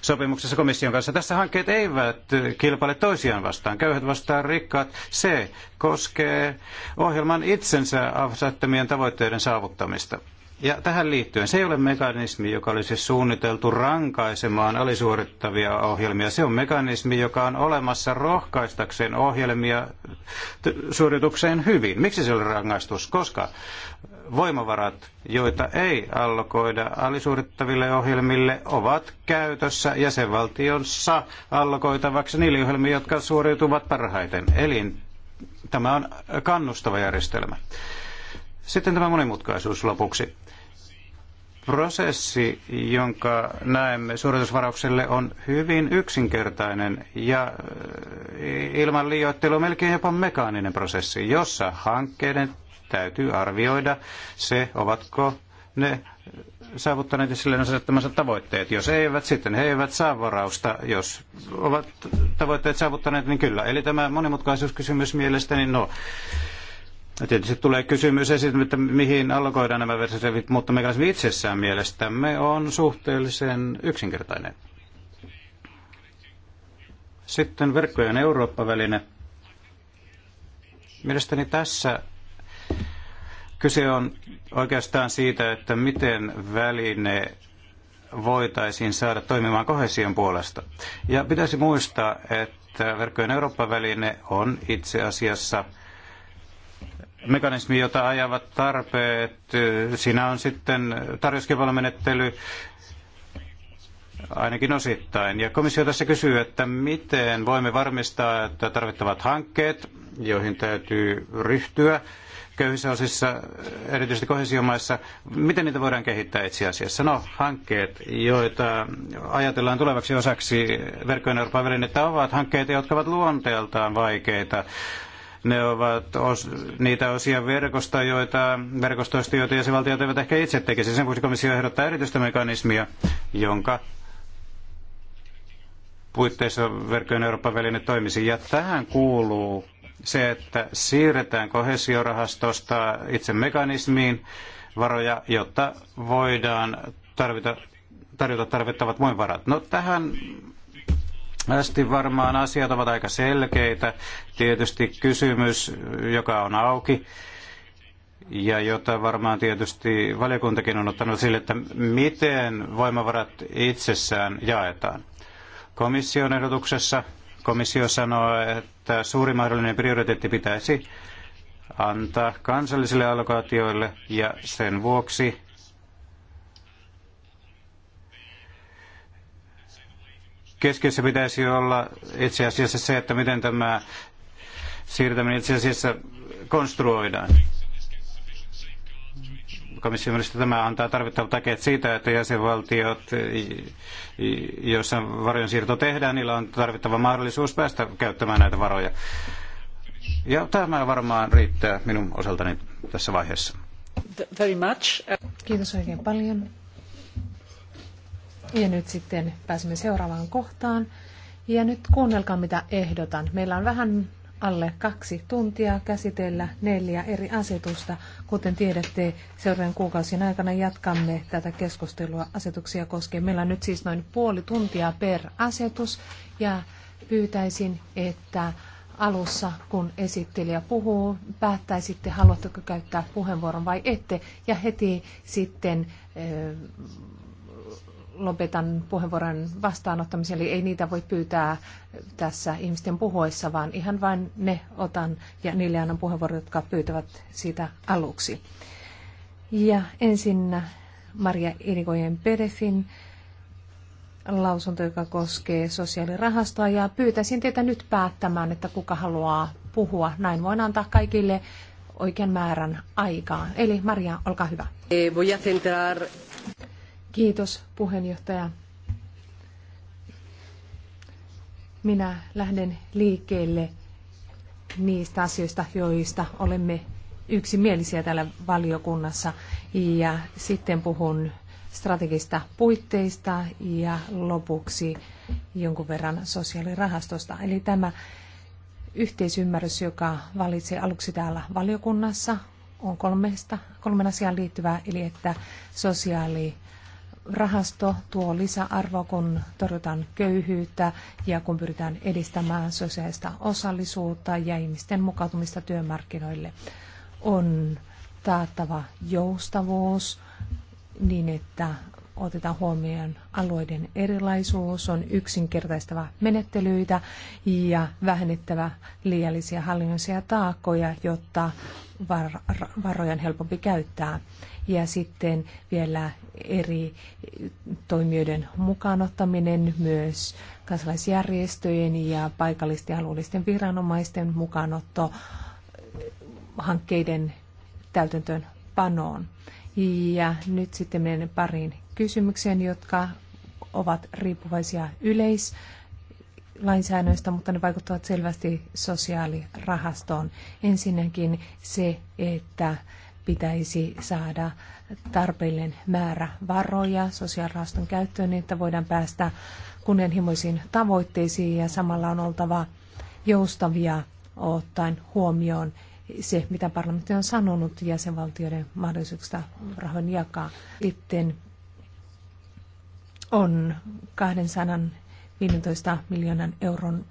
B: sopimuksessa komission kanssa. Tässä hankkeet eivät kilpaile toisiaan vastaan. Köyhät vastaan rikkaat. Se koskee ohjelman itsensä asettamien tavoitteiden saavuttamista. Ja tähän liittyen, se ei ole mekanismi, joka olisi suunniteltu rankaisemaan alisuorittavia ohjelmia. Se on mekanismi, joka on olemassa rohkaistakseen ohjelmia suoritukseen hyvin. Miksi se on rangaistus? Koska voimavarat, joita ei allokoida alisuorittaville ohjelmille, ovat käytössä jäsenvaltionsa allokoitavaksi niille ohjelmille, jotka suoriutuvat parhaiten. Eli tämä on kannustava järjestelmä. Sitten tämä monimutkaisuus lopuksi prosessi, jonka näemme suoritusvaraukselle, on hyvin yksinkertainen ja äh, ilman liioittelua melkein jopa mekaaninen prosessi, jossa hankkeiden täytyy arvioida se, ovatko ne saavuttaneet silleen asettamansa tavoitteet. Jos eivät, sitten he eivät saa varausta. Jos ovat tavoitteet saavuttaneet, niin kyllä. Eli tämä monimutkaisuuskysymys mielestäni, no, No tietysti tulee kysymys esiin, että mihin allokoidaan nämä versiosevit, mutta mekanismi itsessään mielestämme on suhteellisen yksinkertainen. Sitten verkkojen Eurooppa-väline. Mielestäni tässä kyse on oikeastaan siitä, että miten väline voitaisiin saada toimimaan kohesion puolesta. Ja pitäisi muistaa, että verkkojen Eurooppa-väline on itse asiassa – mekanismi, jota ajavat tarpeet. Siinä on sitten tarjouskilpailumenettely ainakin osittain. Ja komissio tässä kysyy, että miten voimme varmistaa, että tarvittavat hankkeet, joihin täytyy ryhtyä köyhissä osissa, erityisesti kohesiomaissa, miten niitä voidaan kehittää itse asiassa? No, hankkeet, joita ajatellaan tulevaksi osaksi verkkojen Euroopan välinettä, ovat hankkeita, jotka ovat luonteeltaan vaikeita ne ovat os, niitä osia verkosta, joita, verkostoista, joita jäsenvaltiot eivät ehkä itse tekisi. Sen vuoksi komissio ehdottaa erityistä mekanismia, jonka puitteissa verkkojen Euroopan väline toimisi. Ja tähän kuuluu se, että siirretään kohesiorahastosta itse mekanismiin varoja, jotta voidaan tarvita, tarjota tarvittavat muin varat. No tähän Täsmällisesti varmaan asiat ovat aika selkeitä. Tietysti kysymys, joka on auki ja jota varmaan tietysti valiokuntakin on ottanut sille, että miten voimavarat itsessään jaetaan. Komission ehdotuksessa komissio sanoo, että suuri mahdollinen prioriteetti pitäisi antaa kansallisille allokaatioille ja sen vuoksi keskiössä pitäisi olla itse asiassa se, että miten tämä siirtäminen itse asiassa konstruoidaan. Komission mielestä tämä antaa tarvittavat takeet siitä, että jäsenvaltiot, joissa varojen siirto tehdään, niillä on tarvittava mahdollisuus päästä käyttämään näitä varoja. Ja tämä varmaan riittää minun osaltani tässä vaiheessa.
C: Very much. Kiitos oikein paljon. Ja nyt sitten pääsemme seuraavaan kohtaan. Ja nyt kuunnelkaa, mitä ehdotan. Meillä on vähän alle kaksi tuntia käsitellä neljä eri asetusta. Kuten tiedätte, seuraavan kuukausien aikana jatkamme tätä keskustelua asetuksia koskien. Meillä on nyt siis noin puoli tuntia per asetus ja pyytäisin, että alussa, kun esittelijä puhuu, päättäisitte, haluatteko käyttää puheenvuoron vai ette, ja heti sitten eh, lopetan puheenvuoron vastaanottamisen, eli ei niitä voi pyytää tässä ihmisten puhuessa, vaan ihan vain ne otan ja niille annan puheenvuoron, jotka pyytävät sitä aluksi. Ja ensin Maria Irikojen Perefin lausunto, joka koskee sosiaalirahastoa, ja pyytäisin teitä nyt päättämään, että kuka haluaa puhua. Näin voin antaa kaikille oikean määrän aikaa. Eli Maria, olkaa hyvä. Eh, voy a centrar Kiitos puheenjohtaja. Minä lähden liikkeelle niistä asioista, joista olemme yksimielisiä täällä valiokunnassa. Ja sitten puhun strategista puitteista ja lopuksi jonkun verran sosiaalirahastosta. Eli tämä yhteisymmärrys, joka valitsi aluksi täällä valiokunnassa, on kolmesta, kolmen asiaan liittyvää, eli että sosiaali rahasto tuo lisäarvoa, kun torjutaan köyhyyttä ja kun pyritään edistämään sosiaalista osallisuutta ja ihmisten mukautumista työmarkkinoille. On taattava joustavuus niin, että oteta huomioon alueiden erilaisuus, on yksinkertaistava menettelyitä ja vähennettävä liiallisia hallinnollisia taakkoja, jotta varoja on helpompi käyttää. Ja sitten vielä eri toimijoiden mukaanottaminen myös kansalaisjärjestöjen ja paikallisten ja alueellisten viranomaisten mukaanotto hankkeiden täytäntöönpanoon Ja nyt sitten menen pariin kysymykseen, jotka ovat riippuvaisia yleis mutta ne vaikuttavat selvästi sosiaalirahastoon. Ensinnäkin se, että pitäisi saada tarpeellinen määrä varoja sosiaalirahaston käyttöön, niin että voidaan päästä kunnianhimoisiin tavoitteisiin ja samalla on oltava joustavia ottaen huomioon se, mitä parlamentti on sanonut jäsenvaltioiden mahdollisuuksista rahoin jakaa. Sitten on 215 miljoonan euron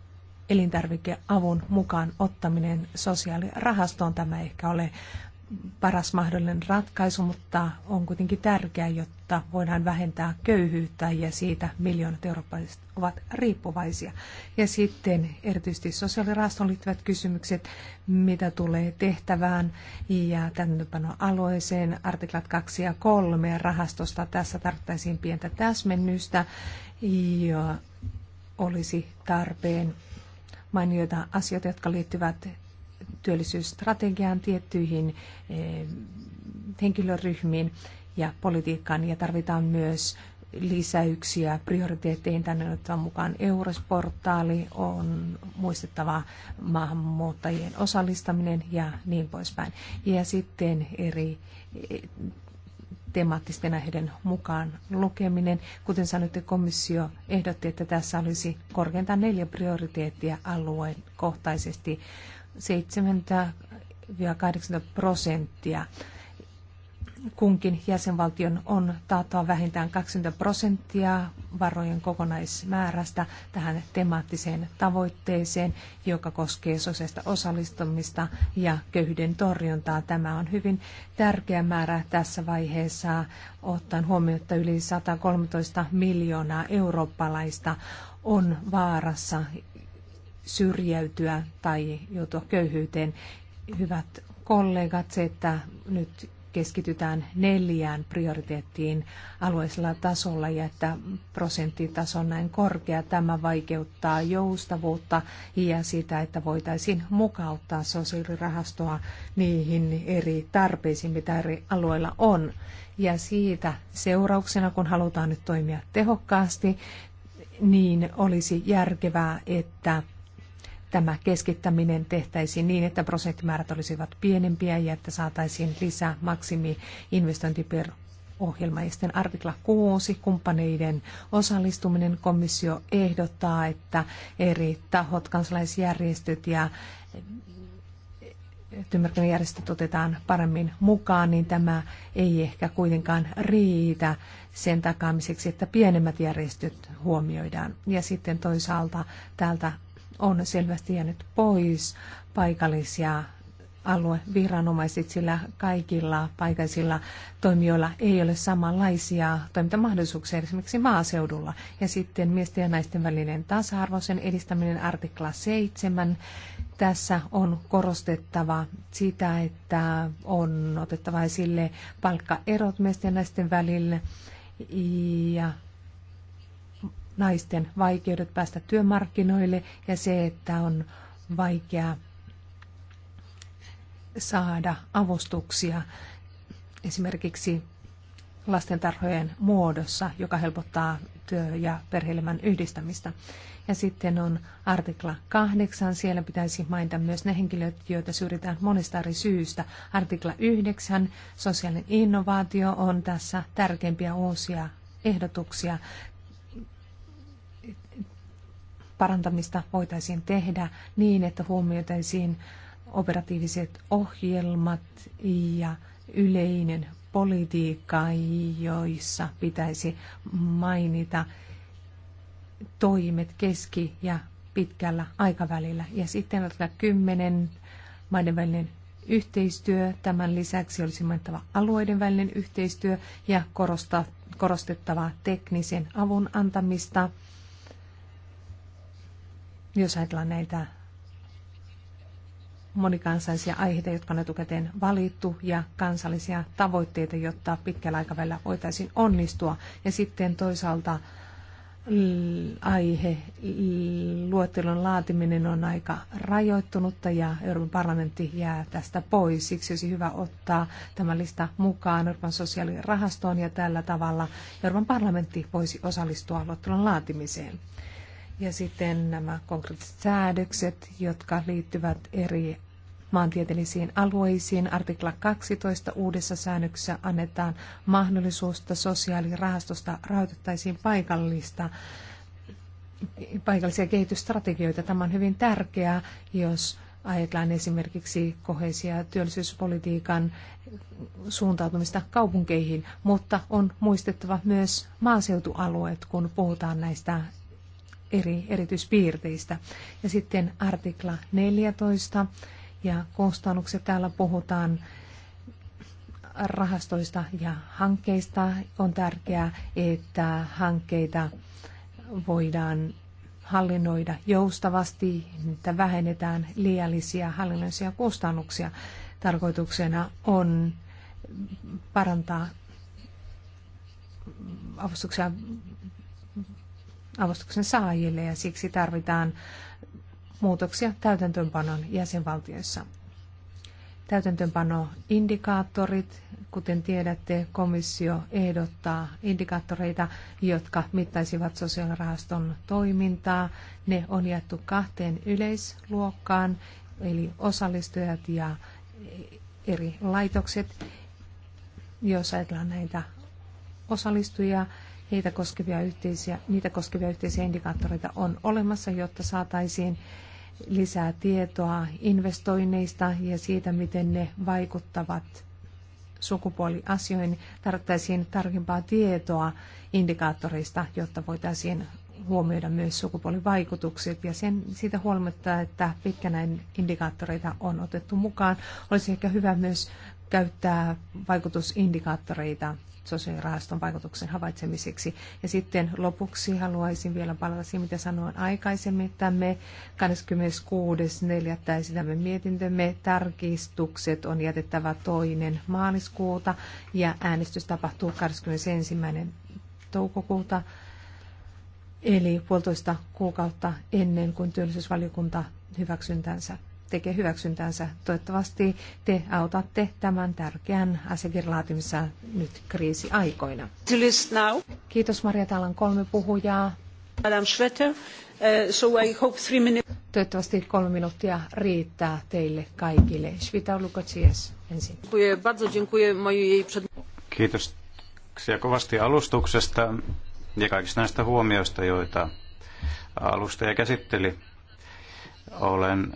C: elintarvikeavun mukaan ottaminen sosiaalirahastoon. Tämä ei ehkä ole paras mahdollinen ratkaisu, mutta on kuitenkin tärkeää, jotta jotta voidaan vähentää köyhyyttä ja siitä miljoonat eurooppalaiset ovat riippuvaisia. Ja sitten erityisesti sosiaalirahastoon liittyvät kysymykset, mitä tulee tehtävään ja täytäntöpano alueeseen, artiklat 2 ja 3 rahastosta. Tässä tarvittaisiin pientä täsmennystä ja olisi tarpeen mainioita asioita, jotka liittyvät työllisyysstrategiaan tiettyihin eh, henkilöryhmiin ja politiikkaan ja tarvitaan myös lisäyksiä prioriteetteihin. Tänne otettava mukaan Eurosportaali on muistettava maahanmuuttajien osallistaminen ja niin poispäin. Ja sitten eri eh, temaattisten aiheiden mukaan lukeminen. Kuten sanoitte, komissio ehdotti, että tässä olisi korkeintaan neljä prioriteettia alueen kohtaisesti 70-80 prosenttia kunkin jäsenvaltion on taattava vähintään 20 prosenttia varojen kokonaismäärästä tähän temaattiseen tavoitteeseen, joka koskee sosiaalista osallistumista ja köyhyyden torjuntaa. Tämä on hyvin tärkeä määrä tässä vaiheessa, ottaen huomioon, että yli 113 miljoonaa eurooppalaista on vaarassa syrjäytyä tai joutua köyhyyteen. Hyvät kollegat, se, että nyt keskitytään neljään prioriteettiin alueellisella tasolla ja että prosenttitaso on näin korkea. Tämä vaikeuttaa joustavuutta ja sitä, että voitaisiin mukauttaa sosiaalirahastoa niihin eri tarpeisiin, mitä eri alueilla on. Ja siitä seurauksena, kun halutaan nyt toimia tehokkaasti, niin olisi järkevää, että tämä keskittäminen tehtäisiin niin, että prosenttimäärät olisivat pienempiä ja että saataisiin lisää maksimi investointi per ohjelma. Ja sitten artikla 6, kumppaneiden osallistuminen. Komissio ehdottaa, että eri tahot, kansalaisjärjestöt ja työmarkkinajärjestöt otetaan paremmin mukaan, niin tämä ei ehkä kuitenkaan riitä sen takaamiseksi, että pienemmät järjestöt huomioidaan. Ja sitten toisaalta täältä on selvästi jäänyt pois paikallisia alueviranomaiset, sillä kaikilla paikallisilla toimijoilla ei ole samanlaisia toimintamahdollisuuksia esimerkiksi maaseudulla. Ja sitten miesten ja naisten välinen tasa-arvo, sen edistäminen artikla 7. Tässä on korostettava sitä, että on otettava esille palkkaerot miesten ja naisten välillä. ja naisten vaikeudet päästä työmarkkinoille ja se, että on vaikea saada avustuksia esimerkiksi lastentarhojen muodossa, joka helpottaa työ- ja perheelämän yhdistämistä. Ja sitten on artikla 8, siellä pitäisi mainita myös ne henkilöt, joita syrjitään monesta eri syystä. Artikla 9, sosiaalinen innovaatio on tässä tärkeimpiä uusia ehdotuksia parantamista voitaisiin tehdä niin, että huomioitaisiin operatiiviset ohjelmat ja yleinen politiikka, joissa pitäisi mainita toimet keski- ja pitkällä aikavälillä. Ja sitten artikla kymmenen maiden välinen yhteistyö. Tämän lisäksi olisi mainittava alueiden välinen yhteistyö ja korostettava teknisen avun antamista jos ajatellaan näitä monikansaisia aiheita, jotka on etukäteen valittu, ja kansallisia tavoitteita, jotta pitkällä aikavälillä voitaisiin onnistua. Ja sitten toisaalta aihe luettelon laatiminen on aika rajoittunutta ja Euroopan parlamentti jää tästä pois. Siksi olisi hyvä ottaa tämä lista mukaan Euroopan sosiaalirahastoon ja tällä tavalla Euroopan parlamentti voisi osallistua luettelon laatimiseen. Ja sitten nämä konkreettiset säädökset, jotka liittyvät eri maantieteellisiin alueisiin. Artikla 12 uudessa säännöksessä annetaan mahdollisuus, että sosiaalirahastosta rahoitettaisiin paikallista paikallisia kehitysstrategioita. Tämä on hyvin tärkeää, jos ajatellaan esimerkiksi kohesia työllisyyspolitiikan suuntautumista kaupunkeihin, mutta on muistettava myös maaseutualueet, kun puhutaan näistä eri erityispiirteistä. Ja sitten artikla 14 ja kustannukset. Täällä puhutaan rahastoista ja hankkeista. On tärkeää, että hankkeita voidaan hallinnoida joustavasti, että vähennetään liiallisia hallinnollisia kustannuksia. Tarkoituksena on parantaa avustuksia avustuksen saajille ja siksi tarvitaan muutoksia täytäntöönpanon jäsenvaltioissa. Täytäntöönpanoindikaattorit, kuten tiedätte, komissio ehdottaa indikaattoreita, jotka mittaisivat sosiaalirahaston toimintaa. Ne on jaettu kahteen yleisluokkaan, eli osallistujat ja eri laitokset. Jos ajatellaan näitä osallistujia, Heitä koskevia yhteisiä, niitä koskevia yhteisiä indikaattoreita on olemassa, jotta saataisiin lisää tietoa investoinneista ja siitä, miten ne vaikuttavat sukupuoliasioihin. Tarvittaisiin tarkempaa tietoa indikaattoreista, jotta voitaisiin huomioida myös sukupuolivaikutukset ja sen, siitä huolimatta, että pitkänäin indikaattoreita on otettu mukaan, olisi ehkä hyvä myös käyttää vaikutusindikaattoreita sosiaalirahaston vaikutuksen havaitsemiseksi. Ja sitten lopuksi haluaisin vielä palata siihen, mitä sanoin aikaisemmin, että me 26.4. esitämme mietintömme. Tarkistukset on jätettävä toinen maaliskuuta ja äänestys tapahtuu 21. toukokuuta. Eli puolitoista kuukautta ennen kuin työllisyysvaliokunta hyväksyntänsä tekee hyväksyntänsä. Toivottavasti te autatte tämän tärkeän asiakirjan laatimisessa nyt kriisiaikoina. Kiitos Maria, täällä on kolme puhujaa. Madame Schwetter, uh, so I hope three minutes. Toivottavasti kolme minuuttia riittää teille kaikille. Svita Lukocies ensin.
B: Kiitos kovasti alustuksesta ja kaikista näistä huomioista, joita alustaja käsitteli. Olen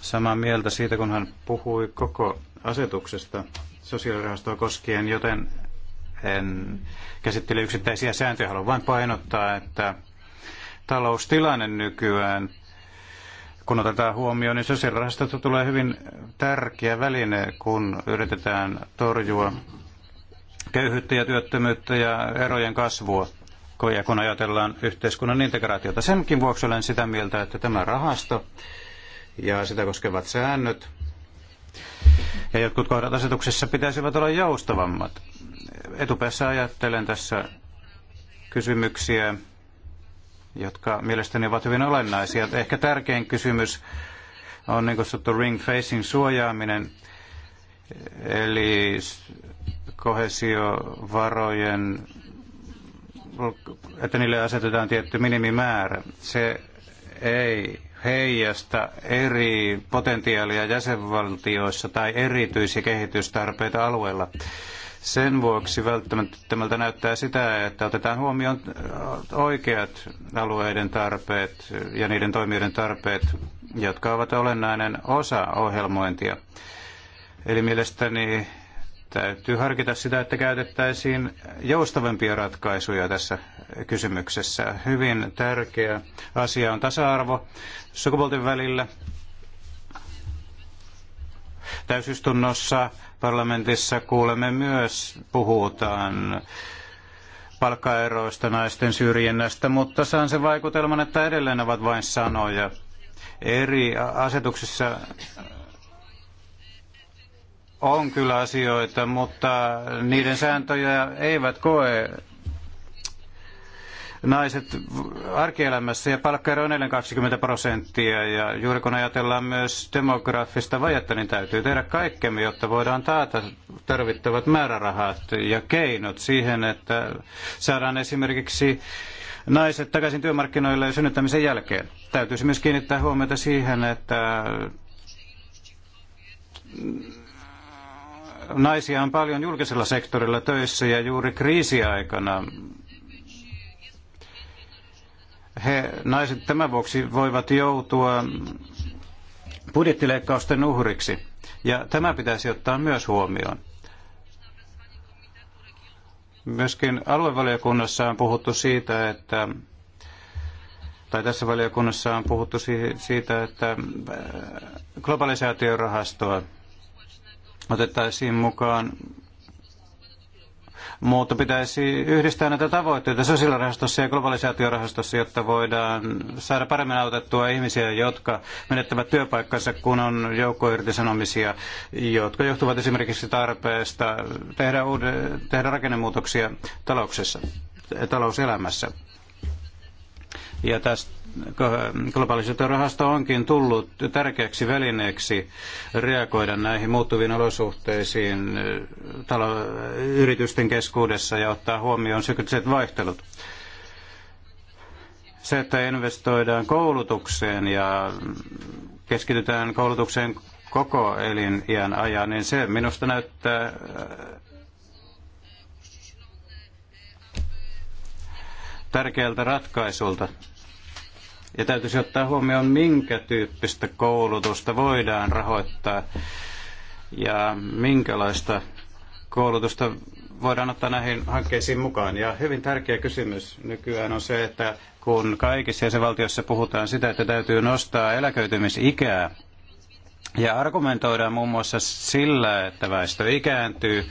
B: samaa mieltä siitä, kun hän puhui koko asetuksesta sosiaalirahastoa koskien, joten en käsittele yksittäisiä sääntöjä. Haluan vain painottaa, että taloustilanne nykyään, kun otetaan huomioon, niin sosiaalirahastosta tulee hyvin tärkeä väline, kun yritetään torjua köyhyyttä ja työttömyyttä ja erojen kasvua kun ajatellaan yhteiskunnan integraatiota. Senkin vuoksi olen sitä mieltä, että tämä rahasto ja sitä koskevat säännöt. Ja jotkut kohdat asetuksessa pitäisivät olla joustavammat. Etupäässä ajattelen tässä kysymyksiä, jotka mielestäni ovat hyvin olennaisia. Ehkä tärkein kysymys on niin kutsuttu ring facing suojaaminen, eli kohesiovarojen, että niille asetetaan tietty minimimäärä. Se ei heijasta eri potentiaalia jäsenvaltioissa tai erityisiä kehitystarpeita alueella. Sen vuoksi välttämättömältä näyttää sitä, että otetaan huomioon oikeat alueiden tarpeet ja niiden toimijoiden tarpeet, jotka ovat olennainen osa ohjelmointia. Eli mielestäni Täytyy harkita sitä, että käytettäisiin joustavampia ratkaisuja tässä kysymyksessä. Hyvin tärkeä asia on tasa-arvo sukupuolten välillä. Täysistunnossa parlamentissa kuulemme myös, puhutaan palkkaeroista, naisten syrjinnästä, mutta saan sen vaikutelman, että edelleen ovat vain sanoja. Eri asetuksissa on kyllä asioita, mutta niiden sääntöjä eivät koe naiset arkielämässä ja palkkaero on edelleen 20 prosenttia ja juuri kun ajatellaan myös demografista vajetta, niin täytyy tehdä kaikkemme, jotta voidaan taata tarvittavat määrärahat ja keinot siihen, että saadaan esimerkiksi naiset takaisin työmarkkinoille synnyttämisen jälkeen. Täytyisi myös kiinnittää huomiota siihen, että naisia on paljon julkisella sektorilla töissä ja juuri kriisiaikana he, naiset tämän vuoksi voivat joutua budjettileikkausten uhriksi. Ja tämä pitäisi ottaa myös huomioon. Myöskin aluevaliokunnassa on puhuttu siitä, että tai tässä valiokunnassa on puhuttu siitä, että äh, globalisaatiorahastoa otettaisiin mukaan. Mutta pitäisi yhdistää näitä tavoitteita sosiaalirahastossa ja globalisaatiorahastossa, jotta voidaan saada paremmin autettua ihmisiä, jotka menettävät työpaikkansa, kun on joukkoirtisanomisia, jotka johtuvat esimerkiksi tarpeesta tehdä, uude, tehdä rakennemuutoksia talouksessa, talouselämässä. Ja tästä globalisaatiorahasto onkin tullut tärkeäksi välineeksi reagoida näihin muuttuviin olosuhteisiin talo- yritysten keskuudessa ja ottaa huomioon sykliset vaihtelut. Se, että investoidaan koulutukseen ja keskitytään koulutukseen koko eliniän ajan, niin se minusta näyttää tärkeältä ratkaisulta ja täytyisi ottaa huomioon, minkä tyyppistä koulutusta voidaan rahoittaa ja minkälaista koulutusta voidaan ottaa näihin hankkeisiin mukaan. Ja hyvin tärkeä kysymys nykyään on se, että kun kaikissa jäsenvaltioissa puhutaan sitä, että täytyy nostaa eläköitymisikää, ja argumentoidaan muun muassa sillä, että väestö ikääntyy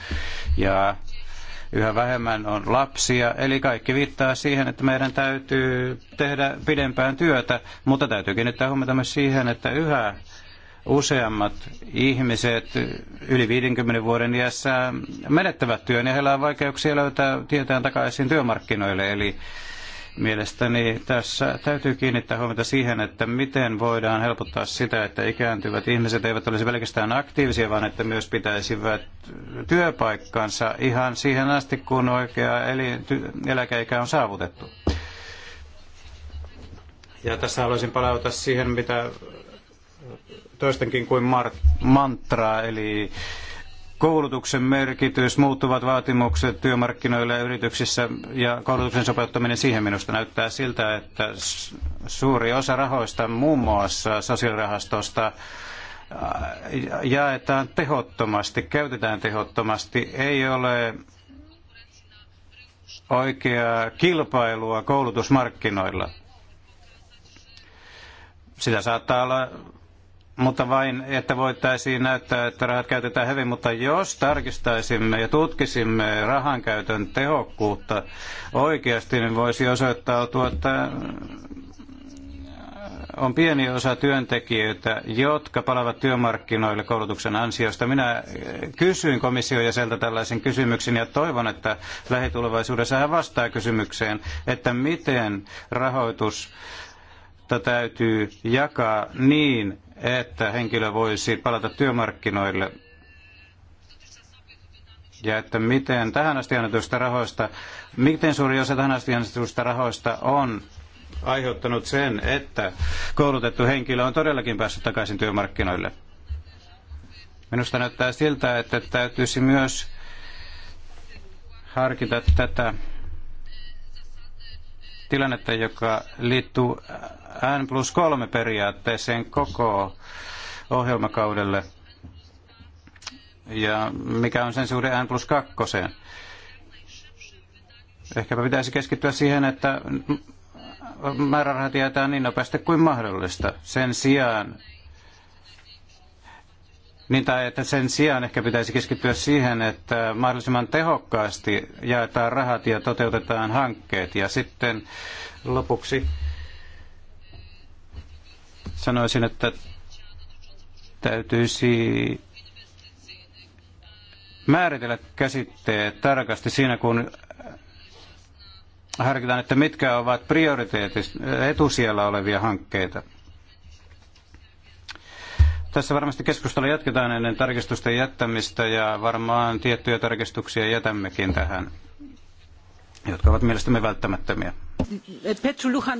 B: ja yhä vähemmän on lapsia. Eli kaikki viittaa siihen, että meidän täytyy tehdä pidempään työtä, mutta täytyy kiinnittää huomiota myös siihen, että yhä useammat ihmiset yli 50 vuoden iässä menettävät työn ja heillä on vaikeuksia löytää tietään takaisin työmarkkinoille. Eli Mielestäni tässä täytyy kiinnittää huomiota siihen, että miten voidaan helpottaa sitä, että ikääntyvät ihmiset eivät olisi pelkästään aktiivisia, vaan että myös pitäisivät työpaikkansa ihan siihen asti, kun oikea eli, eläkeikä on saavutettu. Ja tässä haluaisin palauttaa siihen, mitä toistenkin kuin mar- mantraa, eli koulutuksen merkitys, muuttuvat vaatimukset työmarkkinoilla ja yrityksissä ja koulutuksen sopeuttaminen siihen minusta näyttää siltä, että suuri osa rahoista muun muassa sosiaalirahastosta jaetaan tehottomasti, käytetään tehottomasti, ei ole oikeaa kilpailua koulutusmarkkinoilla. Sitä saattaa olla mutta vain, että voitaisiin näyttää, että rahat käytetään hyvin, mutta jos tarkistaisimme ja tutkisimme rahankäytön tehokkuutta oikeasti, niin voisi osoittautua, että on pieni osa työntekijöitä, jotka palavat työmarkkinoille koulutuksen ansiosta. Minä kysyin komission jäseltä tällaisen kysymyksen ja toivon, että lähitulevaisuudessa hän vastaa kysymykseen, että miten rahoitus täytyy jakaa niin, että henkilö voisi palata työmarkkinoille ja että miten tähän asti annetuista rahoista, miten suuri osa tähän asti annetuista rahoista on aiheuttanut sen, että koulutettu henkilö on todellakin päässyt takaisin työmarkkinoille. Minusta näyttää siltä, että täytyisi myös harkita tätä tilannetta, joka liittyy N plus kolme periaatteeseen koko ohjelmakaudelle ja mikä on sen suhde N plus kakkoseen. Ehkäpä pitäisi keskittyä siihen, että määrärahat jäätään niin nopeasti kuin mahdollista. Sen sijaan niin tai että sen sijaan ehkä pitäisi keskittyä siihen, että mahdollisimman tehokkaasti jaetaan rahat ja toteutetaan hankkeet. Ja sitten lopuksi Sanoisin, että täytyisi määritellä käsitteet tarkasti siinä, kun harkitaan, että mitkä ovat prioriteetit etusijalla olevia hankkeita. Tässä varmasti keskustelua jatketaan ennen tarkistusten jättämistä ja varmaan tiettyjä tarkistuksia jätämmekin tähän jotka ovat mielestämme välttämättömiä.
C: Petru Luhan,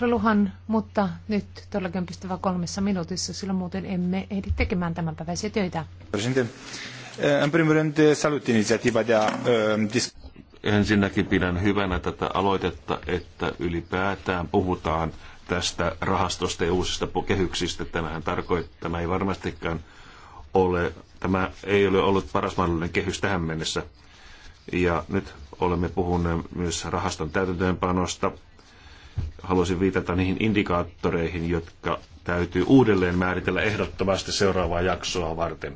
C: Luhan, mutta nyt todellakin pistävä kolmessa minuutissa, sillä muuten emme ehdi tekemään tämänpäiväisiä töitä.
D: Eh, eh, Ensinnäkin pidän hyvänä tätä aloitetta, että ylipäätään puhutaan tästä rahastosta ja uusista kehyksistä. Tämähän tarkoittaa, tämä ei varmastikaan ole, tämä ei ole ollut paras mahdollinen kehys tähän mennessä. Ja nyt Olemme puhuneet myös rahaston täytäntöönpanosta. Haluaisin viitata niihin indikaattoreihin, jotka täytyy uudelleen määritellä ehdottomasti seuraavaa jaksoa varten.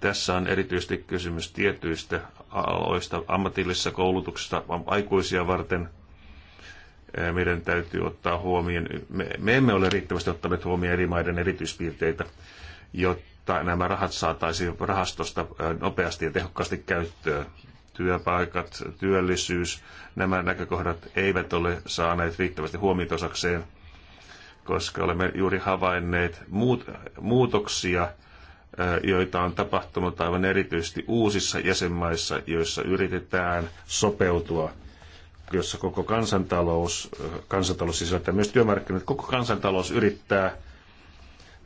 D: Tässä on erityisesti kysymys tietyistä aloista ammatillisessa koulutuksessa aikuisia varten. Meidän täytyy ottaa huomioon, me, me emme ole riittävästi ottaneet huomioon eri maiden erityispiirteitä, jotta jotta nämä rahat saataisiin rahastosta nopeasti ja tehokkaasti käyttöön. Työpaikat, työllisyys, nämä näkökohdat eivät ole saaneet riittävästi huomiotosakseen, koska olemme juuri havainneet muut, muutoksia, joita on tapahtunut aivan erityisesti uusissa jäsenmaissa, joissa yritetään sopeutua jossa koko kansantalous, kansantalous sisältää myös työmarkkinat, koko kansantalous yrittää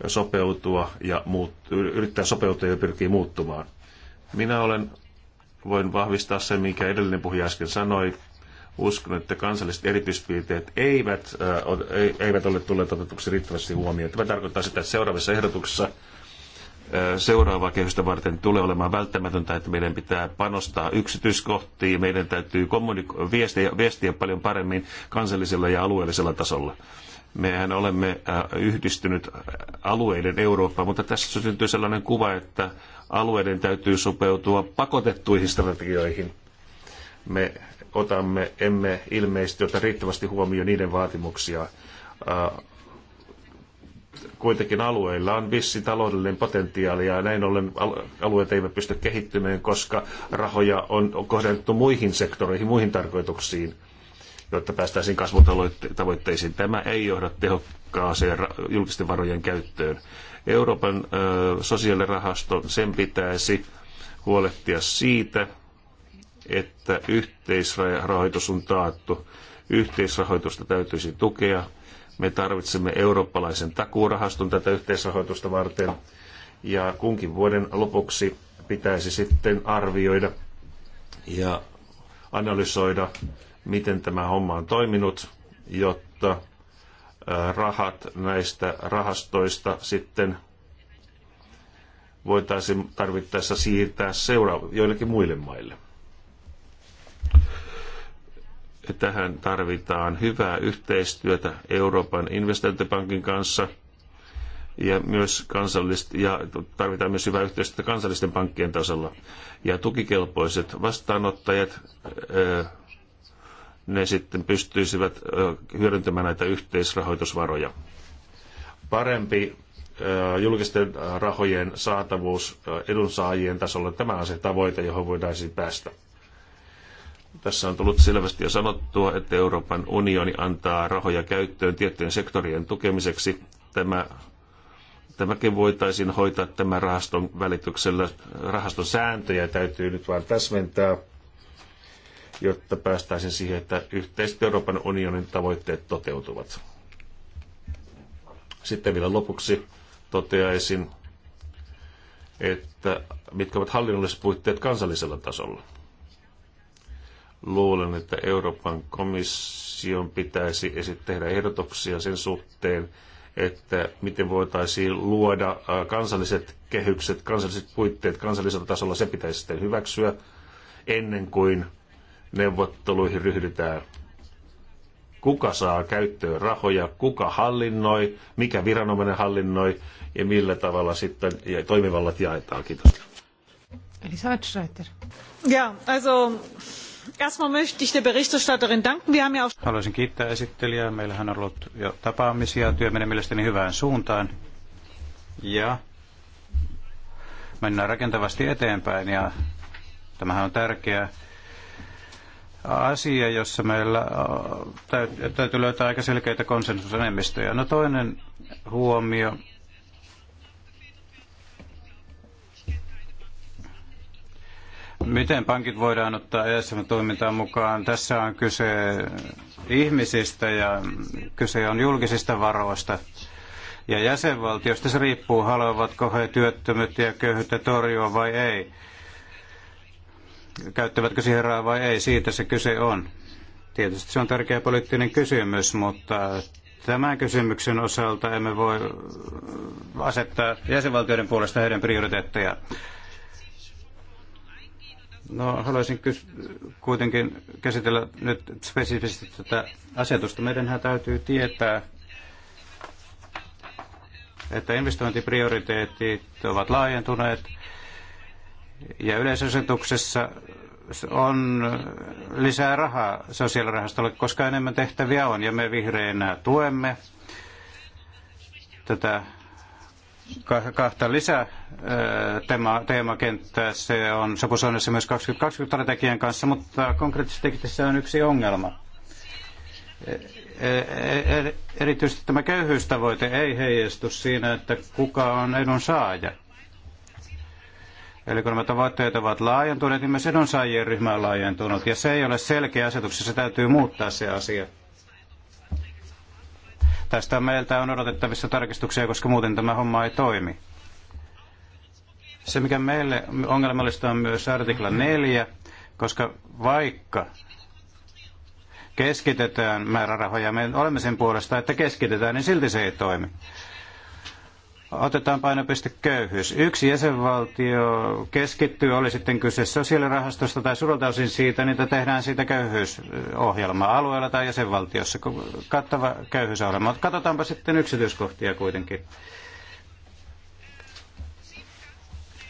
D: sopeutua ja muut, yrittää sopeutua ja pyrkii muuttumaan. Minä olen, voin vahvistaa sen, minkä edellinen puhuja äsken sanoi. Uskon, että kansalliset erityispiirteet eivät, äh, eivät ole tulleet otetuksi riittävästi huomioon. Tämä tarkoittaa sitä, että seuraavissa ehdotuksissa äh, seuraavaa kehystä varten tulee olemaan välttämätöntä, että meidän pitää panostaa yksityiskohtiin, meidän täytyy kommuniko- viestiä, viestiä paljon paremmin kansallisella ja alueellisella tasolla. Mehän olemme yhdistynyt alueiden Eurooppaan, mutta tässä syntyy sellainen kuva, että alueiden täytyy sopeutua pakotettuihin strategioihin. Me otamme, emme ilmeisesti ota riittävästi huomioon niiden vaatimuksia. Kuitenkin alueilla on vissi taloudellinen potentiaali ja näin ollen alueet eivät pysty kehittymään, koska rahoja on kohdennettu muihin sektoreihin, muihin tarkoituksiin – jotta päästäisiin kasvutavoitteisiin. Tämä ei johda tehokkaaseen julkisten varojen käyttöön. Euroopan sosiaalirahasto, sen pitäisi huolehtia siitä, että yhteisrahoitus on taattu. Yhteisrahoitusta täytyisi tukea. Me tarvitsemme eurooppalaisen takuurahaston tätä yhteisrahoitusta varten. Ja kunkin vuoden lopuksi pitäisi sitten arvioida ja analysoida miten tämä homma on toiminut, jotta rahat näistä rahastoista sitten voitaisiin tarvittaessa siirtää seura- joillekin muille maille. Tähän tarvitaan hyvää yhteistyötä Euroopan investointipankin kanssa ja myös kansallist, ja tarvitaan myös hyvää yhteistyötä kansallisten pankkien tasolla. Ja tukikelpoiset vastaanottajat, ne sitten pystyisivät hyödyntämään näitä yhteisrahoitusvaroja. Parempi julkisten rahojen saatavuus edunsaajien tasolla, tämä on se tavoite, johon voidaan päästä. Tässä on tullut selvästi jo sanottua, että Euroopan unioni antaa rahoja käyttöön tiettyjen sektorien tukemiseksi. Tämä, tämäkin voitaisiin hoitaa tämän rahaston välityksellä. Rahaston sääntöjä täytyy nyt vain täsmentää jotta päästäisiin siihen, että yhteiset Euroopan unionin tavoitteet toteutuvat. Sitten vielä lopuksi toteaisin, että mitkä ovat hallinnolliset puitteet kansallisella tasolla. Luulen, että Euroopan komission pitäisi tehdä ehdotuksia sen suhteen, että miten voitaisiin luoda äh, kansalliset kehykset, kansalliset puitteet kansallisella tasolla, se pitäisi sitten hyväksyä ennen kuin neuvotteluihin ryhdytään. Kuka saa käyttöön rahoja, kuka hallinnoi, mikä viranomainen hallinnoi ja millä tavalla sitten ja toimivallat jaetaan. Kiitos.
A: Elisabeth Schreiter. Ja, also erstmal möchte ich der Berichterstatterin danken. Wir haben ja auch
D: Haluaisin
B: kiittää esittelijää. Meillähän on ollut jo tapaamisia. Työ menee mielestäni hyvään suuntaan. Ja mennään rakentavasti eteenpäin ja tämähän on tärkeää asia, jossa meillä täytyy löytää aika selkeitä konsensusenemmistöjä. No toinen huomio. Miten pankit voidaan ottaa ESM-toimintaan mukaan? Tässä on kyse ihmisistä ja kyse on julkisista varoista ja jäsenvaltiosta se riippuu, haluavatko he työttömyyttä ja köyhyyttä torjua vai ei käyttävätkö siheraa vai ei, siitä se kyse on. Tietysti se on tärkeä poliittinen kysymys, mutta tämän kysymyksen osalta emme voi asettaa jäsenvaltioiden puolesta heidän prioriteetteja. No, haluaisin kuitenkin käsitellä nyt spesifisesti tätä asetusta. Meidänhän täytyy tietää, että investointiprioriteetit ovat laajentuneet – ja yleisasetuksessa on lisää rahaa sosiaalirahastolle, koska enemmän tehtäviä on. Ja me vihreinä tuemme tätä kahta lisää teema, teemakenttää. Se on sopusoinnissa myös 2020-strategian kanssa, mutta konkreettisesti tässä on yksi ongelma. E-, e-, e-, erityisesti tämä köyhyystavoite ei heijastu siinä, että kuka on edun saaja. Eli kun nämä tavoitteet ovat laajentuneet, niin myös edunsaajien ryhmä on laajentunut. Ja se ei ole selkeä asetuksessa, täytyy muuttaa se asia. Tästä meiltä on odotettavissa tarkistuksia, koska muuten tämä homma ei toimi. Se, mikä meille ongelmallista on myös artikla 4, koska vaikka keskitetään määrärahoja, me olemme sen puolesta, että keskitetään, niin silti se ei toimi. Otetaan painopiste köyhyys. Yksi jäsenvaltio keskittyy, oli sitten kyse sosiaalirahastosta tai suurelta osin siitä, niitä tehdään siitä köyhyysohjelma alueella tai jäsenvaltiossa, kattava köyhyysohjelma. Mutta katsotaanpa sitten yksityiskohtia kuitenkin.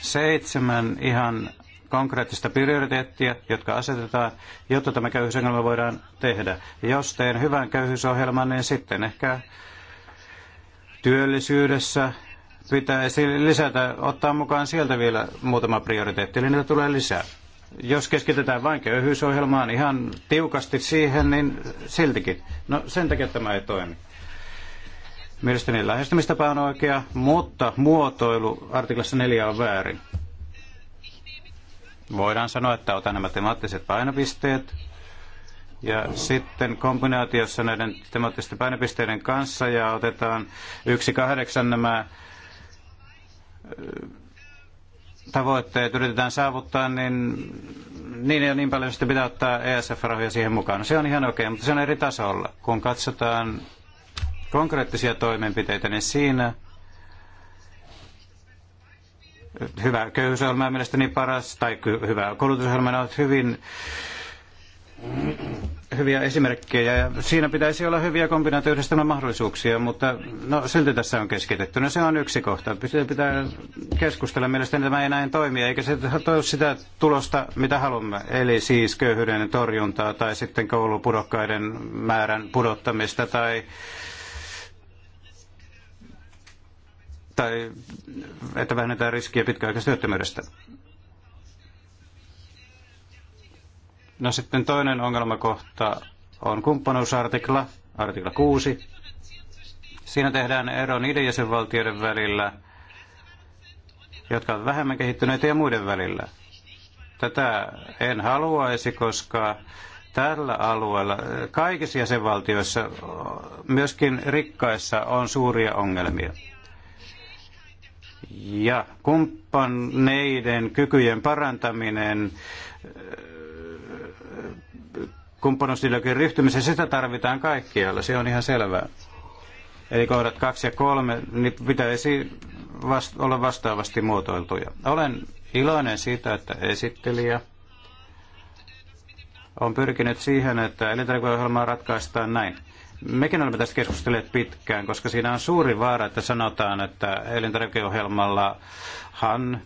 B: Seitsemän ihan konkreettista prioriteettia, jotka asetetaan, jotta tämä köyhyysongelma voidaan tehdä. Jos teen hyvän köyhyysohjelman, niin sitten ehkä työllisyydessä, pitäisi lisätä, ottaa mukaan sieltä vielä muutama prioriteetti, eli niitä tulee lisää. Jos keskitetään vain köyhyysohjelmaan ihan tiukasti siihen, niin siltikin. No sen takia tämä ei toimi. Mielestäni lähestymistapa on oikea, mutta muotoilu artiklassa 4 on väärin. Voidaan sanoa, että otan nämä temaattiset painopisteet ja sitten kombinaatiossa näiden temaattisten painopisteiden kanssa ja otetaan yksi kahdeksan nämä tavoitteet yritetään saavuttaa, niin niin ja niin paljon sitten pitää ottaa ESF-rahoja siihen mukaan. Se on ihan okei, mutta se on eri tasolla. Kun katsotaan konkreettisia toimenpiteitä, niin siinä hyvä köyhyysohjelma on mielestäni paras, tai hyvä koulutusohjelma, ne ovat hyvin hyviä esimerkkejä ja siinä pitäisi olla hyviä kombinaatioyhdistelmän mahdollisuuksia, mutta no, silti tässä on keskitetty. No se on yksi kohta. Pitää keskustella. Mielestäni tämä ei näin toimi, eikä se toi sitä tulosta, mitä haluamme. Eli siis köyhyyden torjuntaa tai sitten koulupudokkaiden määrän pudottamista tai tai että vähennetään riskiä työttömyydestä. No sitten toinen ongelmakohta on kumppanuusartikla, artikla 6. Siinä tehdään ero niiden jäsenvaltioiden välillä, jotka ovat vähemmän kehittyneitä ja muiden välillä. Tätä en haluaisi, koska tällä alueella kaikissa jäsenvaltioissa, myöskin rikkaissa, on suuria ongelmia. Ja kumppaneiden kykyjen parantaminen kumppanuusdialogin ryhtymiseen, sitä tarvitaan kaikkialla, se on ihan selvää. Eli kohdat kaksi ja kolme niin pitäisi vast- olla vastaavasti muotoiltuja. Olen iloinen siitä, että esittelijä on pyrkinyt siihen, että elintarvikeohjelmaa ratkaistaan näin. Mekin olemme tästä keskustelleet pitkään, koska siinä on suuri vaara, että sanotaan, että elintarvikeohjelmallahan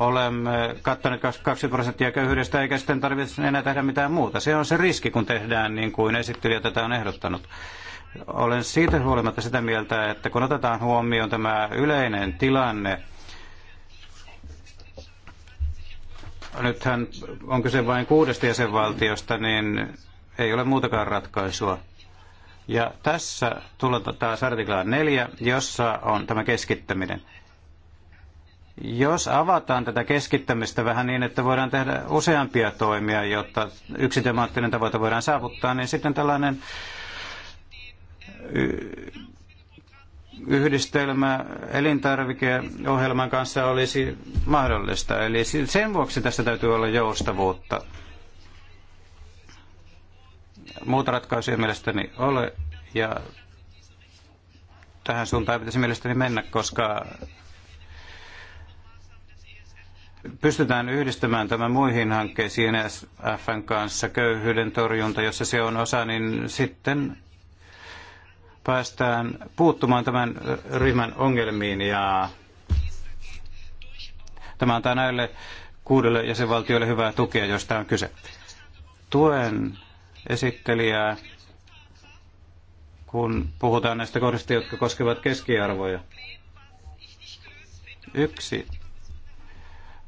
B: olemme kattaneet 2 prosenttia köyhyydestä, eikä sitten tarvitse enää tehdä mitään muuta. Se on se riski, kun tehdään niin kuin esittelijä tätä on ehdottanut. Olen siitä huolimatta sitä mieltä, että kun otetaan huomioon tämä yleinen tilanne, nythän on kyse vain kuudesta jäsenvaltiosta, niin ei ole muutakaan ratkaisua. Ja tässä tulee taas artiklaan neljä, jossa on tämä keskittäminen. Jos avataan tätä keskittämistä vähän niin, että voidaan tehdä useampia toimia, jotta yksi temaattinen tavoite voidaan saavuttaa, niin sitten tällainen yhdistelmä elintarvikeohjelman kanssa olisi mahdollista. Eli sen vuoksi tässä täytyy olla joustavuutta. Muuta ratkaisuja mielestäni ole, ja tähän suuntaan pitäisi mielestäni mennä, koska pystytään yhdistämään tämä muihin hankkeisiin SFn kanssa, köyhyyden torjunta, jossa se on osa, niin sitten päästään puuttumaan tämän ryhmän ongelmiin ja tämä antaa näille kuudelle jäsenvaltiolle hyvää tukea, josta on kyse. Tuen esittelijää, kun puhutaan näistä kohdista, jotka koskevat keskiarvoja. Yksi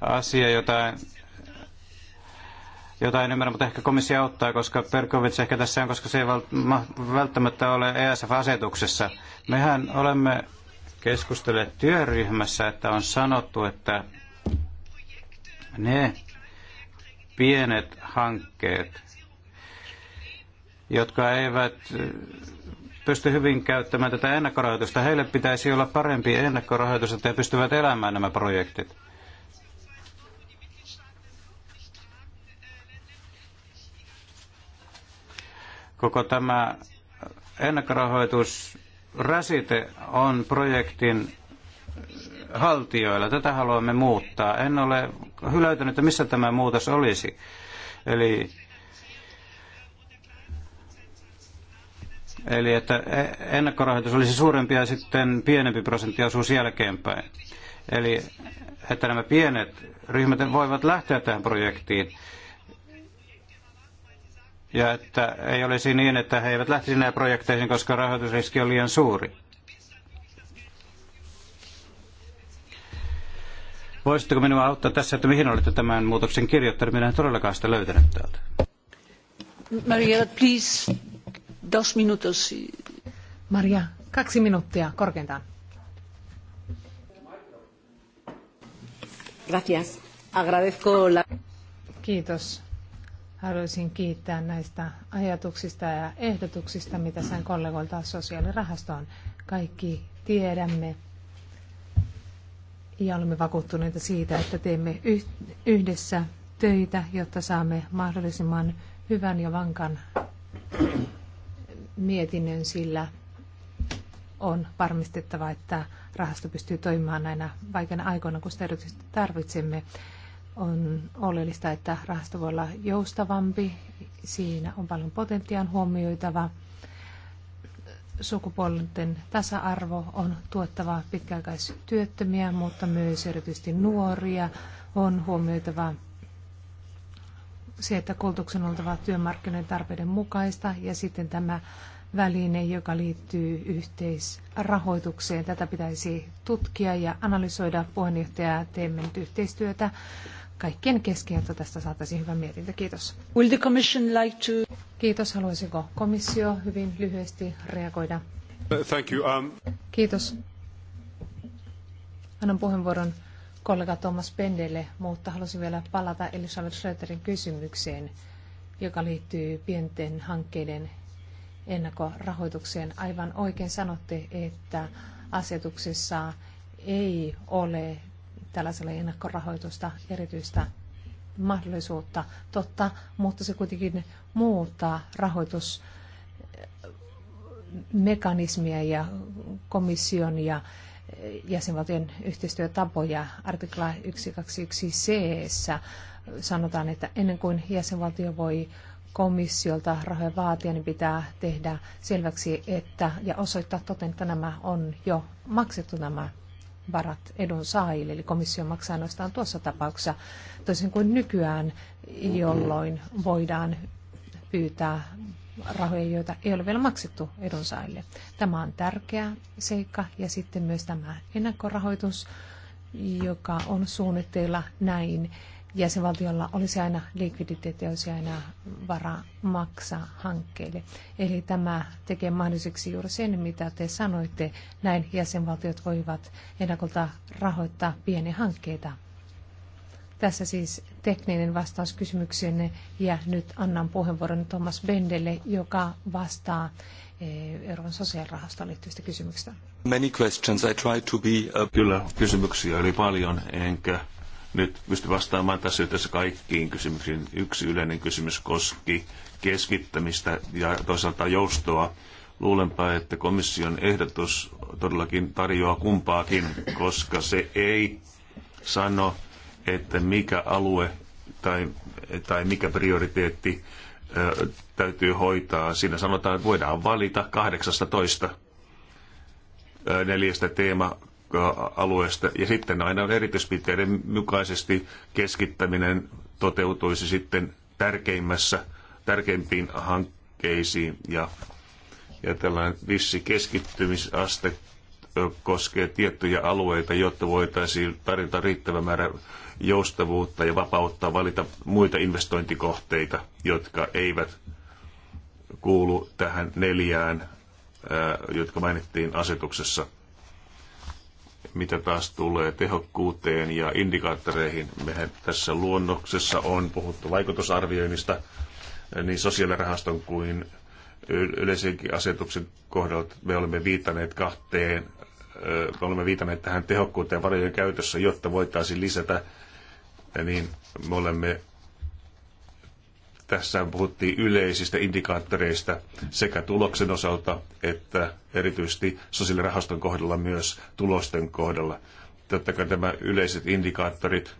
B: asia, jota jota en ymmärrä, mutta ehkä komissio auttaa, koska Perkovic ehkä tässä on, koska se ei välttämättä ole ESF-asetuksessa. Mehän olemme keskustelleet työryhmässä, että on sanottu, että ne pienet hankkeet, jotka eivät eh, pysty hyvin käyttämään tätä ennakkorahoitusta, heille pitäisi olla parempi ennakkorahoitus, että he pystyvät elämään nämä projektit Koko tämä ennakkorahoitusrasite on projektin haltijoilla. Tätä haluamme muuttaa. En ole löytänyt, että missä tämä muutos olisi. Eli Eli että ennakkorahoitus olisi suurempi ja sitten pienempi prosenttiosuus jälkeenpäin. Eli että nämä pienet ryhmät voivat lähteä tähän projektiin ja että ei olisi niin, että he eivät lähtisi näihin projekteihin, koska rahoitusriski on liian suuri. Voisitteko minua auttaa tässä, että mihin olette tämän muutoksen kirjoittaneet? Minä en todellakaan sitä löytänyt täältä.
A: Maria, please,
C: dos minutos. Maria, kaksi minuuttia korkeintaan. Gracias. Agradezco la... Kiitos. Haluaisin kiittää näistä ajatuksista ja ehdotuksista, mitä sain kollegoilta sosiaalirahastoon. Kaikki tiedämme ja olemme vakuuttuneita siitä, että teemme yhdessä töitä, jotta saamme mahdollisimman hyvän ja vankan mietinnön, sillä on varmistettava, että rahasto pystyy toimimaan näinä vaikeina aikoina, kun sitä erityisesti tarvitsemme on oleellista, että rahasto voi olla joustavampi. Siinä on paljon potentiaan huomioitava. Sukupuolten tasa-arvo on tuottava pitkäaikaistyöttömiä, mutta myös erityisesti nuoria. On huomioitava se, että koulutuksen on oltava työmarkkinoiden tarpeiden mukaista ja sitten tämä väline, joka liittyy yhteisrahoitukseen. Tätä pitäisi tutkia ja analysoida. Puheenjohtaja, teemme nyt yhteistyötä kaikkien kesken, jotta tästä saataisiin hyvä mietintä. Kiitos. Will the commission like to... Kiitos. Haluaisiko komissio hyvin lyhyesti reagoida?
B: Thank you. Um...
C: Kiitos. Annan puheenvuoron kollega Thomas Pendelle, mutta halusin vielä palata Elisabeth Schröterin kysymykseen, joka liittyy pienten hankkeiden ennakkorahoitukseen. Aivan oikein sanotte, että asetuksessa ei ole tällaiselle ennakkorahoitusta erityistä mahdollisuutta, totta, mutta se kuitenkin muuttaa rahoitusmekanismia ja komission ja jäsenvaltion yhteistyötapoja. Artikla 121c sanotaan, että ennen kuin jäsenvaltio voi komissiolta rahoja vaatia, niin pitää tehdä selväksi että, ja osoittaa toten, että nämä on jo maksettu nämä varat edun saajille, eli komissio maksaa ainoastaan tuossa tapauksessa, toisin kuin nykyään, jolloin voidaan pyytää rahoja, joita ei ole vielä maksettu edunsaajille. Tämä on tärkeä seikka ja sitten myös tämä ennakkorahoitus, joka on suunnitteilla näin jäsenvaltiolla olisi aina likviditeetti, olisi aina varaa maksaa hankkeille. Eli tämä tekee mahdolliseksi juuri sen, mitä te sanoitte. Näin jäsenvaltiot voivat ennakolta rahoittaa pieniä hankkeita. Tässä siis tekninen vastaus kysymykseenne ja nyt annan puheenvuoron Thomas Bendelle, joka vastaa eh, Euroopan sosiaalirahastoon liittyvistä kysymyksistä.
E: Many questions. I try
D: to be a... Kyllä, kysymyksiä oli paljon, enkä nyt pysty vastaamaan tässä yhteydessä kaikkiin kysymyksiin. Yksi yleinen kysymys koski keskittämistä ja toisaalta joustoa. Luulenpa, että komission ehdotus todellakin tarjoaa kumpaakin, koska se ei sano, että mikä alue tai, tai mikä prioriteetti ö, täytyy hoitaa. Siinä sanotaan, että voidaan valita 18 neljästä teema Äh, alueesta. Ja sitten aina erityispiteiden mukaisesti keskittäminen toteutuisi sitten tärkeimmässä, tärkeimpiin hankkeisiin. Ja, ja tällainen vissi keskittymisaste äh, koskee tiettyjä alueita, jotta voitaisiin tarjota riittävä määrä joustavuutta ja vapauttaa valita muita investointikohteita, jotka eivät kuulu tähän neljään, äh, jotka mainittiin asetuksessa – mitä taas tulee tehokkuuteen ja indikaattoreihin. Mehän tässä luonnoksessa on puhuttu vaikutusarvioinnista eh, niin sosiaalirahaston kuin yleisenkin asetuksen kohdalta. Me olemme viitanneet kahteen, eh, me olemme viitanneet tähän tehokkuuteen varojen käytössä, jotta voitaisiin lisätä, eh, niin me olemme tässä puhuttiin yleisistä indikaattoreista sekä tuloksen osalta että erityisesti sosiaalirahaston kohdalla myös tulosten kohdalla. Totta kai nämä yleiset indikaattorit,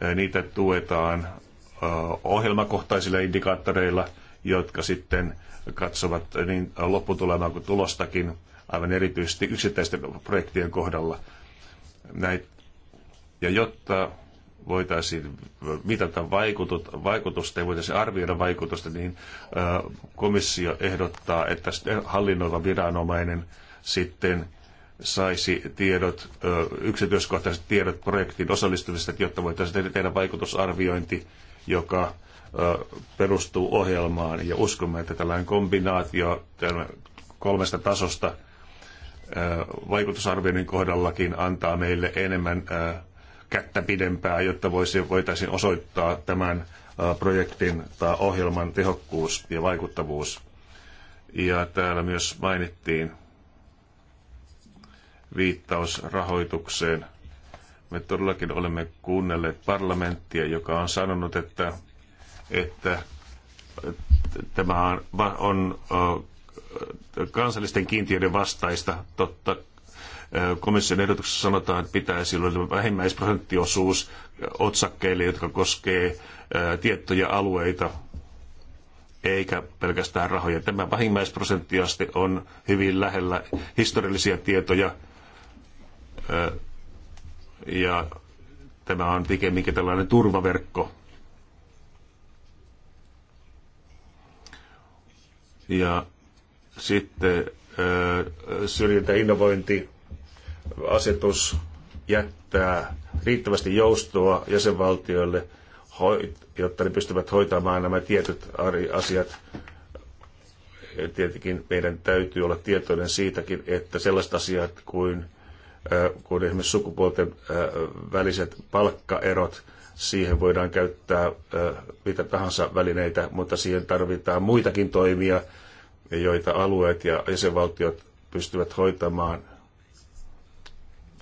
D: eh, niitä tuetaan eh, ohjelmakohtaisilla indikaattoreilla, jotka sitten katsovat eh, niin lopputulemaa kuin tulostakin, aivan erityisesti yksittäisten projektien kohdalla. Näitä ja jotta voitaisiin mitata vaikutut, vaikutusta ja voitaisiin arvioida vaikutusta, niin komissio ehdottaa, että hallinnoiva viranomainen sitten saisi tiedot, yksityiskohtaiset tiedot projektin osallistumisesta, jotta voitaisiin tehdä vaikutusarviointi, joka perustuu ohjelmaan. Ja uskomme, että tällainen kombinaatio kolmesta tasosta vaikutusarvioinnin kohdallakin antaa meille enemmän kättä pidempää, jotta voisi, voitaisiin osoittaa tämän projektin tai ohjelman tehokkuus ja vaikuttavuus. Ja täällä myös mainittiin viittaus rahoitukseen. Me todellakin olemme kuunnelleet parlamenttia, joka on sanonut, että, että tämä on, on kansallisten kiintiöiden vastaista. Totta Komission ehdotuksessa sanotaan, että pitää silloin vähimmäisprosenttiosuus otsakkeille, jotka koskee tiettyjä alueita, eikä pelkästään rahoja. Tämä vähimmäisprosenttiaste on hyvin lähellä historiallisia tietoja ja tämä on pikemminkin tällainen turvaverkko. Ja sitten syrjintäinnovointi. innovointi asetus jättää riittävästi joustoa jäsenvaltioille, jotta ne pystyvät hoitamaan nämä tietyt asiat. Tietenkin meidän täytyy olla tietoinen siitäkin, että sellaiset asiat kuin, kuin esimerkiksi sukupuolten väliset palkkaerot, siihen voidaan käyttää mitä tahansa välineitä, mutta siihen tarvitaan muitakin toimia, joita alueet ja jäsenvaltiot pystyvät hoitamaan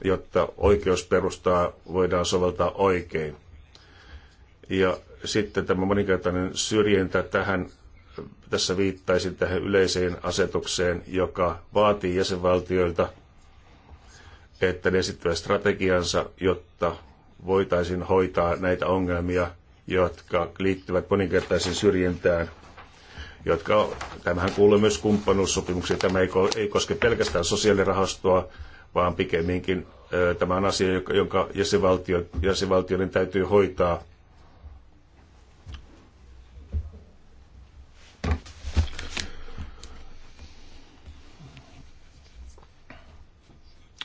D: jotta oikeusperustaa voidaan soveltaa oikein. Ja sitten tämä moninkertainen syrjintä tähän, tässä viittaisin tähän yleiseen asetukseen, joka vaatii jäsenvaltioilta, että ne esittävät strategiansa, jotta voitaisiin hoitaa näitä ongelmia, jotka liittyvät moninkertaisiin syrjintään jotka, tämähän kuuluu myös kumppanuussopimuksiin. Tämä ei, ei koske pelkästään sosiaalirahastoa, vaan pikemminkin tämä on asia, jonka jäsenvaltio, jäsenvaltioiden täytyy hoitaa.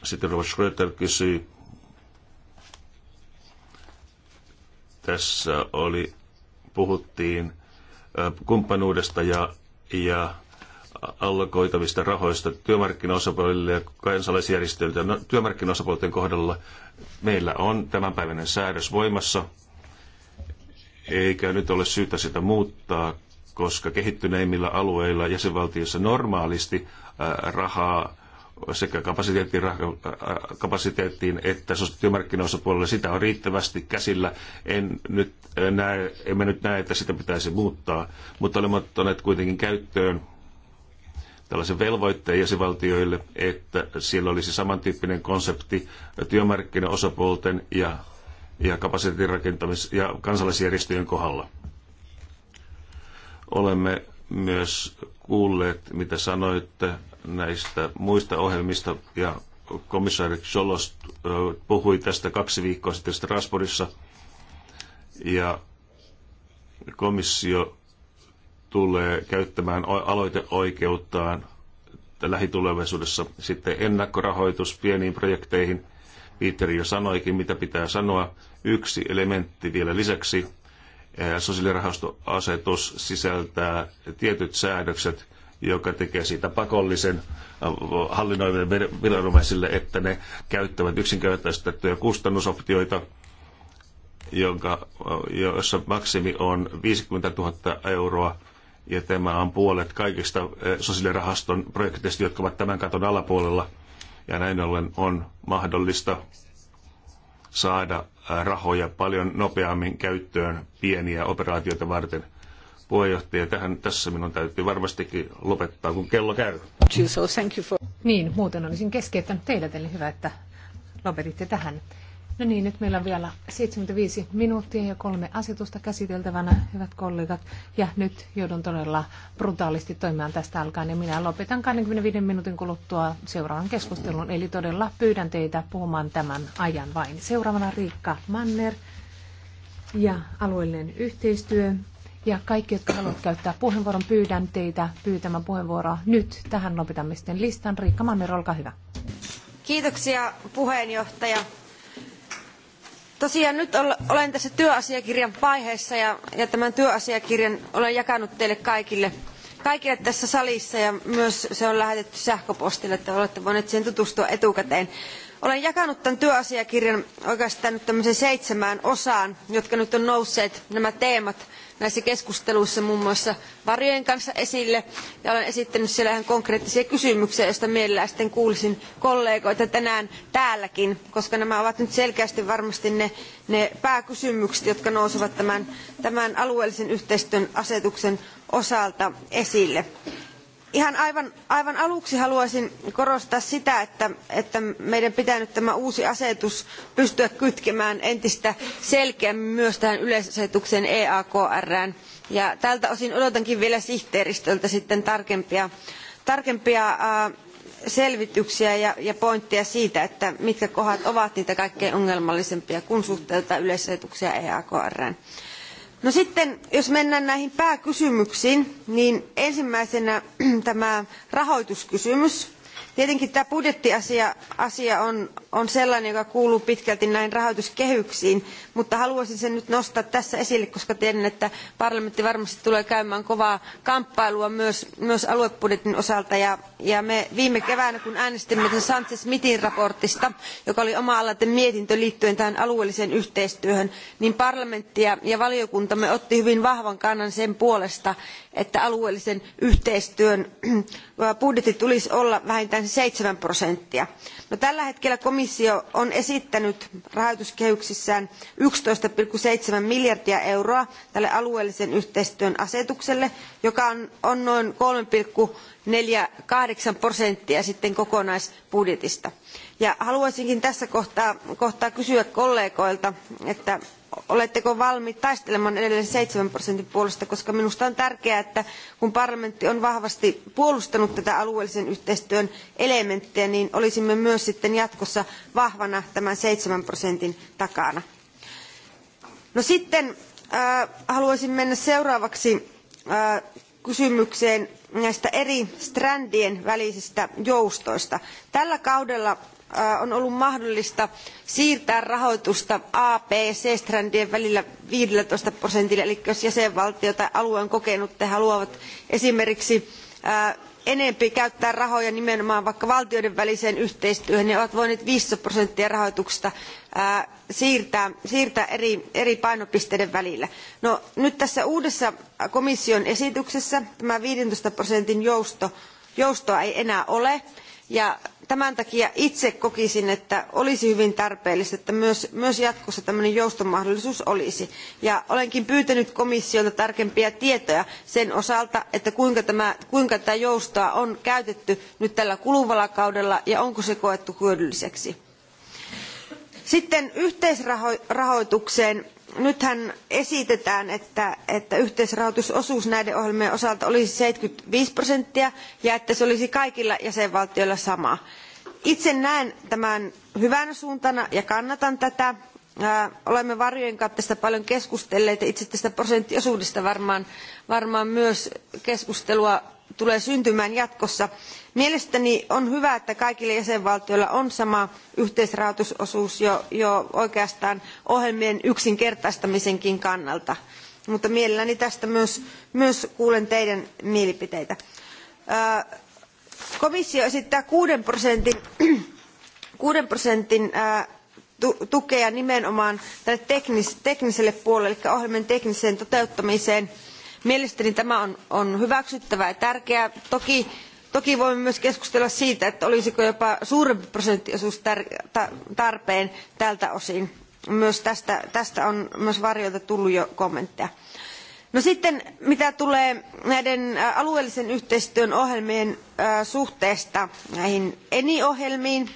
D: Sitten Rova Schröter kysyi, tässä oli, puhuttiin kumppanuudesta ja, ja allokoitavista rahoista työmarkkinaosapuolille ja kansalaisjärjestöille. No, työmarkkinaosapuolten kohdalla meillä on tämänpäiväinen säädös voimassa, eikä nyt ole syytä sitä muuttaa, koska kehittyneimmillä alueilla jäsenvaltiossa normaalisti rahaa sekä kapasiteettiin, kapasiteettiin että työmarkkinaosapuolella sitä on riittävästi käsillä. En nyt näe, emme nyt näe, että sitä pitäisi muuttaa, mutta olemme ottaneet kuitenkin käyttöön tällaisen velvoitteen jäsenvaltioille, että siellä olisi samantyyppinen konsepti työmarkkinaosapuolten ja, ja kapasiteetin rakentamis- ja kansalaisjärjestöjen kohdalla. Olemme myös kuulleet, mitä sanoitte näistä muista ohjelmista ja komissaari Solos puhui tästä kaksi viikkoa sitten Strasbourgissa ja komissio tulee käyttämään aloiteoikeuttaan lähitulevaisuudessa. Sitten ennakkorahoitus pieniin projekteihin. Peter jo sanoikin, mitä pitää sanoa. Yksi elementti vielä lisäksi. Sosiaalirahastoasetus sisältää tietyt säädökset, joka tekee siitä pakollisen hallinnoiville viranomaisille, että ne käyttävät yksinkertaistettuja kustannusoptioita, jonka, jossa maksimi on 50 000 euroa ja tämä on puolet kaikista eh, sosiaalirahaston projekteista, jotka ovat tämän katon alapuolella. Ja näin ollen on mahdollista saada eh, rahoja paljon nopeammin käyttöön pieniä operaatioita varten. Puheenjohtaja, tähän, tässä minun täytyy varmastikin lopettaa, kun kello käy.
C: Niin, muuten olisin keskeyttänyt teille, teille hyvä, että lopetitte tähän. No niin, nyt meillä on vielä 75 minuuttia ja kolme asetusta käsiteltävänä, hyvät kollegat. Ja nyt joudun todella brutaalisti toimimaan tästä alkaen ja minä lopetan 25 minuutin kuluttua seuraavan keskustelun. Eli todella pyydän teitä puhumaan tämän ajan vain. Seuraavana Riikka Manner ja alueellinen yhteistyö. Ja kaikki, jotka haluavat käyttää puheenvuoron, pyydän teitä pyytämään puheenvuoroa nyt. Tähän lopetamme sitten listan. Riikka Manner, olkaa hyvä.
E: Kiitoksia puheenjohtaja Tosiaan nyt olen tässä työasiakirjan vaiheessa ja, ja tämän työasiakirjan olen jakanut teille kaikille, kaikille tässä salissa ja myös se on lähetetty sähköpostilla, että olette voineet siihen tutustua etukäteen. Olen jakanut tämän työasiakirjan oikeastaan nyt tämmöiseen seitsemään osaan, jotka nyt on nousseet nämä teemat – näissä keskusteluissa muun muassa varjojen kanssa esille ja olen esittänyt siellä ihan konkreettisia kysymyksiä, joista mielellään sitten kuulisin kollegoita tänään täälläkin, koska nämä ovat nyt selkeästi varmasti ne, ne pääkysymykset, jotka nousevat tämän, tämän alueellisen yhteistyön asetuksen osalta esille. Ihan aivan, aivan aluksi haluaisin korostaa sitä, että, että meidän pitää nyt tämä uusi asetus pystyä kytkemään entistä selkeämmin myös tähän yleisasetukseen EAKRään. Ja tältä osin odotankin vielä sihteeristöltä sitten tarkempia, tarkempia selvityksiä ja, ja pointteja siitä, että mitkä kohdat ovat niitä kaikkein ongelmallisimpia, kun suhteutetaan yleisasetuksia e EAKRään. No sitten, jos mennään näihin pääkysymyksiin, niin ensimmäisenä tämä rahoituskysymys. Tietenkin tämä budjettiasia asia on, on sellainen, joka kuuluu pitkälti näin rahoituskehyksiin, mutta haluaisin sen nyt nostaa tässä esille, koska tiedän, että parlamentti varmasti tulee käymään kovaa kamppailua myös, myös aluebudjetin osalta. Ja, ja me viime keväänä, kun äänestimme Sanchez-Mitin raportista, joka oli oma-aloite mietintö liittyen tähän alueelliseen yhteistyöhön, niin parlamentti ja, ja valiokuntamme otti hyvin vahvan kannan sen puolesta, että alueellisen yhteistyön budjetin tulisi olla vähintään seitsemän prosenttia. No, tällä hetkellä komissio on esittänyt rahoituskehyksissään yksitoista seitsemän miljardia euroa tälle alueellisen yhteistyön asetukselle joka on, on noin kolme neljä kahdeksan prosenttia sitten kokonaisbudjetista. Ja haluaisinkin tässä kohtaa, kohtaa kysyä kollegoilta että oletteko valmiit taistelemaan edelleen seitsemän prosentin puolesta koska minusta on tärkeää että kun parlamentti on vahvasti puolustanut tätä alueellisen yhteistyön elementtiä niin olisimme myös sitten jatkossa vahvana tämän seitsemän prosentin takana. No sitten äh, haluaisin mennä seuraavaksi äh, kysymykseen näistä eri strändien välisistä joustoista. Tällä kaudella äh, on ollut mahdollista siirtää rahoitusta A, B ja C-strändien välillä 15 prosentille, eli jos jäsenvaltio tai alue on kokenut, että haluavat esimerkiksi äh, enempi käyttää rahoja nimenomaan vaikka valtioiden väliseen yhteistyöhön, niin ovat voineet 15 prosenttia rahoituksesta äh, siirtää, siirtää eri, eri painopisteiden välillä. No, nyt tässä uudessa komission esityksessä tämä 15 prosentin jousto, joustoa ei enää ole. Ja tämän takia itse kokisin, että olisi hyvin tarpeellista, että myös, myös jatkossa tämmöinen joustomahdollisuus olisi. Ja olenkin pyytänyt komissiolta tarkempia tietoja sen osalta, että kuinka, tämä, kuinka tätä joustoa on käytetty nyt tällä kuluvalla kaudella ja onko se koettu hyödylliseksi sitten yhteisrahoitukseen. Nythän esitetään, että, yhteisrahoitusosuus näiden ohjelmien osalta olisi 75 prosenttia ja että se olisi kaikilla jäsenvaltioilla sama. Itse näen tämän hyvänä suuntana ja kannatan tätä olemme varjojen kanssa tästä paljon keskustelleet ja itse tästä prosenttiosuudesta varmaan myös keskustelua tulee syntymään jatkossa. mielestäni on hyvä että kaikilla jäsenvaltioilla on sama yhteisrahoitusosuus jo, oikeastaan ohjelmien yksinkertaistamisenkin kannalta mutta mielelläni tästä myös, myös kuulen teidän mielipiteitä. komissio esittää kuuden prosentin, 6 prosentin tukea nimenomaan tälle teknis, tekniselle puolelle eli ohjelmien tekniseen toteuttamiseen Mielestäni tämä on, hyväksyttävä hyväksyttävää ja tärkeää. Toki, toki voimme myös keskustella siitä, että olisiko jopa suurempi prosenttiosuus tarpeen tältä osin. Myös tästä, tästä on myös varjoilta tullut jo kommentteja. No sitten mitä tulee näiden äh, alueellisen yhteistyön ohjelmien äh, suhteesta näihin ENI-ohjelmiin,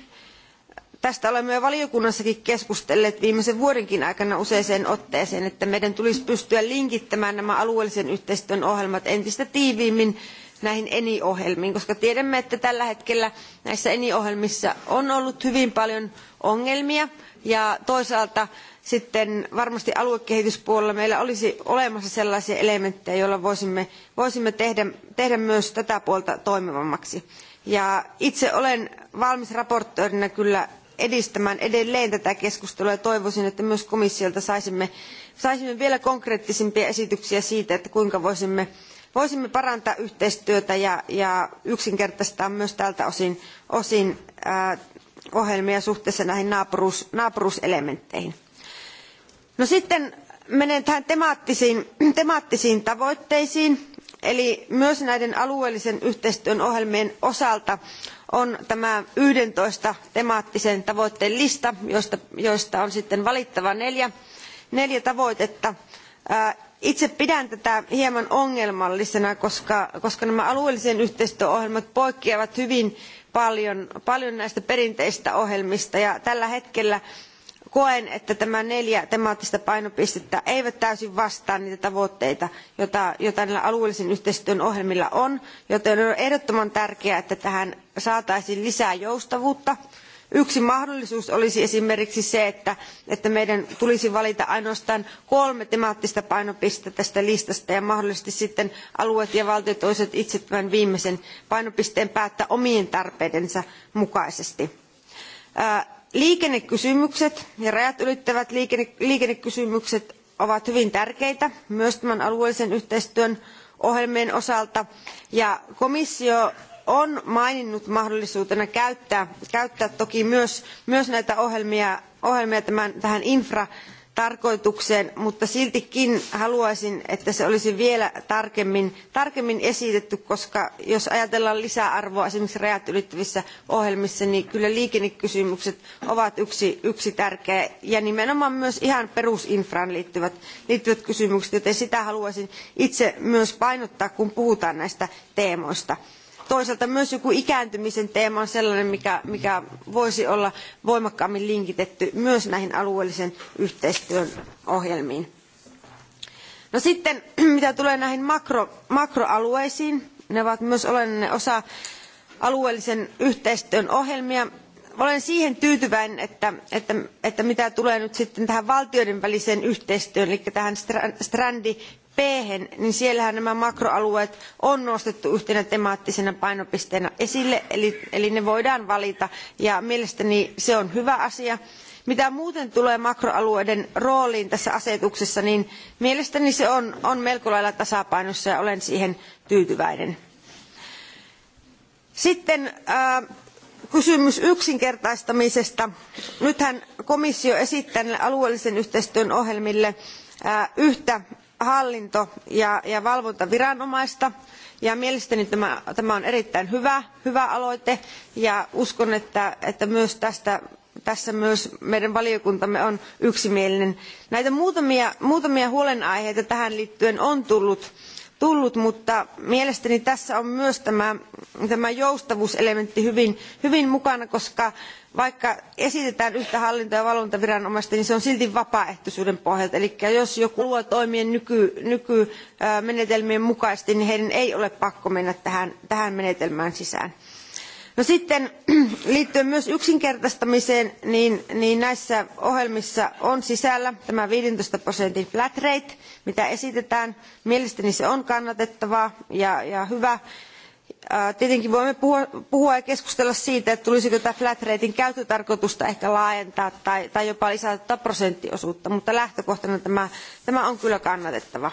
E: tästä olemme jo valiokunnassakin keskustelleet viimeisen vuodenkin aikana useaan otteeseen että meidän tulisi pystyä linkittämään nämä alueellisen yhteistyön ohjelmat entistä tiiviimmin näihin eni ohjelmiin koska tiedämme että tällä hetkellä näissä eni ohjelmissa on ollut hyvin paljon ongelmia ja toisaalta sitten varmasti aluekehityspuolella meillä olisi olemassa sellaisia elementtejä joilla voisimme, voisimme tehdä, tehdä myös tätä puolta toimivammaksi. Ja itse olen valmis raportöörinä kyllä edistämään edelleen tätä keskustelua ja toivoisin että myös komissiolta saisimme, vielä konkreettisempia esityksiä siitä kuinka voisimme, parantaa yhteistyötä ja, yksinkertaistaa myös tältä osin, ohjelmia suhteessa näihin naapuruuselementteihin. No sitten menen tähän temaattisiin tavoitteisiin eli myös näiden alueellisen yhteistyön ohjelmien osalta on tämä yksitoista temaattisen tavoitteen lista joista, on sitten valittava neljä, tavoitetta. itse pidän tätä hieman ongelmallisena koska, nämä alueellisen yhteistyön ohjelmat poikkeavat hyvin paljon, paljon näistä perinteisistä ohjelmista ja tällä hetkellä koen että nämä neljä temaattista painopistettä eivät täysin vastaa niitä tavoitteita joita näillä alueellisen yhteistyön ohjelmilla on joten on ehdottoman tärkeää että tähän saataisiin lisää joustavuutta. yksi mahdollisuus olisi esimerkiksi se että, että meidän tulisi valita ainoastaan kolme temaattista painopistettä tästä listasta ja mahdollisesti sitten alueet ja valtiot voisivat itse tämän viimeisen painopisteen päättää omien tarpeidensa mukaisesti. Ää, Liikennekysymykset ja rajat ylittävät liikenne, liikennekysymykset ovat hyvin tärkeitä myös tämän alueellisen yhteistyön ohjelmien osalta ja komissio on maininnut mahdollisuutena käyttää, käyttää toki myös, myös näitä ohjelmia, ohjelmia tämän, tähän infra tarkoitukseen mutta siltikin haluaisin että se olisi vielä tarkemmin, tarkemmin esitetty koska jos ajatellaan lisäarvoa esimerkiksi rajat ylittävissä ohjelmissa niin kyllä liikennekysymykset ovat yksi, yksi tärkeä ja nimenomaan myös ihan perusinfraan liittyvät, liittyvät kysymykset joten sitä haluaisin itse myös painottaa kun puhutaan näistä teemoista toisaalta myös joku ikääntymisen teema on sellainen, mikä, mikä voisi olla voimakkaammin linkitetty myös näihin alueellisen yhteistyön ohjelmiin. No sitten mitä tulee näihin makro, makroalueisiin, ne ovat myös olennainen osa alueellisen yhteistyön ohjelmia. Olen siihen tyytyväinen, että, että, että mitä tulee nyt sitten tähän valtioiden väliseen yhteistyöhön, eli tähän Strandi b niin siellähän nämä makroalueet on nostettu yhtenä temaattisena painopisteenä esille eli, eli ne voidaan valita ja mielestäni se on hyvä asia. mitä muuten tulee makroalueiden rooliin tässä asetuksessa niin mielestäni se on, on melko lailla tasapainossa ja olen siihen tyytyväinen. sitten äh, kysymys yksinkertaistamisesta nythän komissio esittää alueellisen yhteistyön ohjelmille äh, yhtä hallinto ja, valvontaviranomaista ja mielestäni tämä, tämä on erittäin hyvä, hyvä aloite ja uskon että, että myös tästä, tässä myös meidän valiokuntamme on yksimielinen. näitä muutamia, huolenaiheita tähän liittyen on tullut tullut mutta mielestäni tässä on myös tämä, joustavuuselementti hyvin, mukana koska vaikka esitetään yhtä hallinto ja valvontaviranomaista niin se on silti vapaaehtoisuuden pohjalta eli jos joku haluaa toimia nykymenetelmien mukaisesti niin heidän ei ole pakko mennä tähän menetelmään sisään No sitten liittyen myös yksinkertaistamiseen, niin, niin näissä ohjelmissa on sisällä tämä viisitoista prosentin flat rate, mitä esitetään. Mielestäni se on kannatettavaa ja, ja hyvä. Tietenkin voimme puhua, puhua ja keskustella siitä, että tulisiko tätä flat ratein käyttötarkoitusta ehkä laajentaa tai, tai jopa lisätä prosenttiosuutta, mutta lähtökohtana tämä, tämä on kyllä kannatettava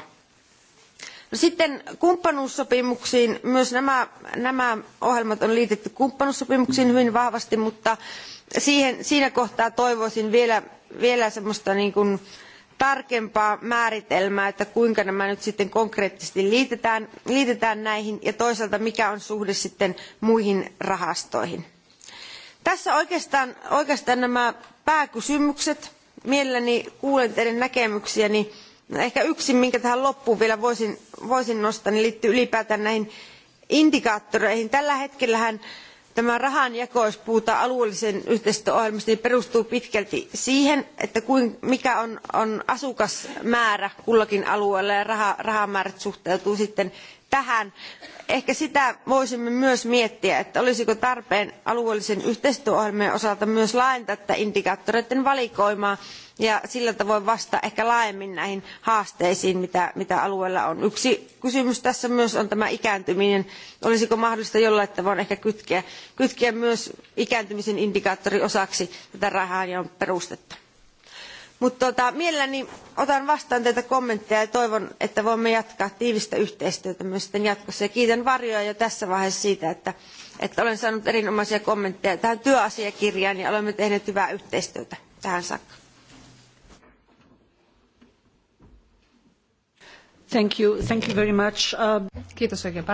E: sitten kumppanuussopimuksiin. Myös nämä, nämä ohjelmat on liitetty kumppanuussopimuksiin hyvin vahvasti, mutta siihen, siinä kohtaa toivoisin vielä, vielä semmoista niin kuin tarkempaa määritelmää, että kuinka nämä nyt sitten konkreettisesti liitetään, liitetään näihin ja toisaalta mikä on suhde sitten muihin rahastoihin. Tässä oikeastaan, oikeastaan nämä pääkysymykset. Mielelläni kuulen teidän näkemyksiäni No ehkä yksi, minkä tähän loppuun vielä voisin, voisin nostaa, niin liittyy ylipäätään näihin indikaattoreihin. Tällä hetkellähän tämä rahanjako, jos puhutaan alueellisen yhteistyöohjelmasta, niin perustuu pitkälti siihen, että kuin, mikä on, on, asukasmäärä kullakin alueella ja raha, rahamäärät suhteutuu sitten tähän. Ehkä sitä voisimme myös miettiä, että olisiko tarpeen alueellisen yhteistyöohjelmien osalta myös laajentaa tätä indikaattoreiden valikoimaa ja sillä tavoin vastata ehkä laajemmin näihin haasteisiin mitä, mitä alueella on. yksi kysymys tässä myös on tämä ikääntyminen olisiko mahdollista jollain tavoin ehkä kytkeä, kytkeä myös ikääntymisen indikaattori osaksi tätä on perustetta? Mutta tota, mielelläni otan vastaan teitä kommentteja ja toivon, että voimme jatkaa tiivistä yhteistyötä myös sitten jatkossa. Ja kiitän Varjoa jo tässä vaiheessa siitä, että, että olen saanut erinomaisia kommentteja tähän työasiakirjaan ja olemme tehneet hyvää yhteistyötä tähän saakka.
C: Uh, Kiitos oikein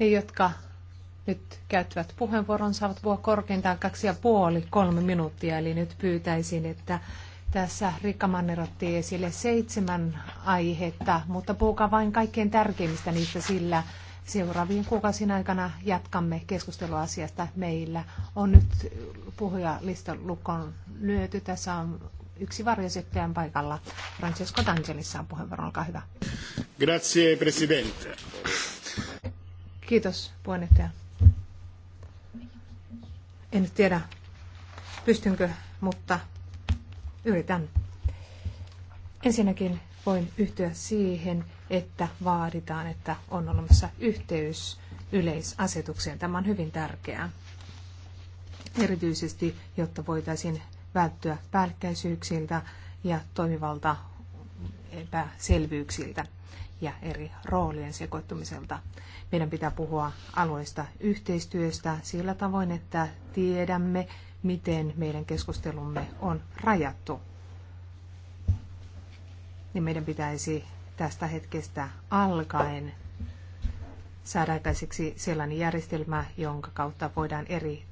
C: Ne, jotka nyt käyttävät puheenvuoron, saavat puhua korkeintaan kaksi ja puoli, kolme minuuttia. Eli nyt pyytäisin, että tässä Rikka Manner otti esille seitsemän aihetta, mutta puhukaa vain kaikkein tärkeimmistä niistä, sillä seuraavien kuukausien aikana jatkamme keskustelua asiasta. Meillä on nyt puhujalistan lukon lyöty. Tässä on yksi varjoesittäjän paikalla. Francesco D'Angelissa on puheenvuoro, olkaa hyvä.
D: Grazie, presidente.
C: Kiitos, puheenjohtaja. En nyt tiedä, pystynkö, mutta yritän. Ensinnäkin voin yhtyä siihen, että vaaditaan, että on olemassa yhteys yleisasetukseen. Tämä on hyvin tärkeää, erityisesti jotta voitaisiin välttyä päällekkäisyyksiltä ja toimivalta epäselvyyksiltä ja eri roolien sekoittumiselta. Meidän pitää puhua alueista yhteistyöstä sillä tavoin, että tiedämme, miten meidän keskustelumme on rajattu. Niin meidän pitäisi tästä hetkestä alkaen saada aikaiseksi sellainen järjestelmä, jonka kautta voidaan eri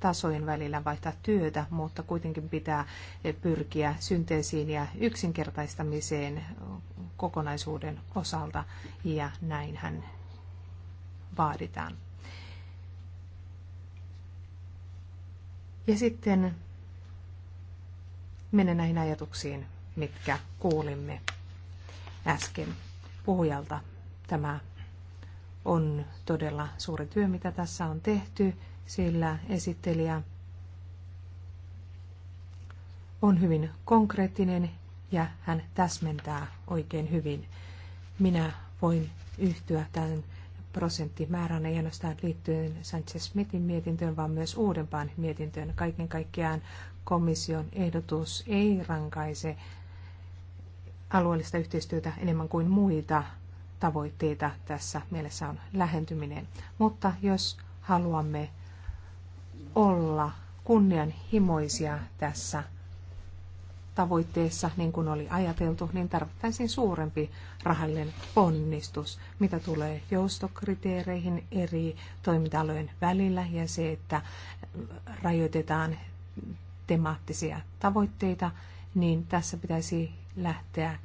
C: tasojen välillä vaihtaa työtä, mutta kuitenkin pitää pyrkiä synteesiin ja yksinkertaistamiseen kokonaisuuden osalta, ja näinhän vaaditaan. Ja sitten menen näihin ajatuksiin, mitkä kuulimme äsken puhujalta. Tämä on todella suuri työ, mitä tässä on tehty sillä esittelijä on hyvin konkreettinen ja hän täsmentää oikein hyvin. Minä voin yhtyä tämän prosenttimäärän ei ainoastaan liittyen Sanchez-Smithin mietintöön, vaan myös uudempaan mietintöön. Kaiken kaikkiaan komission ehdotus ei rankaise alueellista yhteistyötä enemmän kuin muita tavoitteita tässä mielessä on lähentyminen. Mutta jos haluamme olla kunnianhimoisia tässä tavoitteessa, niin kuin oli ajateltu, niin tarvittaisiin suurempi rahallinen ponnistus, mitä tulee joustokriteereihin eri toimintalojen välillä ja se, että rajoitetaan temaattisia tavoitteita, niin tässä pitäisi lähteä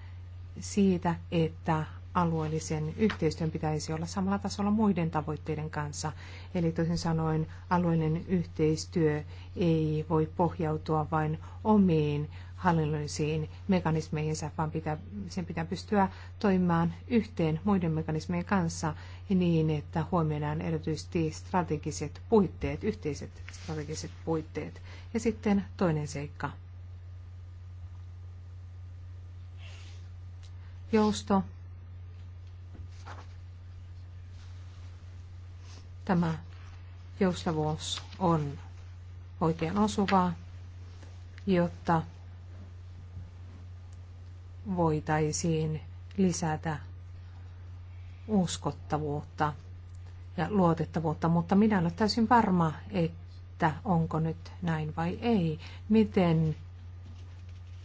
C: siitä, että alueellisen yhteistyön pitäisi olla samalla tasolla muiden tavoitteiden kanssa. Eli toisin sanoen alueellinen yhteistyö ei voi pohjautua vain omiin hallinnollisiin mekanismeihinsa, vaan pitää, sen pitää pystyä toimimaan yhteen muiden mekanismien kanssa niin, että huomioidaan erityisesti strategiset puitteet, yhteiset strategiset puitteet. Ja sitten toinen seikka. Jousto Tämä joustavuus on oikein osuvaa, jotta voitaisiin lisätä uskottavuutta ja luotettavuutta, mutta minä olen täysin varma, että onko nyt näin vai ei. Miten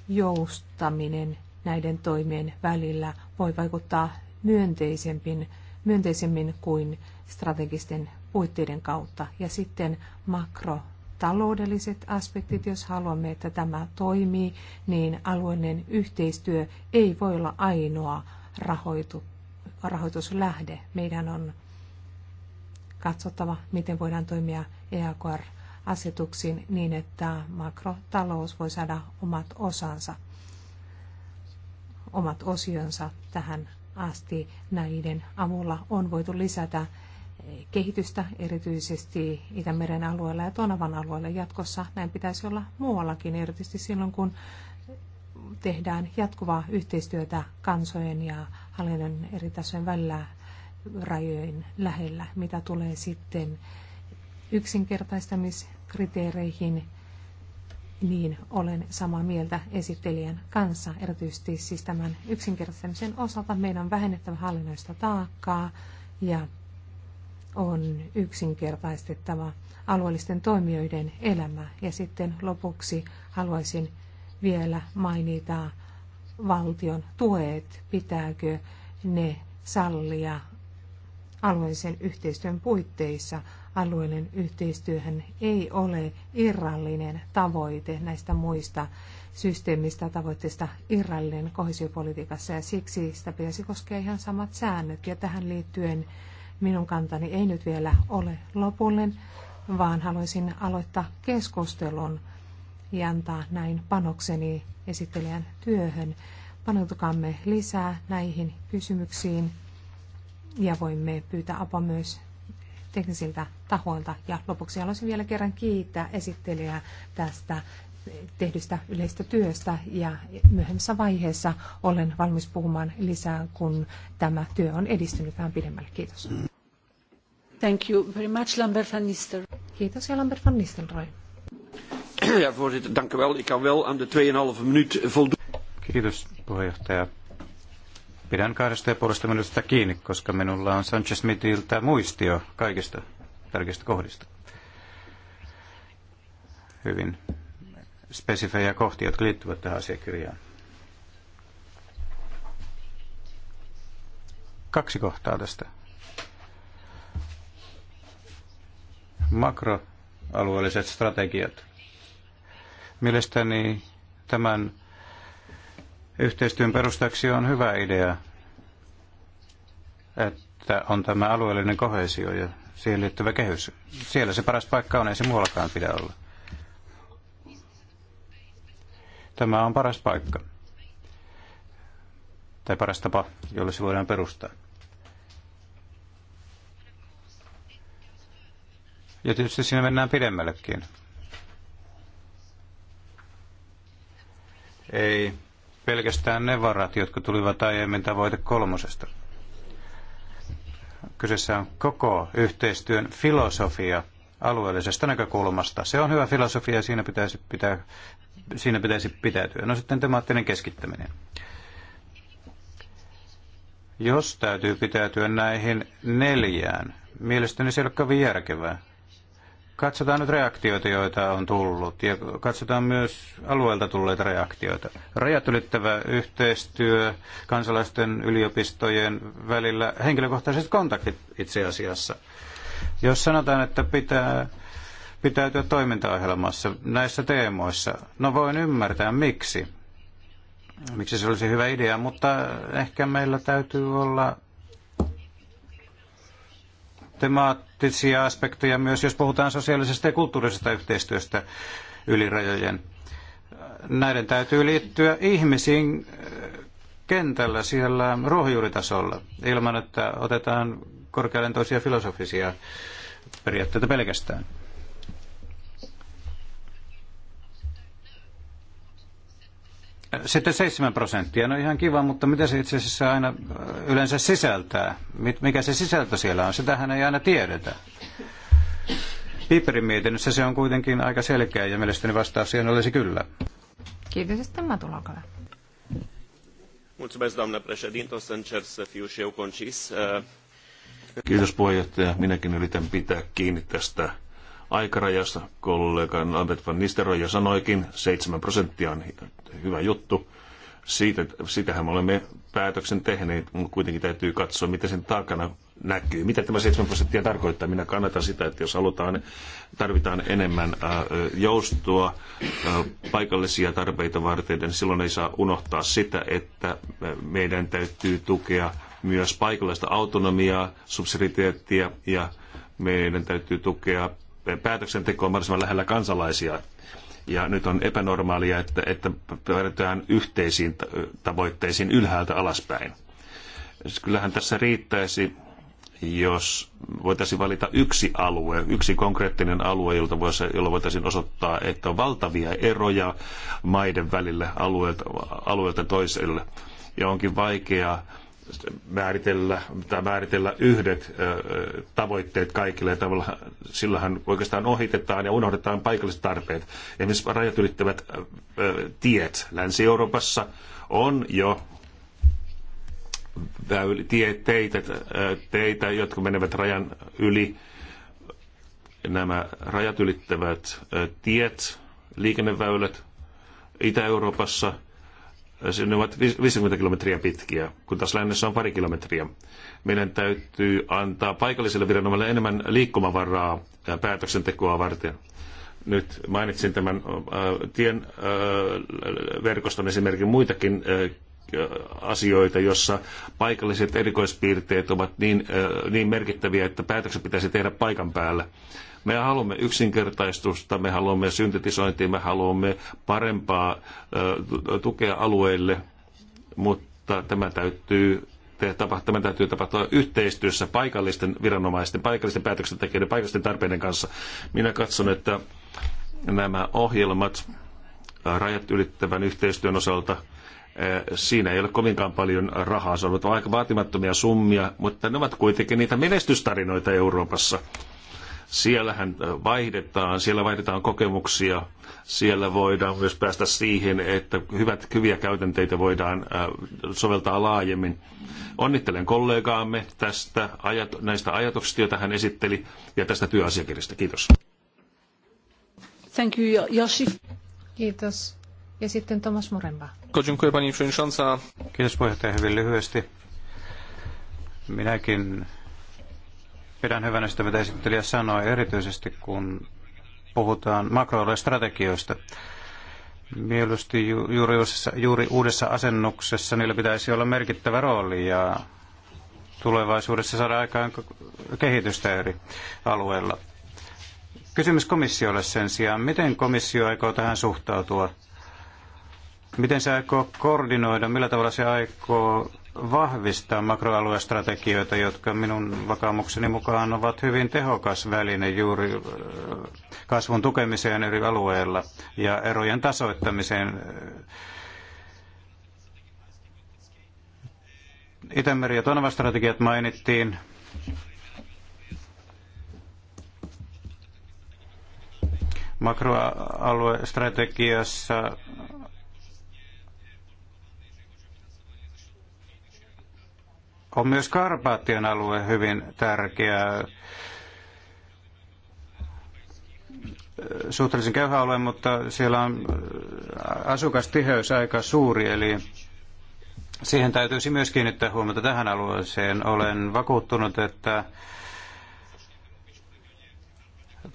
C: joustaminen näiden toimien välillä voi vaikuttaa myönteisempiin myönteisemmin kuin strategisten puitteiden kautta. Ja sitten makrotaloudelliset aspektit, jos haluamme, että tämä toimii, niin alueellinen yhteistyö ei voi olla ainoa rahoitu, rahoituslähde. Meidän on katsottava, miten voidaan toimia EAKR asetuksiin niin, että makrotalous voi saada omat osansa, omat osionsa tähän asti näiden avulla on voitu lisätä kehitystä erityisesti Itämeren alueella ja Tonavan alueella. Jatkossa näin pitäisi olla muuallakin, erityisesti silloin kun tehdään jatkuvaa yhteistyötä kansojen ja hallinnon eri tasojen välillä rajojen lähellä, mitä tulee sitten yksinkertaistamiskriteereihin niin olen samaa mieltä esittelijän kanssa, erityisesti siis tämän yksinkertaistamisen osalta meidän on vähennettävä hallinnoista taakkaa ja on yksinkertaistettava alueellisten toimijoiden elämä. Ja sitten lopuksi haluaisin vielä mainita valtion tuet, pitääkö ne sallia alueellisen yhteistyön puitteissa alueellinen yhteistyöhän ei ole irrallinen tavoite näistä muista systeemistä tavoitteista irrallinen kohesiopolitiikassa ja siksi sitä pitäisi koskea ihan samat säännöt. Ja tähän liittyen minun kantani ei nyt vielä ole lopullinen, vaan haluaisin aloittaa keskustelun ja antaa näin panokseni esittelijän työhön. Paneutukaamme lisää näihin kysymyksiin ja voimme pyytää apua myös teknisiltä tahoilta. Ja lopuksi haluaisin vielä kerran kiittää esittelijää tästä tehdystä yleistä työstä ja myöhemmässä vaiheessa olen valmis puhumaan lisää, kun tämä työ on edistynyt vähän pidemmälle. Kiitos. Thank you very much, Lambert van Nistel. Kiitos ja Lambert van Nistelrooy.
E: Ja, voorzitter, dank u wel. Ik kan wel aan de 2,5 minuut voldoen. Kiitos, puheenjohtaja.
B: Pidän kahdesta ja puolesta minuutista kiinni, koska minulla on Sanchez Smithiltä muistio kaikista tärkeistä kohdista. Hyvin spesifejä kohtia, jotka liittyvät tähän asiakirjaan. Kaksi kohtaa tästä. Makroalueelliset strategiat. Mielestäni tämän yhteistyön perustaksi on hyvä idea, että on tämä alueellinen kohesio ja siihen liittyvä kehys. Siellä se paras paikka on, ei se muuallakaan pidä olla. Tämä on paras paikka. Tai paras tapa, jolle se voidaan perustaa. Ja tietysti siinä mennään pidemmällekin. Ei pelkästään ne varat, jotka tulivat aiemmin tavoite kolmosesta. Kyseessä on koko yhteistyön filosofia alueellisesta näkökulmasta. Se on hyvä filosofia ja siinä pitäisi, pitää, siinä pitäisi pitäytyä. No sitten temaattinen keskittäminen. Jos täytyy pitäytyä näihin neljään, mielestäni se ei ole kovin järkevää. Katsotaan nyt reaktioita, joita on tullut ja katsotaan myös alueelta tulleita reaktioita. Rajat ylittävä yhteistyö kansalaisten yliopistojen välillä, henkilökohtaiset kontaktit itse asiassa. Jos sanotaan, että pitää pitäytyä toimintaohjelmassa näissä teemoissa, no voin ymmärtää miksi. Miksi se olisi hyvä idea, mutta ehkä meillä täytyy olla temaattisia aspekteja myös, jos puhutaan sosiaalisesta ja kulttuurisesta yhteistyöstä yli rajojen. Näiden täytyy liittyä ihmisiin eh, kentällä siellä ruohonjuuritasolla, ilman että otetaan korkealentoisia filosofisia periaatteita pelkästään. Sitten 7 prosenttia, no ihan kiva, mutta mitä se itse asiassa aina yleensä sisältää? Mikä se sisältö siellä on? Sitähän ei aina tiedetä. Piperin mietinnössä se on kuitenkin aika selkeä ja mielestäni vastaus siihen olisi kyllä.
C: Kiitos, sitten Matula, olkaa
D: Mulțumesc, doamnă președinte. O să încerc să fiu și eu concis. Kiitos puheenjohtaja. Minäkin yritän pitää kiinni tästä aikarajasta. Kollegan Albert van Nisteroy jo sanoikin, 7 prosenttia on hyvä juttu. Siitä, sitähän me olemme päätöksen tehneet, mutta kuitenkin täytyy katsoa, mitä sen takana näkyy. Mitä tämä 7 prosenttia tarkoittaa? Minä kannatan sitä, että jos halutaan, tarvitaan enemmän joustoa paikallisia tarpeita varten, niin silloin ei saa unohtaa sitä, että meidän täytyy tukea myös paikallista autonomiaa, subsiditeettia ja meidän täytyy tukea on mahdollisimman lähellä kansalaisia. Ja nyt on epänormaalia, että, että päädytään yhteisiin tavoitteisiin ylhäältä alaspäin. Kyllähän tässä riittäisi, jos voitaisiin valita yksi alue, yksi konkreettinen alue, jolta voisi, jolla voitaisiin osoittaa, että on valtavia eroja maiden välillä alueelta, alueelta toiselle. Ja onkin vaikeaa määritellä, tai määritellä yhdet tavoitteet kaikille. Tavalla, sillähän oikeastaan ohitetaan ja unohdetaan paikalliset tarpeet. Esimerkiksi rajat ylittävät tiet Länsi-Euroopassa on jo väyli, tie, teitä, teitä, jotka menevät rajan yli. Nämä rajat ylittävät tiet, liikenneväylät Itä-Euroopassa – Öö, ne ovat 50 kilometriä pitkiä, kun taas lännessä on pari kilometriä. Meidän täytyy antaa paikallisille viranomalle enemmän liikkumavaraa päätöksentekoa varten. Nyt mainitsin tämän tien verkoston esimerkin muitakin asioita, jossa paikalliset erikoispiirteet ovat niin, niin merkittäviä, että päätökset pitäisi tehdä paikan päällä. Me haluamme yksinkertaistusta, me haluamme syntetisointia, me haluamme parempaa tukea alueille, mutta tämä täytyy tämä täytyy tapahtua yhteistyössä paikallisten viranomaisten, paikallisten päätöksentekijöiden, paikallisten tarpeiden kanssa. Minä katson, että nämä ohjelmat rajat ylittävän yhteistyön osalta siinä ei ole kovinkaan paljon rahaa, se on aika vaatimattomia summia, mutta ne ovat kuitenkin niitä menestystarinoita Euroopassa. Siellähän äh, vaihdetaan, siellä vaihdetaan kokemuksia, siellä voidaan myös päästä siihen, että hyvät, hyviä käytänteitä voidaan äh, soveltaa laajemmin. Onnittelen kollegaamme tästä, näistä ajatuksista, joita hän esitteli, ja tästä työasiakirjasta. Kiitos.
A: Thank you, Yoshi.
C: Kiitos. Ja sitten Thomas Morenba.
D: Kiitos
B: puheenjohtaja hyvin lyhyesti. Minäkin Pidän hyvänä sitä, mitä esittelijä sanoi, erityisesti kun puhutaan makroalueen strategioista. Mielestäni juuri, juuri uudessa asennuksessa niillä pitäisi olla merkittävä rooli ja tulevaisuudessa saada aikaan kehitystä eri alueilla. Kysymys komissiolle sen sijaan, miten komissio aikoo tähän suhtautua? Miten se aikoo koordinoida, millä tavalla se aikoo vahvistaa makroaluestrategioita, jotka minun vakaumukseni mukaan ovat hyvin tehokas väline juuri kasvun tukemiseen eri alueilla ja erojen tasoittamiseen. Itämeri- ja Tonava-strategiat mainittiin. Makroaluestrategiassa on myös Karpaattien alue hyvin tärkeä äh, suhteellisen köyhä alue, mutta siellä on äh, asukastiheys aika suuri, eli siihen täytyisi myös kiinnittää huomiota tähän alueeseen. Olen vakuuttunut, että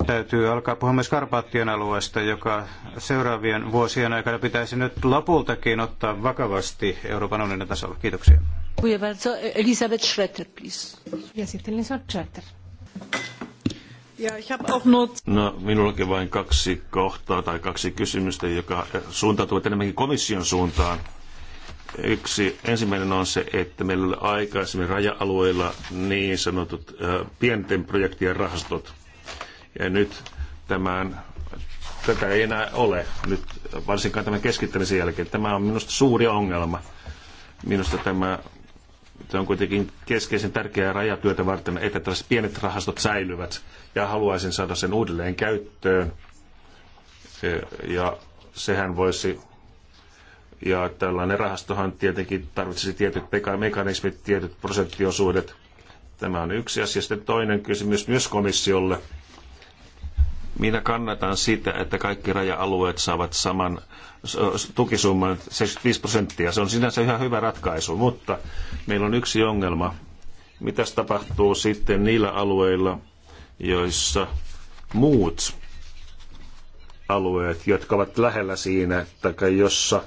B: Täytyy alkaa puhua myös Karpaattien alueesta, joka seuraavien vuosien aikana pitäisi nyt lopultakin ottaa vakavasti Euroopan unionin tasolla.
D: Kiitoksia.
A: Elisabeth Schroeter, please. Ja sitten Elisabeth Schroeter.
D: No, minullakin vain kaksi kohtaa tai kaksi kysymystä, joka äh, suuntautuvat enemmänkin komission suuntaan. Yksi, ensimmäinen on se, että meillä oli aikaisemmin raja-alueilla niin sanotut äh, pienten projektien rahastot – ja nyt tämän, tätä ei enää ole, nyt varsinkaan tämän keskittämisen jälkeen. Tämä on minusta suuri ongelma. Minusta tämä, tämä on kuitenkin keskeisen tärkeää rajatyötä varten, että tällaiset pienet rahastot säilyvät ja haluaisin saada sen uudelleen käyttöön. Ja sehän voisi ja tällainen rahastohan tietenkin tarvitsisi tietyt mekanismit, tietyt prosenttiosuudet. Tämä on yksi asia. Sitten toinen kysymys myös komissiolle minä kannatan sitä, että kaikki raja-alueet saavat saman tukisumman 75 prosenttia. Se on sinänsä ihan hyvä ratkaisu, mutta meillä on yksi ongelma. Mitäs tapahtuu sitten niillä alueilla, joissa muut alueet, jotka ovat lähellä siinä, tai jossa,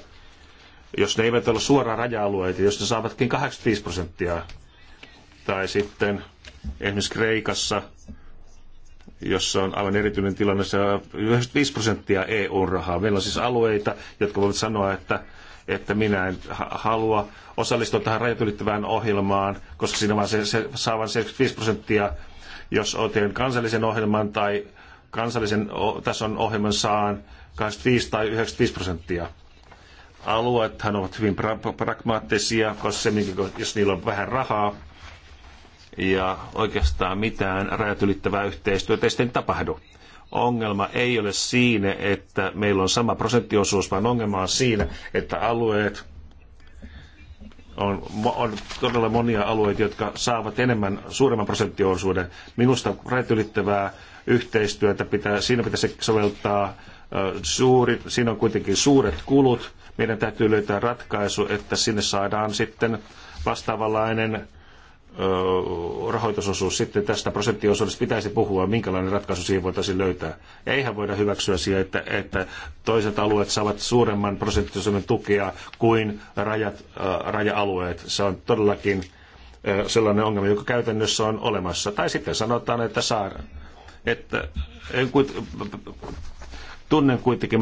D: jos ne eivät ole suoraan raja-alueita, jos ne saavatkin 85 prosenttia, tai sitten esimerkiksi Kreikassa jossa on aivan erityinen tilanne, se 95 prosenttia EU-rahaa. Meillä on siis alueita, jotka voivat sanoa, että, että minä en halua osallistua tähän rajat ylittävään ohjelmaan, koska siinä vaan se, se saa vain 75 prosenttia, jos otin kansallisen ohjelman tai kansallisen tason ohjelman saan 25 tai 95 prosenttia. Alueethan ovat hyvin pra- pragmaattisia, koska se, jos niillä on vähän rahaa, ja oikeastaan mitään rajat ylittävää yhteistyötä ei sitten tapahdu. Ongelma ei ole siinä, että meillä on sama prosenttiosuus, vaan ongelma on siinä, että alueet on, on todella monia alueita, jotka saavat enemmän, suuremman prosenttiosuuden. Minusta rajat ylittävää yhteistyötä pitää, siinä pitäisi soveltaa suuri, siinä on kuitenkin suuret kulut. Meidän täytyy löytää ratkaisu, että sinne saadaan sitten vastaavanlainen rahoitusosuus sitten tästä prosenttiosuudesta pitäisi puhua, minkälainen ratkaisu siihen voitaisiin löytää. eihän voida hyväksyä siihen, että, että toiset alueet saavat suuremman prosenttiosuuden tukea kuin rajat, äh, raja-alueet. Se on todellakin äh, sellainen ongelma, joka käytännössä on olemassa. Tai sitten sanotaan, että saara. Että, en kuit, tunnen kuitenkin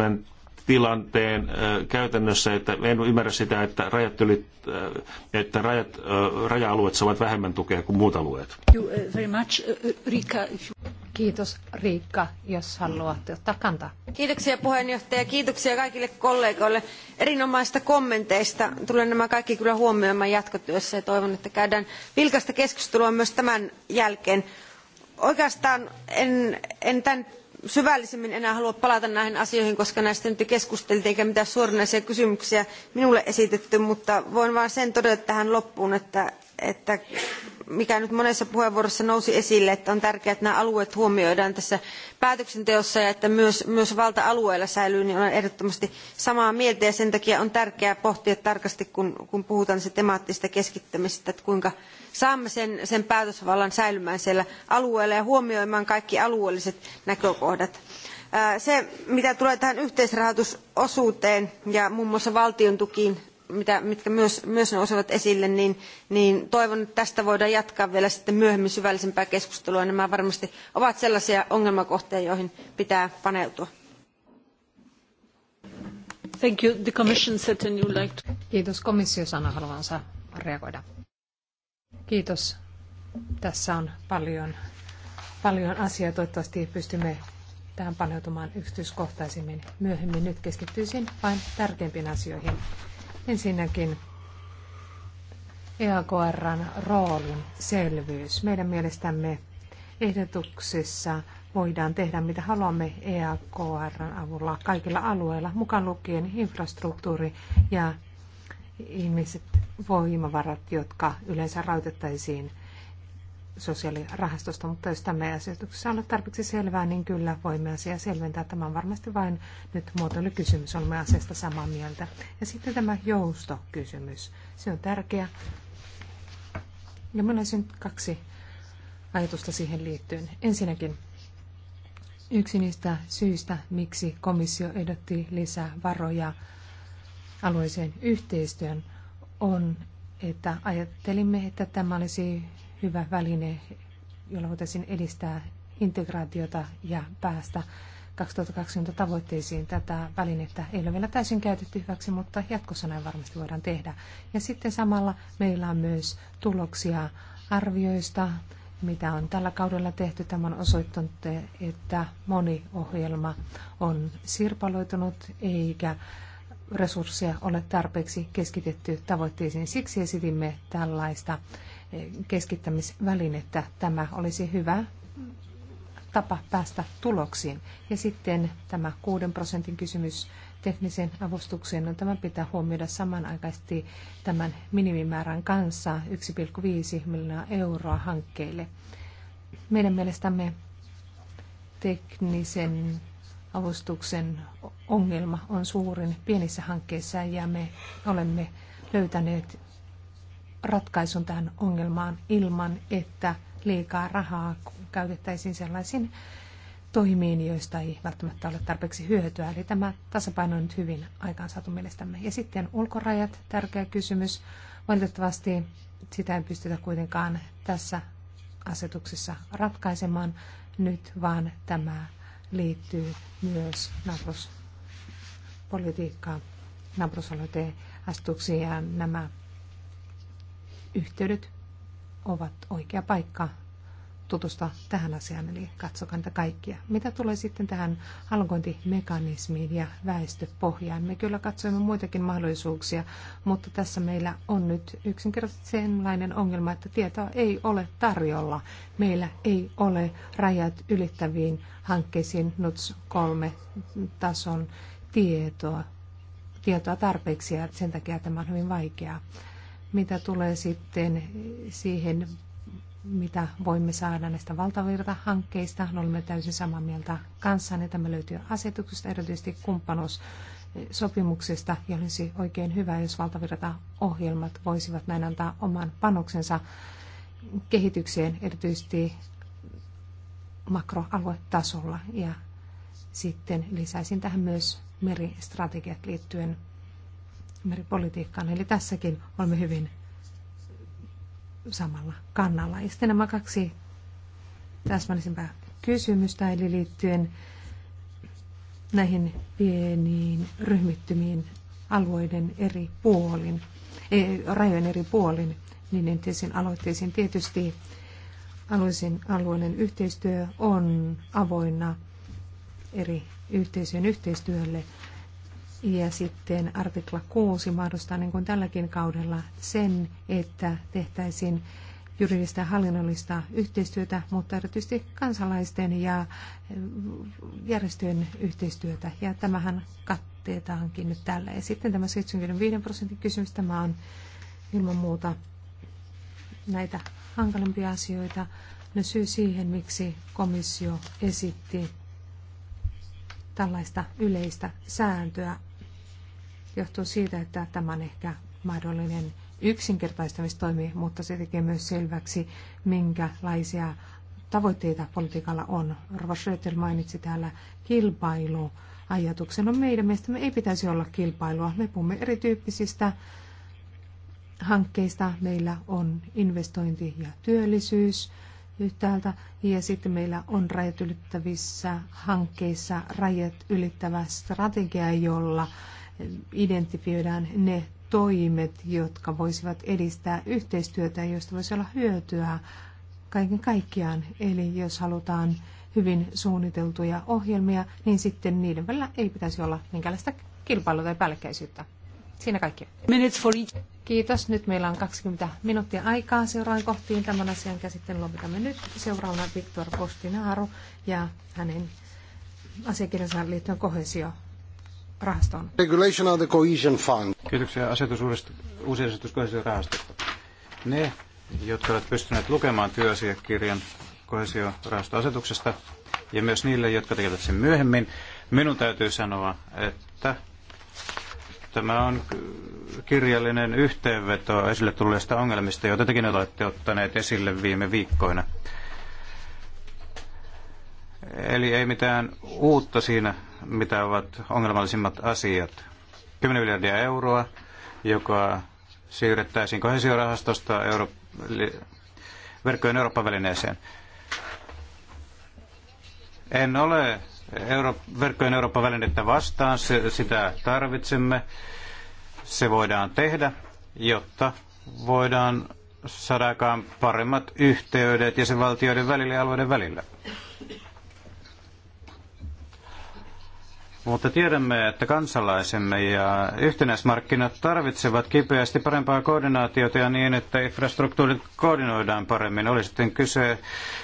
D: tilanteen käytännössä, että en ymmärrä sitä, että rajat, yli, että rajat, raja-alueet saavat vähemmän tukea kuin muut alueet.
C: Uh, uh, uh, Kiitos Riikka, jos haluatte ottaa kantaa.
E: Kiitoksia puheenjohtaja, kiitoksia kaikille kollegoille erinomaista kommenteista. Tulen nämä kaikki kyllä huomioimaan jatkotyössä ja toivon, että käydään vilkasta keskustelua myös tämän jälkeen. Oikeastaan en, en tämän syvällisemmin enää halua palata näihin asioihin koska näistä nyt keskusteltiin eikä mitään suoranaisia kysymyksiä minulle esitetty mutta voin vain sen todeta tähän loppuun että, että mikä nyt monessa puheenvuorossa nousi esille että on tärkeää että nämä alueet huomioidaan tässä päätöksenteossa ja että myös, myös valta alueilla säilyy niin olen ehdottomasti samaa mieltä ja sen takia on tärkeää pohtia tarkasti kun, kun puhutaan temaattisesta keskittämisestä että kuinka saamme sen, sen päätösvallan säilymään siellä alueella ja huomioimaan kaikki alueelliset näkökohdat. Se, mitä tulee tähän yhteisrahoitusosuuteen ja muun muassa valtion tukiin, mitä, mitkä myös, myös nousevat esille, niin, niin toivon, että tästä voidaan jatkaa vielä sitten myöhemmin syvällisempää keskustelua. Nämä varmasti ovat sellaisia ongelmakohtia, joihin pitää paneutua.
C: Thank you. The commission said you like to... Kiitos. Komissio sanoi haluansa reagoida. Kiitos. Tässä on paljon, paljon asiaa. Toivottavasti pystymme tähän paneutumaan yksityiskohtaisemmin myöhemmin. Nyt keskittyisin vain tärkeimpiin asioihin. Ensinnäkin EAKRn roolin selvyys. Meidän mielestämme ehdotuksissa voidaan tehdä mitä haluamme EAKRn avulla kaikilla alueilla, mukaan lukien infrastruktuuri ja ihmiset voimavarat, jotka yleensä rautettaisiin sosiaalirahastosta, mutta jos tämä asetuksessa on tarpeeksi selvää, niin kyllä voimme asia selventää. Tämä on varmasti vain nyt muotoilukysymys, olemme asiasta samaa mieltä. Ja sitten tämä joustokysymys, se on tärkeä. Ja minulla olisi nyt kaksi ajatusta siihen liittyen. Ensinnäkin yksi niistä syistä, miksi komissio ehdotti lisää varoja alueeseen yhteistyön on, että ajattelimme, että tämä olisi hyvä väline, jolla voitaisiin edistää integraatiota ja päästä 2020 tavoitteisiin. Tätä välinettä ei ole vielä täysin käytetty hyväksi, mutta jatkossa näin varmasti voidaan tehdä. Ja sitten samalla meillä on myös tuloksia arvioista, mitä on tällä kaudella tehty. Tämä on osoittanut, että moni ohjelma on sirpaloitunut eikä resursseja ole tarpeeksi keskitetty tavoitteisiin. Siksi esitimme tällaista eh, keskittämisvälinettä. Tämä olisi hyvä tapa päästä tuloksiin. Ja sitten tämä 6 prosentin kysymys tekniseen avustukseen, no tämä pitää huomioida samanaikaisesti tämän minimimäärän kanssa 1,5 miljoonaa euroa hankkeille. Meidän mielestämme teknisen avustuksen ongelma on suurin pienissä hankkeissa ja me olemme löytäneet ratkaisun tähän ongelmaan ilman, että liikaa rahaa käytettäisiin sellaisiin toimiin, joista ei välttämättä ole tarpeeksi hyötyä. Eli tämä tasapaino on nyt hyvin aikaansaatu mielestämme. Ja sitten ulkorajat, tärkeä kysymys. Valitettavasti sitä ei pystytä kuitenkaan tässä asetuksessa ratkaisemaan nyt, vaan tämä liittyy myös Natos politiikkaa Nabrosolote astuksi ja nämä yhteydet ovat oikea paikka tutusta tähän asiaan, eli katsokaa niitä kaikkia. Mitä tulee sitten tähän alkointimekanismiin ja väestöpohjaan? Me kyllä katsoimme muitakin mahdollisuuksia, mutta tässä meillä on nyt yksinkertaisesti sellainen ongelma, että tietoa ei ole tarjolla. Meillä ei ole rajat ylittäviin hankkeisiin NUTS 3 tason tietoa, tietoa tarpeeksi ja sen takia tämä on hyvin vaikeaa. Mitä tulee sitten siihen, mitä voimme saada näistä valtavirta-hankkeista, no, olemme täysin samaa mieltä kanssanne. Tämä löytyy asetuksesta, erityisesti kumppanuus sopimuksesta ja olisi oikein hyvä, jos valtavirta ohjelmat voisivat näin antaa oman panoksensa kehitykseen, erityisesti makroaluetasolla. Ja sitten lisäisin tähän myös meristrategiat liittyen meripolitiikkaan. Eli tässäkin olemme hyvin samalla kannalla. Ja sitten nämä kaksi täsmällisempää kysymystä, eli liittyen näihin pieniin ryhmittymiin alueiden eri puolin, e, rajojen eri puolin, niin entisiin aloitteisiin tietysti alueisen alueellinen yhteistyö on avoinna eri yhteisön yhteistyölle. Ja sitten artikla 6 mahdollistaa niin kuin tälläkin kaudella sen, että tehtäisiin juridista ja hallinnollista yhteistyötä, mutta erityisesti kansalaisten ja eh, järjestöjen yhteistyötä. Ja tämähän katteetaankin nyt tällä. Ja sitten tämä 75 prosentin kysymys, tämä on ilman muuta näitä hankalimpia asioita. No syy siihen, miksi komissio esitti tällaista yleistä sääntöä johtuu siitä, että tämä on ehkä mahdollinen yksinkertaistamistoimi, mutta se tekee myös selväksi, minkälaisia tavoitteita politiikalla on. Rova Schröter mainitsi täällä kilpailu. Ajatuksena no, meidän mielestä me ei pitäisi olla kilpailua. Me puhumme erityyppisistä hankkeista. Meillä on investointi ja työllisyys yhtäältä ja sitten meillä on rajat ylittävissä hankkeissa rajat ylittävä strategia, jolla identifioidaan ne toimet, jotka voisivat edistää yhteistyötä, joista voisi olla hyötyä kaiken kaikkiaan. Eli jos halutaan hyvin suunniteltuja ohjelmia, niin sitten niiden välillä ei pitäisi olla minkäänlaista kilpailua tai päällekkäisyyttä. Siinä kaikki. Minutes for each. Kiitos. Nyt meillä on 20 minuuttia aikaa seuraan kohtiin. Tämän asian käsittelyn lopetamme nyt. Seuraavana Viktor Postinaaru ja hänen asiakirjansa liittyen kohesio rahastoon.
B: Regulation of the Cohesion Fund. Kiitoksia asetus uudesta, uusi asetus rahastosta. Ne, jotka ovat pystyneet lukemaan työasiakirjan kohesiorahastoasetuksesta ja myös niille, jotka tekevät sen myöhemmin, minun täytyy sanoa, että Tämä on kirjallinen yhteenveto esille tulleista ongelmista, joita tekin olette ottaneet esille viime viikkoina. Eli ei mitään uutta siinä, mitä ovat ongelmallisimmat asiat. 10 miljardia euroa, joka siirrettäisiin kohesiorahastosta Euro- verkkojen Euroopan välineeseen En ole Euro- verkkojen Eurooppa-välinettä vastaan. Se, sitä tarvitsemme. Se voidaan tehdä, jotta voidaan saada aikaan paremmat yhteydet jäsenvaltioiden välillä ja alueiden välillä. Mutta tiedämme, että kansalaisemme ja yhtenäismarkkinat tarvitsevat kipeästi parempaa koordinaatiota ja niin, että infrastruktuurit koordinoidaan paremmin. Oli sitten kyse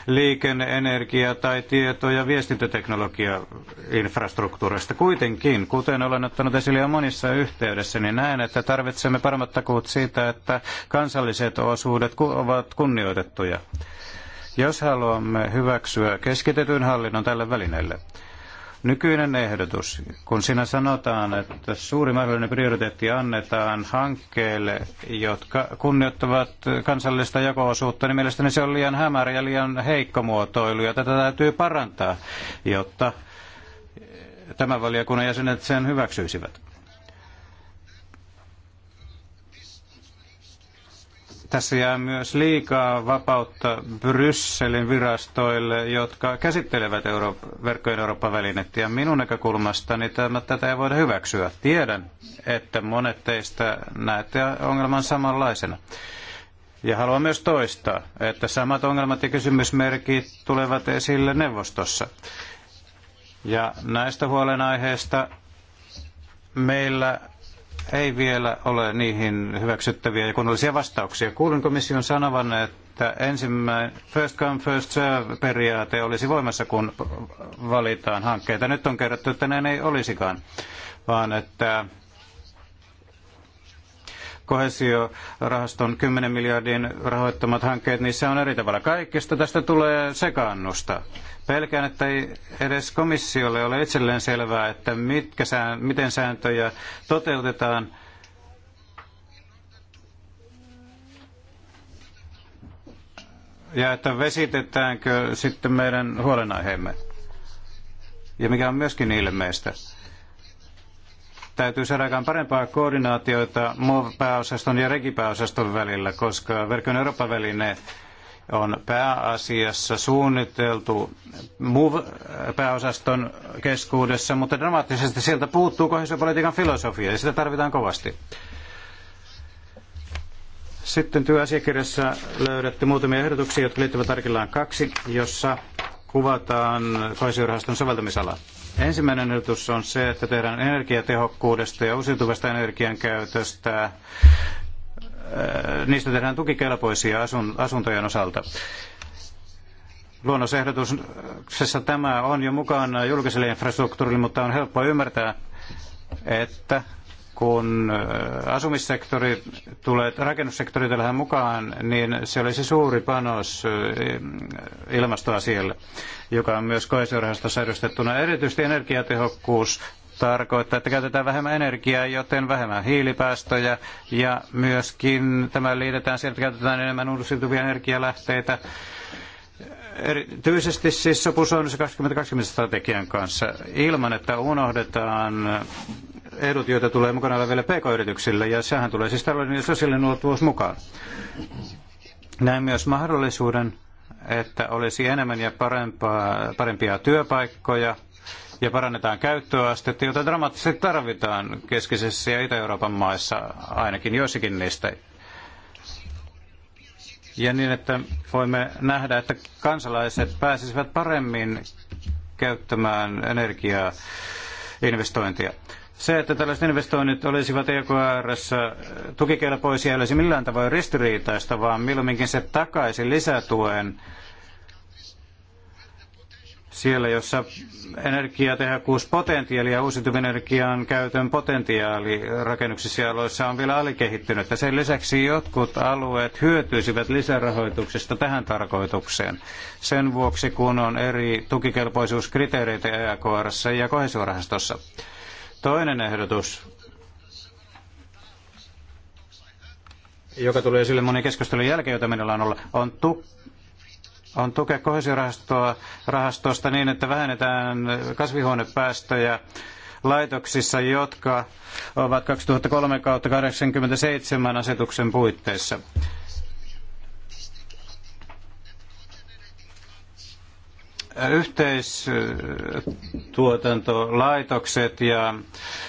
B: liikenne, energia tai tieto- ja viestintäteknologia-infrastruktuurista. Kuitenkin, kuten olen ottanut esille jo monissa yhteydessä, niin näen, että tarvitsemme paremmat takuut siitä, että kansalliset osuudet ovat kunnioitettuja. Jos haluamme hyväksyä keskitetyn hallinnon tälle välineelle, Nykyinen ehdotus, kun siinä sanotaan, että suuri mahdollinen prioriteetti annetaan hankkeille, jotka kunnioittavat kansallista jako-osuutta, niin mielestäni se on liian hämärä ja liian heikko muotoilu, ja tätä täytyy parantaa, jotta tämän valiokunnan jäsenet sen hyväksyisivät. Tässä jää myös liikaa vapautta Brysselin virastoille, jotka käsittelevät verkkojen Euroopan välinettä. Ja minun näkökulmastani niin tämä, tätä ei voida hyväksyä. Tiedän, että monet teistä näette ongelman samanlaisena. Ja haluan myös toistaa, että samat ongelmat ja kysymysmerkit tulevat esille neuvostossa. Ja näistä huolenaiheista meillä ei vielä ole niihin hyväksyttäviä ja kunnollisia vastauksia. Kuulin komission sanovan, että ensimmäinen first come first serve periaate olisi voimassa, kun valitaan hankkeita. Nyt on kerrottu, että näin ei olisikaan, vaan että kohesiorahaston 10 miljardin rahoittamat hankkeet, niissä on eri tavalla. Kaikesta tästä tulee sekaannusta. Pelkään, että ei edes komissiolle ole itselleen selvää, että mitkä miten sääntöjä toteutetaan – ja että vesitetäänkö sitten meidän huolenaiheemme. Ja mikä on myöskin ilmeistä, Täytyy saada aikaan parempaa koordinaatioita MOV-pääosaston ja REGI-pääosaston välillä, koska verkon Euroopan väline on pääasiassa suunniteltu MOV-pääosaston keskuudessa, mutta dramaattisesti sieltä puuttuu kohdallisuuspolitiikan filosofia ja sitä tarvitaan kovasti. Sitten työasiakirjassa löydätte muutamia ehdotuksia, jotka liittyvät arkilaan kaksi, jossa kuvataan kohdallisuusrahaston soveltamisalaa. Ensimmäinen ehdotus on se, että tehdään energiatehokkuudesta ja uusiutuvasta energian käytöstä. Niistä tehdään tukikelpoisia asun, asuntojen osalta. Luonnosehdotuksessa tämä on jo mukana julkiselle infrastruktuurille, mutta on helppo ymmärtää, että kun äh, asumissektori tulee, rakennussektori tähän mukaan, niin se olisi suuri panos äh, ilmastoasialle, joka on myös koesiorahastossa edustettuna. Erityisesti energiatehokkuus tarkoittaa, että käytetään vähemmän energiaa, joten vähemmän hiilipäästöjä ja myöskin tämä liitetään siihen, että käytetään enemmän uusiutuvia energialähteitä
A: erityisesti
B: siis sopusoinnissa 2020 strategian kanssa ilman, että unohdetaan edut, joita tulee mukana vielä pk-yrityksille, ja sehän tulee siis tällainen sosiaalinen ulottuvuus mukaan. Näin myös mahdollisuuden, että olisi enemmän ja parempaa, parempia työpaikkoja, ja parannetaan käyttöastetta, jota dramaattisesti tarvitaan keskisessä ja Itä-Euroopan maissa, ainakin joissakin niistä. Ja niin, että voimme nähdä, että kansalaiset pääsisivät paremmin käyttämään energiaa investointia. Se, että tällaiset investoinnit olisivat EKRssä eh, tukikelpoisia, ei olisi millään tavoin ristiriitaista, vaan milloinkin se takaisi lisätuen siellä, jossa energiatehokkuuspotentiaali ja uusiutuvan energian käytön potentiaali rakennuksissa ja aloissa on vielä alikehittynyt. Ja sen lisäksi jotkut alueet hyötyisivät lisärahoituksesta tähän tarkoitukseen. Sen vuoksi, kun on eri tukikelpoisuuskriteereitä EAKRssa ja koheesiorahastossa. Toinen ehdotus, joka tulee esille monen keskustelun jälkeen, jota meillä on ollut, on, tu- on tukea kohesiorahastoa rahastosta niin, että vähennetään kasvihuonepäästöjä laitoksissa, jotka ovat 2003-87 asetuksen puitteissa. yhteistuotantolaitokset ja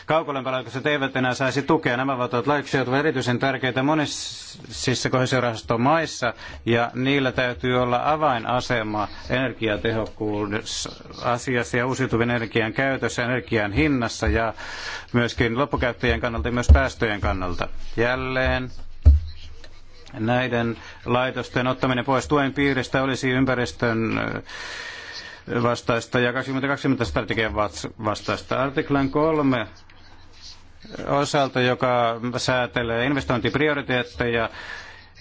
B: kaukolämpölaitokset eivät enää saisi tukea. Nämä ovat laitoksia, jotka ovat erityisen tärkeitä monissa kohesiorahaston maissa ja niillä täytyy olla avainasema energiatehokkuusasiassa ja uusiutuvien energian käytössä, energian hinnassa ja myöskin loppukäyttäjien kannalta ja myös päästöjen kannalta. Jälleen näiden laitosten ottaminen pois tuen piiristä olisi ympäristön vastaista ja 2020 strategian vastaista. Artiklan kolme osalta, joka säätelee investointiprioriteetteja,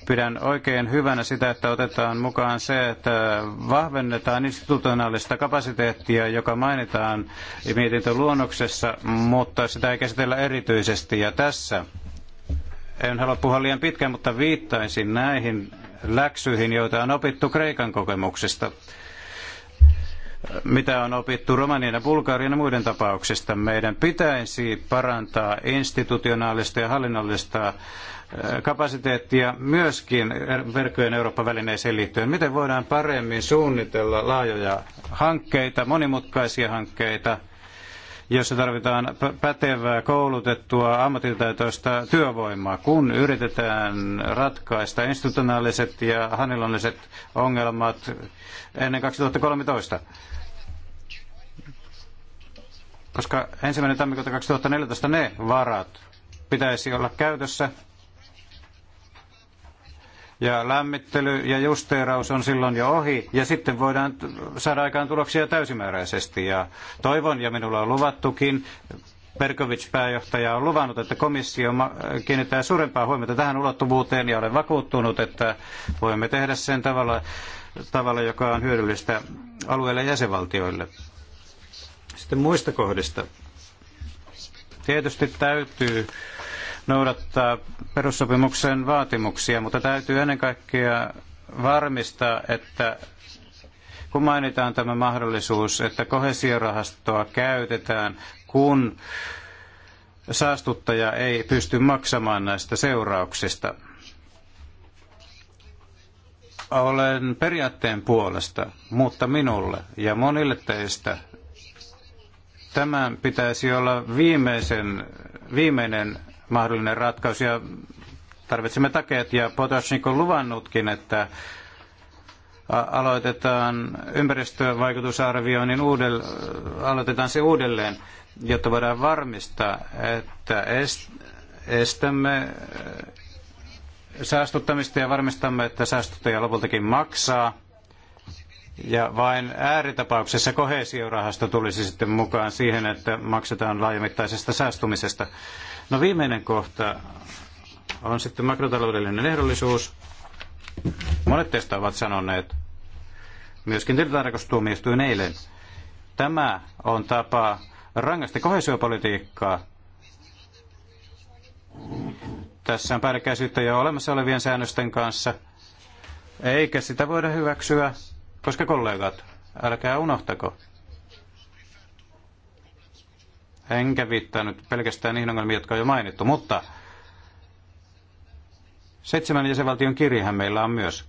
B: pidän oikein hyvänä sitä, että otetaan mukaan se, että vahvennetaan institutionaalista kapasiteettia, joka mainitaan mietintöluonnoksessa, mutta sitä ei käsitellä erityisesti. Ja tässä, en halua puhua liian pitkään, mutta viittaisin näihin läksyihin, joita on opittu Kreikan kokemuksista mitä on opittu Romanian ja Bulgarian ja muiden tapauksista. Meidän pitäisi parantaa institutionaalista ja hallinnollista äh, kapasiteettia myöskin verkkojen Eurooppa-välineeseen liittyen. Miten voidaan paremmin suunnitella laajoja hankkeita, monimutkaisia hankkeita, jossa tarvitaan pätevää, koulutettua, ammattitaitoista työvoimaa, kun yritetään ratkaista institutionaaliset ja hanilonniset ongelmat ennen 2013. Koska ensimmäinen tammikuuta 2014 ne varat pitäisi olla käytössä ja lämmittely ja justeeraus on silloin jo ohi ja sitten voidaan saada aikaan tuloksia täysimääräisesti. Ja toivon ja minulla on luvattukin, Perkovic-pääjohtaja on luvannut, että komissio kiinnittää suurempaa huomiota tähän ulottuvuuteen ja olen vakuuttunut, että voimme tehdä sen tavalla, tavalla joka on hyödyllistä alueelle ja jäsenvaltioille. Sitten muista kohdista. Tietysti täytyy noudattaa perussopimuksen vaatimuksia, mutta täytyy ennen kaikkea varmistaa, että kun mainitaan tämä mahdollisuus, että kohesiorahastoa käytetään, kun saastuttaja ei pysty maksamaan näistä seurauksista. Olen periaatteen puolesta, mutta minulle ja monille teistä tämän pitäisi olla viimeisen, viimeinen mahdollinen ratkaisu ja tarvitsemme takeet ja Potosnik on luvannutkin, että aloitetaan ympäristövaikutusarvioinnin uudel, aloitetaan se uudelleen, jotta voidaan varmistaa, että estämme saastuttamista ja varmistamme, että saastuttaja lopultakin maksaa. Ja vain ääritapauksessa kohesiorahasto tulisi sitten mukaan siihen, että maksetaan laajamittaisesta säästymisestä. No viimeinen kohta on sitten makrotaloudellinen ehdollisuus. Monet teistä ovat sanoneet, myöskin tilintarkastustuomioistuin eilen, tämä on tapa rangaista kohesiopolitiikkaa. Tässä on päällekkäisyyttä jo olemassa olevien säännösten kanssa, eikä sitä voida hyväksyä, koska kollegat, älkää unohtako, Enkä viittaa nyt pelkästään niihin ongelmiin, jotka on jo mainittu, mutta seitsemän jäsenvaltion kirjahan meillä on myös,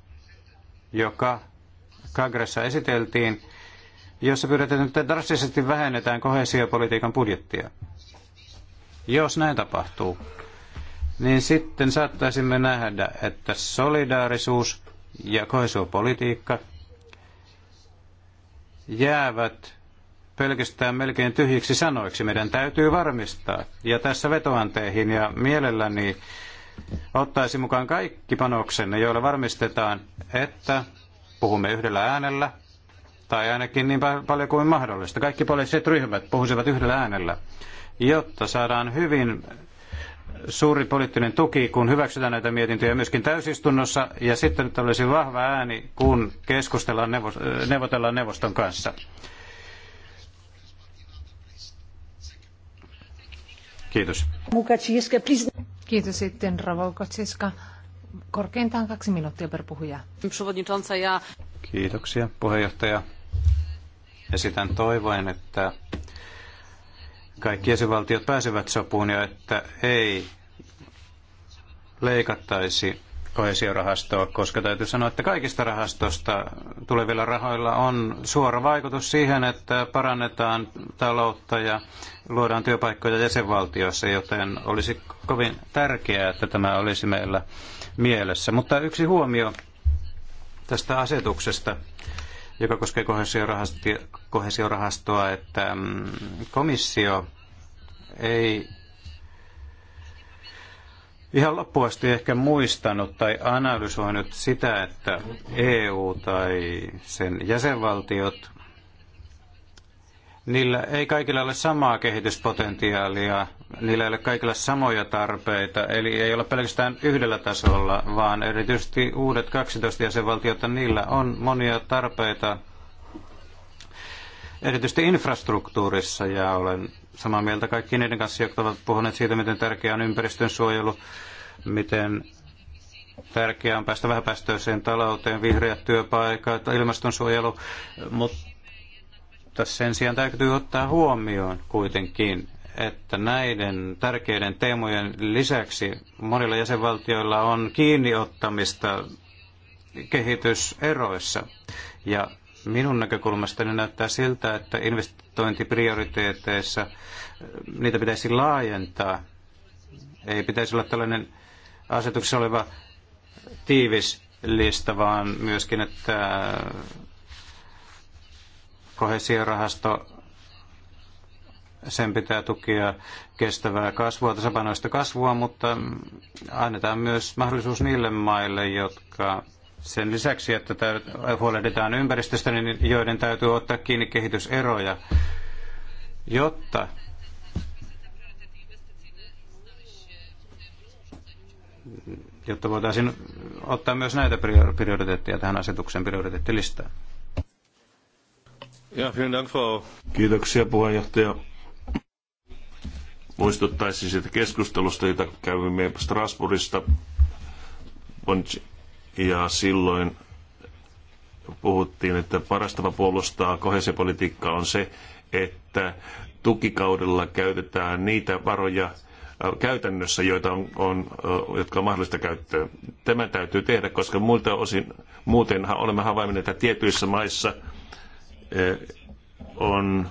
B: joka Kagressa esiteltiin, jossa pyydetään, että drastisesti vähennetään kohesiopolitiikan budjettia. Jos näin tapahtuu, niin sitten saattaisimme nähdä, että solidaarisuus ja kohesiopolitiikka jäävät pelkästään melkein tyhjiksi sanoiksi. Meidän täytyy varmistaa. Ja tässä vetoan teihin ja mielelläni ottaisi mukaan kaikki panoksenne, joilla varmistetaan, että puhumme yhdellä äänellä, tai ainakin niin paljon kuin mahdollista. Kaikki poliittiset ryhmät puhuisivat yhdellä äänellä, jotta saadaan hyvin suuri poliittinen tuki, kun hyväksytään näitä mietintöjä myöskin täysistunnossa, ja sitten olisi vahva ääni, kun keskustellaan, neuvotellaan neuvoston kanssa. Kiitos.
C: Kiitos sitten Ravokotsiska. Korkeintaan kaksi minuuttia per puhuja.
B: Kiitoksia puheenjohtaja. Esitän toivoen, että kaikki jäsenvaltiot pääsevät sopuun ja että ei leikattaisi koesiorahastoa, koska täytyy sanoa, että kaikista rahastosta tulevilla rahoilla on suora vaikutus siihen, että parannetaan taloutta ja luodaan työpaikkoja jäsenvaltioissa, joten olisi kovin tärkeää, että tämä olisi meillä mielessä. Mutta yksi huomio tästä asetuksesta, joka koskee kohesiorahastoa, että mm, komissio ei ihan loppuvasti ehkä muistanut tai analysoinut sitä, että EU tai sen jäsenvaltiot, niillä ei kaikilla ole samaa kehityspotentiaalia, niillä ei ole kaikilla samoja tarpeita, eli ei ole pelkästään yhdellä tasolla, vaan erityisesti uudet 12 jäsenvaltiota, niillä on monia tarpeita, erityisesti infrastruktuurissa, ja olen samaa mieltä kaikkien niiden kanssa, jotka ovat puhuneet siitä, miten tärkeää on ympäristön suojelu, miten tärkeää on päästä vähäpäästöiseen talouteen, vihreät työpaikat, ilmastonsuojelu, mutta sen sijaan täytyy ottaa huomioon kuitenkin, että näiden tärkeiden teemojen lisäksi monilla jäsenvaltioilla on kiinniottamista kehityseroissa. Ja Minun näkökulmastani näyttää siltä, että investointiprioriteeteissa niitä pitäisi laajentaa. Ei pitäisi olla tällainen asetuksessa oleva tiivis lista, vaan myöskin, että kohesiorahasto sen pitää tukea kestävää kasvua, tasapainoista kasvua, mutta annetaan myös mahdollisuus niille maille, jotka sen lisäksi, että huolehditaan ympäristöstä, niin joiden täytyy ottaa kiinni kehityseroja, jotta jotta voitaisiin ottaa myös näitä prioriteetteja tähän asetuksen prioriteettilistaan. Ja,
D: dank, Frau. Kiitoksia puheenjohtaja. Muistuttaisin siitä keskustelusta, jota kävimme Strasbourgista ja silloin puhuttiin, että paras tapa puolustaa kohesiopolitiikkaa on se, että tukikaudella käytetään niitä varoja äh, käytännössä, joita on, on, äh, jotka on mahdollista käyttöä. Tämä täytyy tehdä, koska muilta osin muuten olemme havainneet, että tietyissä maissa äh, on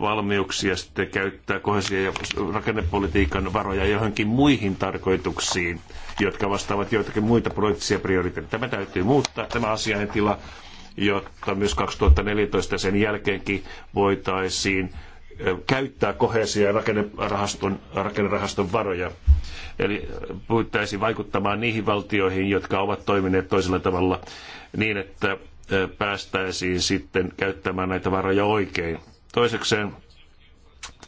D: valmiuksia sitten käyttää kohesio- ja rakennepolitiikan varoja johonkin muihin tarkoituksiin, jotka vastaavat joitakin muita poliittisia prioriteetteja. Tämä täytyy muuttaa, tämä asiain tila, jotta myös 2014 sen jälkeenkin voitaisiin käyttää kohesio- ja rakennerahaston, rakennerahaston varoja. Eli puhuttaisiin vaikuttamaan niihin valtioihin, jotka ovat toimineet toisella tavalla niin, että päästäisiin sitten käyttämään näitä varoja oikein. Toisekseen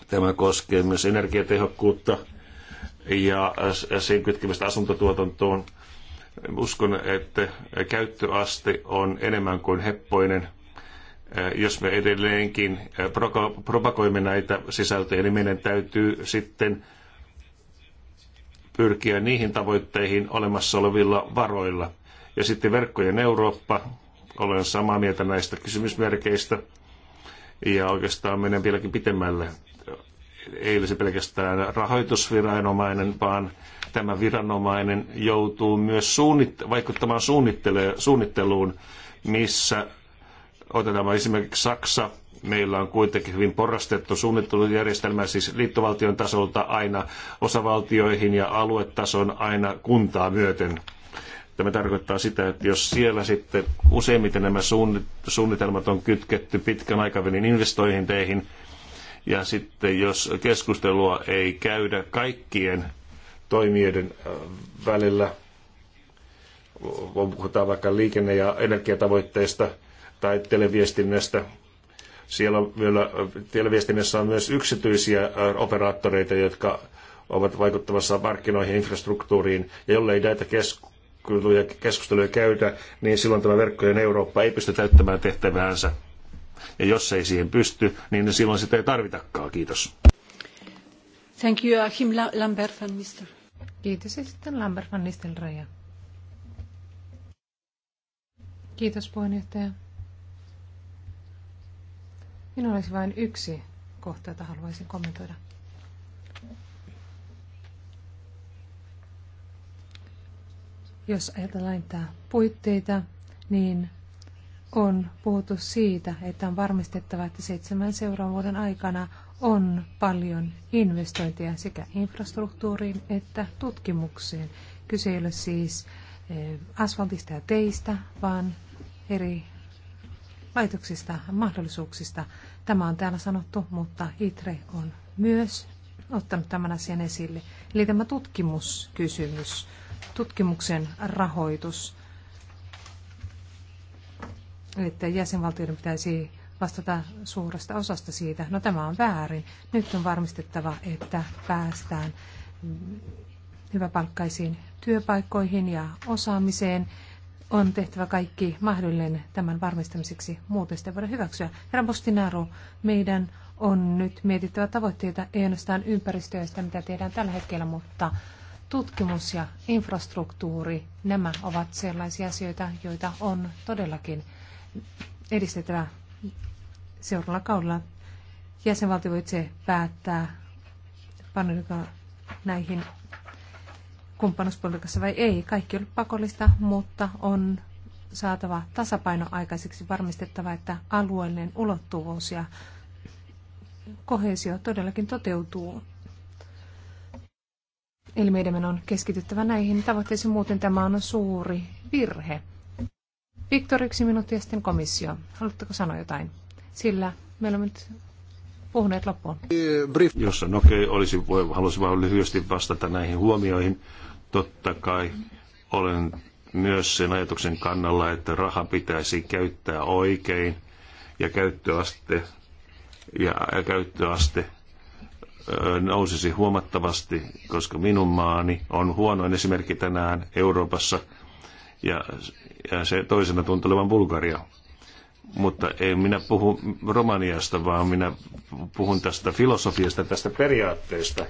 D: tämä koskee myös energiatehokkuutta ja sen kytkemistä asuntotuotantoon. Uskon, että käyttöaste on enemmän kuin heppoinen. Äh, jos me edelleenkin äh, propagoimme näitä sisältöjä, niin meidän täytyy sitten pyrkiä niihin tavoitteihin olemassa olevilla varoilla. Ja sitten verkkojen Eurooppa, olen samaa mieltä näistä kysymysmerkeistä. Ja oikeastaan menen vieläkin pitemmälle. Ei se pelkästään rahoitusviranomainen, vaan tämä viranomainen joutuu myös suunnitt- vaikuttamaan suunnitteluun, missä otetaan esimerkiksi Saksa, meillä on kuitenkin hyvin porrastettu suunnittelujärjestelmä, siis liittovaltion tasolta aina osavaltioihin ja aluetason aina kuntaa myöten. Tämä tarkoittaa sitä, että jos siellä sitten useimmiten nämä suunnitelmat on kytketty pitkän aikavälin investointeihin, ja sitten jos keskustelua ei käydä kaikkien toimijoiden äh, välillä, puhutaan vaikka liikenne- ja energiatavoitteista tai televiestinnästä, siellä on vielä, äh, televiestinnässä on myös yksityisiä äh, operaattoreita, jotka ovat vaikuttamassa markkinoihin, infrastruktuuriin, ja jollei näitä kesku- ja keskusteluja käydä, niin silloin tämä verkkojen Eurooppa ei pysty täyttämään tehtäväänsä. Ja jos ei siihen pysty, niin silloin sitä ei tarvitakaan. Kiitos.
C: Thank you, Achim Lambert van Nistel. Kiitos ja sitten Lambert van Nistelrooja. Kiitos puheenjohtaja. Minulla olisi vain yksi kohta, jota haluaisin kommentoida. Jos ajatellaan tämä puitteita, niin on puhuttu siitä, että on varmistettava, että seitsemän seuraavan vuoden aikana on paljon investointeja sekä infrastruktuuriin että tutkimukseen. Kyse ei ole siis eh, asfaltista ja teistä, vaan eri laitoksista ja mahdollisuuksista. Tämä on täällä sanottu, mutta ITRE on myös ottanut tämän asian esille. Eli tämä tutkimuskysymys tutkimuksen rahoitus, että jäsenvaltioiden pitäisi vastata suuresta osasta siitä. No tämä on väärin. Nyt on varmistettava, että päästään hyväpalkkaisiin työpaikkoihin ja osaamiseen. On tehtävä kaikki mahdollinen tämän varmistamiseksi, muuten sitä voidaan hyväksyä. Herra Bostinaro, meidän on nyt mietittävä tavoitteita, ei ainoastaan ympäristöä ja sitä, mitä tehdään tällä hetkellä, mutta tutkimus ja infrastruktuuri, nämä ovat sellaisia asioita, joita on todellakin edistettävä seuraavalla kaudella. Jäsenvaltio voi itse päättää, paneudutko näihin kumppanuuspolitiikassa vai ei. Kaikki on pakollista, mutta on saatava tasapaino aikaiseksi, varmistettava, että alueellinen ulottuvuus ja kohesio todellakin toteutuu Eli meidän on keskityttävä näihin tavoitteisiin, muuten tämä on suuri virhe. Viktor, yksi minuutti ja sitten komissio. Haluatteko sanoa jotain? Sillä meillä on nyt puhuneet loppuun.
D: Jos on okei, okay, olisi, haluaisin vain lyhyesti vastata näihin huomioihin. Totta kai olen myös sen ajatuksen kannalla, että raha pitäisi käyttää oikein ja käyttöaste ja käyttöaste nousisi huomattavasti, koska minun maani on huonoin esimerkki tänään Euroopassa ja, ja se toisena tuntuu olevan Bulgaria. Mutta ei minä puhu Romaniasta, vaan minä puhun tästä filosofiasta, tästä periaatteesta,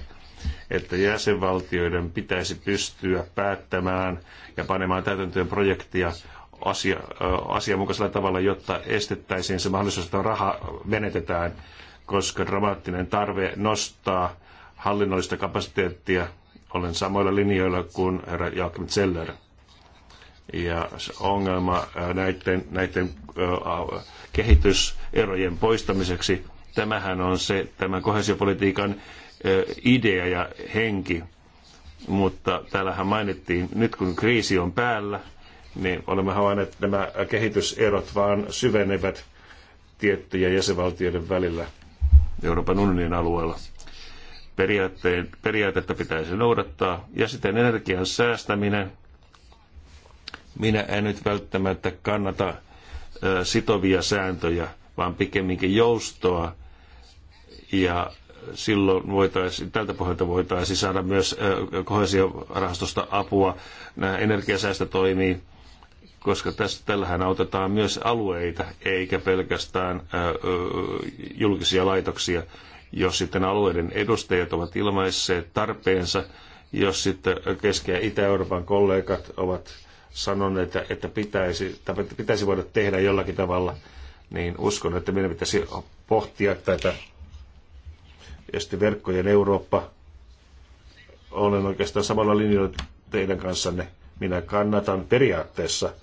D: että jäsenvaltioiden pitäisi pystyä päättämään ja panemaan täytäntöön projektia asia, asianmukaisella tavalla, jotta estettäisiin se mahdollisuus, että raha menetetään koska dramaattinen tarve nostaa hallinnollista kapasiteettia olen samoilla linjoilla kuin herra Joachim Zeller. Ja ongelma näiden, näiden kehityserojen poistamiseksi, tämähän on se tämän kohesiopolitiikan idea ja henki. Mutta täällähän mainittiin, nyt kun kriisi on päällä, niin olemme havainneet, että nämä kehityserot vaan syvenevät tiettyjen jäsenvaltioiden välillä – Euroopan unionin alueella. Periaatteen, periaatetta pitäisi noudattaa. Ja sitten energian säästäminen. Minä en nyt välttämättä kannata sitovia sääntöjä, vaan pikemminkin joustoa. Ja silloin voitaisiin, tältä pohjalta voitaisiin saada myös kohesiorahastosta apua. Nämä energiasäästötoimii. toimii koska tässä, tällähän autetaan myös alueita eikä pelkästään julkisia laitoksia. Jos sitten alueiden edustajat ovat ilmaisseet tarpeensa, jos sitten Keski- ja Itä-Euroopan kollegat ovat sanoneet, että, että pitäisi, tai pitäisi voida tehdä jollakin tavalla, niin uskon, että meidän pitäisi pohtia tätä. Ja sitten verkkojen Eurooppa, olen oikeastaan samalla linjalla teidän kanssanne. Minä kannatan periaatteessa –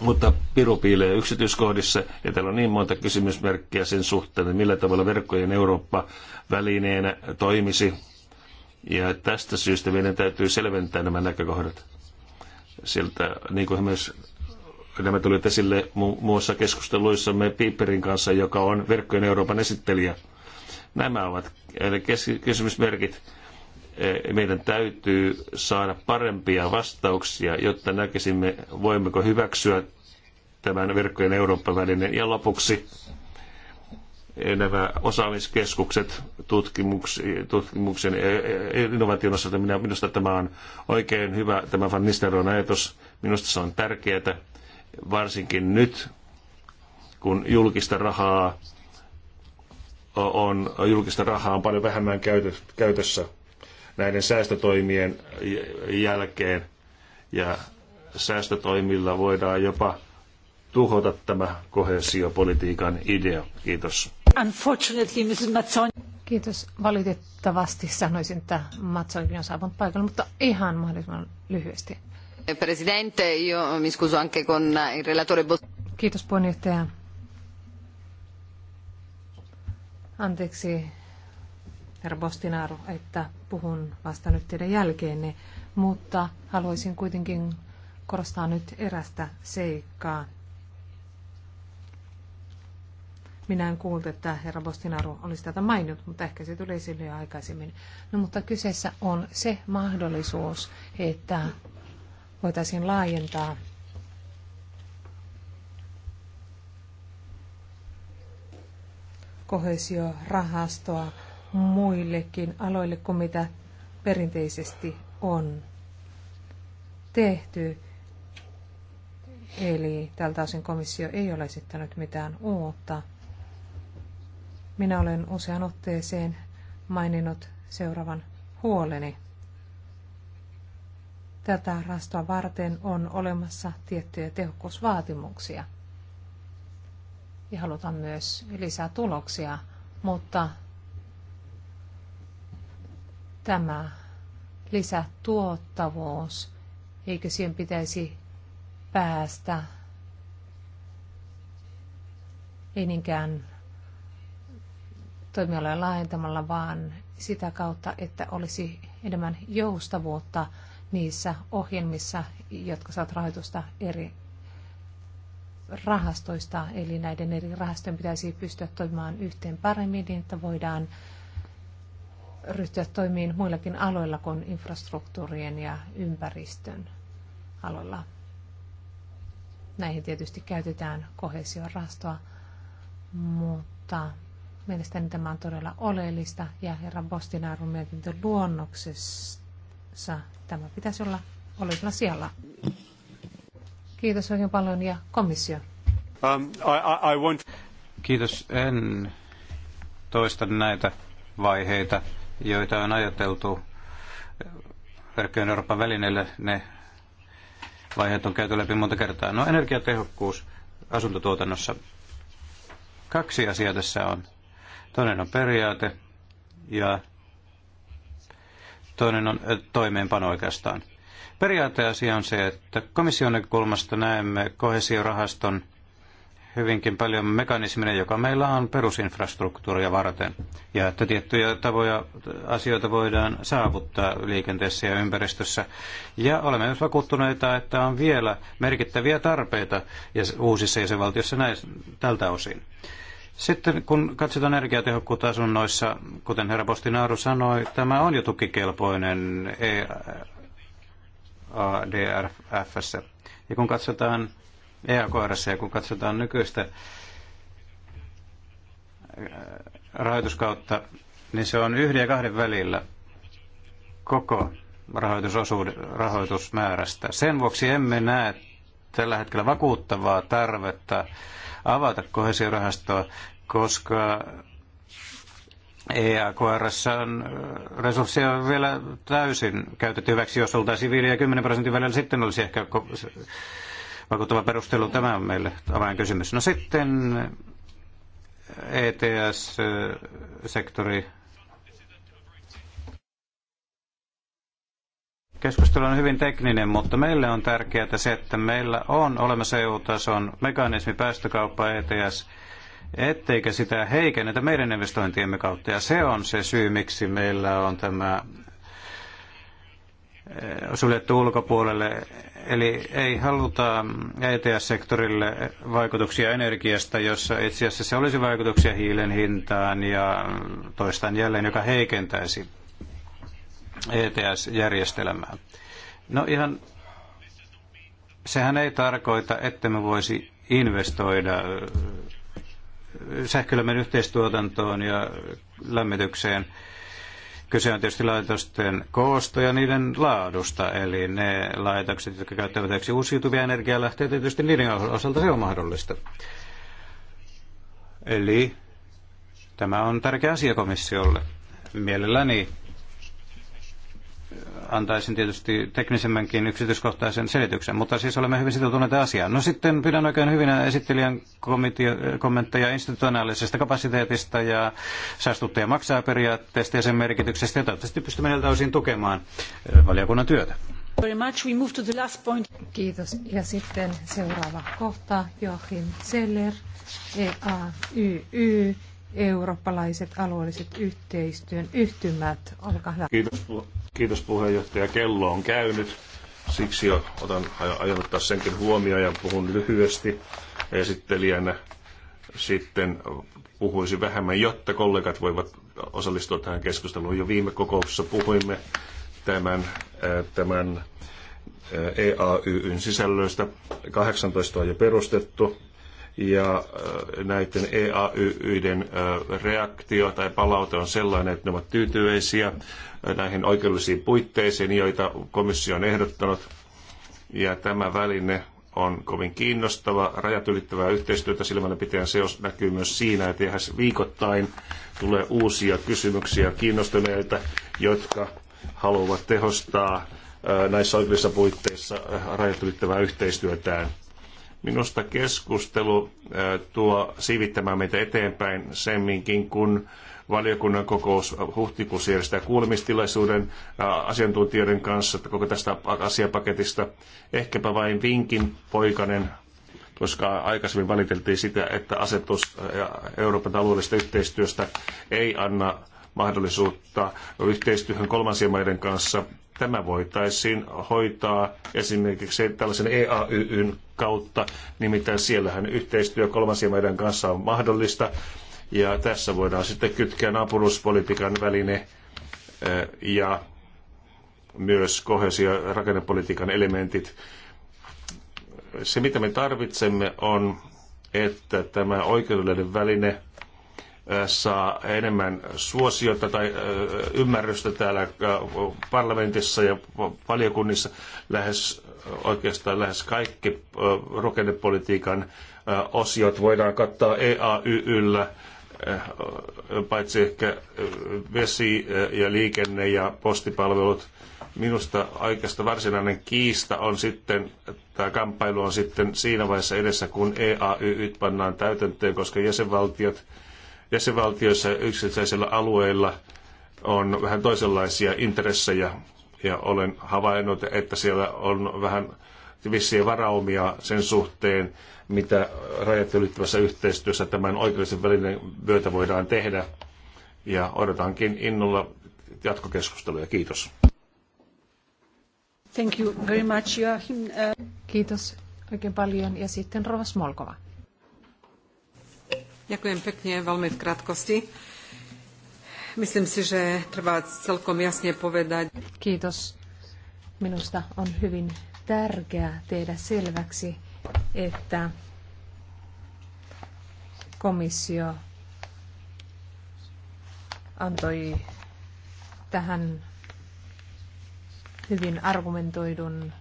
D: mutta piru piilee yksityiskohdissa, ja täällä on niin monta kysymysmerkkiä sen suhteen, että millä tavalla verkkojen Eurooppa välineenä toimisi. Ja tästä syystä meidän täytyy selventää nämä näkökohdat. Sieltä, niin kuin myös nämä tulivat esille muussa keskusteluissamme Piperin kanssa, joka on verkkojen Euroopan esittelijä. Nämä ovat kysymysmerkit Eh, meidän täytyy saada parempia vastauksia, jotta näkisimme, voimmeko hyväksyä tämän verkkojen Eurooppa-välinen. Ja lopuksi eh, nämä osaamiskeskukset tutkimuksen, tutkimuksen eh, innovaation osalta. minusta tämä on oikein hyvä, tämä Van Nistelrooyn ajatus. Minusta se on tärkeää, varsinkin nyt, kun julkista rahaa on, julkista rahaa on paljon vähemmän käytössä näiden säästötoimien jälkeen. Ja säästötoimilla voidaan jopa tuhota tämä kohesiopolitiikan idea. Kiitos.
C: Unfortunately, Mrs. Matson. Kiitos. Valitettavasti sanoisin, että Matsonkin on saapunut paikalle, mutta ihan mahdollisimman lyhyesti.
E: Presidente, io mi scuso anche con il relatore
C: Kiitos puheenjohtaja. Anteeksi herra Bostinaru, että puhun vasta nyt teidän jälkeenne, mutta haluaisin kuitenkin korostaa nyt erästä seikkaa. Minä en kuullut, että herra Bostinaru olisi tätä maininnut, mutta ehkä se tuli sille jo aikaisemmin. No mutta kyseessä on se mahdollisuus, että voitaisiin laajentaa kohesiorahastoa rahastoa muillekin aloille kuin mitä perinteisesti on tehty. Eli tältä osin komissio ei ole esittänyt mitään uutta. Minä olen usean otteeseen maininnut seuraavan huoleni. Tätä rastoa varten on olemassa tiettyjä tehokkuusvaatimuksia. Ja halutaan myös lisää tuloksia, mutta tämä lisätuottavuus, eikö siihen pitäisi päästä ei niinkään toimialoja laajentamalla, vaan sitä kautta, että olisi enemmän joustavuutta niissä ohjelmissa, jotka saat rahoitusta eri rahastoista, eli näiden eri rahastojen pitäisi pystyä toimimaan yhteen paremmin, niin että voidaan ryhtyä toimiin muillakin aloilla kuin infrastruktuurien ja ympäristön aloilla. Näihin tietysti käytetään kohesiorahastoa, mutta mielestäni tämä on todella oleellista ja herran Bostinaarun mietintö luonnoksessa tämä pitäisi olla oleellisella siellä. Kiitos oikein paljon ja komissio.
D: Um, I,
B: I, I want... Kiitos. En toista näitä vaiheita joita on ajateltu verkkojen Euroopan välineille, ne vaiheet on käyty läpi monta kertaa. No energiatehokkuus asuntotuotannossa. Kaksi asiaa tässä on. Toinen on periaate ja toinen on äh, toimeenpano oikeastaan. Periaateasia on se, että komission näkökulmasta näemme kohesiorahaston – hyvinkin paljon mekanismina, joka meillä on perusinfrastruktuuria varten. Ja että tiettyjä tavoja, asioita voidaan saavuttaa liikenteessä ja ympäristössä. Ja olemme myös vakuuttuneita, että on vielä merkittäviä tarpeita ja uusissa jäsenvaltioissa näissä, tältä osin. Sitten kun katsotaan energiatehokkuutta asunnoissa, kuten herra Postinaaru sanoi, tämä on jo tukikelpoinen EADRFssä. Ja kun katsotaan EAKRssä ja kun katsotaan nykyistä äh, rahoituskautta, niin se on yhden ja kahden välillä koko rahoitusmäärästä. Sen vuoksi emme näe tällä hetkellä vakuuttavaa tarvetta avata kohesiorahastoa, koska EAKRS on äh, resursseja on vielä täysin käytetty hyväksi. Jos oltaisiin 5 ja 10 prosentin välillä, sitten olisi ehkä vakuuttava perustelu tämä on meille avainkysymys. No sitten ETS-sektori. Keskustelu on hyvin tekninen, mutta meille on tärkeää se, että meillä on olemassa EU-tason mekanismi päästökauppa ETS, etteikä sitä heikennetä meidän investointiemme kautta. Ja se on se syy, miksi meillä on tämä Eh, suljettu ulkopuolelle. Eli ei haluta ETS-sektorille vaikutuksia energiasta, jossa itse asiassa se olisi vaikutuksia hiilen hintaan ja toistaan jälleen, joka heikentäisi ETS-järjestelmää. No ihan, sehän ei tarkoita, että me voisi investoida eh, sähkölämmön yhteistuotantoon ja lämmitykseen – Kyse on tietysti laitosten koosta ja niiden laadusta, eli ne laitokset, jotka käyttävät uusiutuvia energialähteitä, tietysti niiden osalta se on mahdollista. Eli tämä on tärkeä asia komissiolle. Mielelläni antaisin tietysti teknisemmänkin yksityiskohtaisen selityksen, mutta siis olemme hyvin sitoutuneita asiaan. No sitten pidän oikein hyvinä esittelijän komitio- kommentteja institutionaalisesta kapasiteetista ja säästuttaja maksaa periaatteesta ja sen merkityksestä, ja toivottavasti pystymme näiltä osin tukemaan eh, valiokunnan työtä.
C: Kiitos. Ja sitten seuraava kohta, Joachim Zeller, EAYY eurooppalaiset alueelliset yhteistyön yhtymät. Olkaa hyvä. Kiitos,
D: kiitos puheenjohtaja. Kello on käynyt. Siksi otan aion ottaa senkin huomioon ja puhun lyhyesti esittelijänä. Sitten puhuisin vähemmän, jotta kollegat voivat osallistua tähän keskusteluun. Jo viime kokouksessa puhuimme tämän, äh, tämän äh, EAYn sisällöistä. 18 on jo perustettu ja äh, näiden EAYYden äh, reaktio tai palaute on sellainen, että ne ovat tyytyväisiä äh, näihin oikeudellisiin puitteisiin, joita komissio on ehdottanut. Ja tämä väline on kovin kiinnostava, rajat ylittävää yhteistyötä silmällä pitäen se näkyy myös siinä, että viikoittain tulee uusia kysymyksiä kiinnostuneilta, jotka haluavat tehostaa näissä oikeudellisissa puitteissa rajat ylittävää yhteistyötään. Minusta keskustelu tuo siivittämään meitä eteenpäin semminkin, kun valiokunnan kokous huhtikuussa järjestää kuulemistilaisuuden asiantuntijoiden kanssa koko tästä asiapaketista. Ehkäpä vain vinkin poikanen koska aikaisemmin valiteltiin sitä, että asetus Euroopan taloudellisesta yhteistyöstä ei anna mahdollisuutta yhteistyöhön kolmansien maiden kanssa Tämä voitaisiin hoitaa esimerkiksi tällaisen EAYyn kautta, nimittäin siellähän yhteistyö kolmansien maiden kanssa on mahdollista. Ja tässä voidaan sitten kytkeä naapuruuspolitiikan väline eh, ja myös kohesio- ja rakennepolitiikan elementit. Se, mitä me tarvitsemme, on, että tämä oikeudellinen väline – saa enemmän suosiota tai ymmärrystä täällä parlamentissa ja valiokunnissa lähes oikeastaan lähes kaikki rakennepolitiikan osiot voidaan kattaa EAYYllä, paitsi ehkä vesi ja liikenne ja postipalvelut. Minusta oikeastaan varsinainen kiista on sitten, tämä kamppailu on sitten siinä vaiheessa edessä, kun EAYYt pannaan täytäntöön, koska jäsenvaltiot jäsenvaltioissa yksittäisillä alueilla on vähän toisenlaisia intressejä ja olen havainnut, että siellä on vähän vissiä varaumia sen suhteen, mitä rajat ylittävässä yhteistyössä tämän oikeudellisen välinen myötä voidaan tehdä. Ja odotankin innolla jatkokeskustelua. Kiitos.
C: Thank you very much, Joachim. Kiitos oikein paljon. Ja sitten Rovas Molkova.
A: Ďakujem pekne, veľmi v krátkosti.
C: Myslím si, že
A: treba celkom jasne povedať. Kiitos.
C: Minusta on hyvin tärkeää tehdä selväksi, että komissio antoi tähän hyvin argumentoidun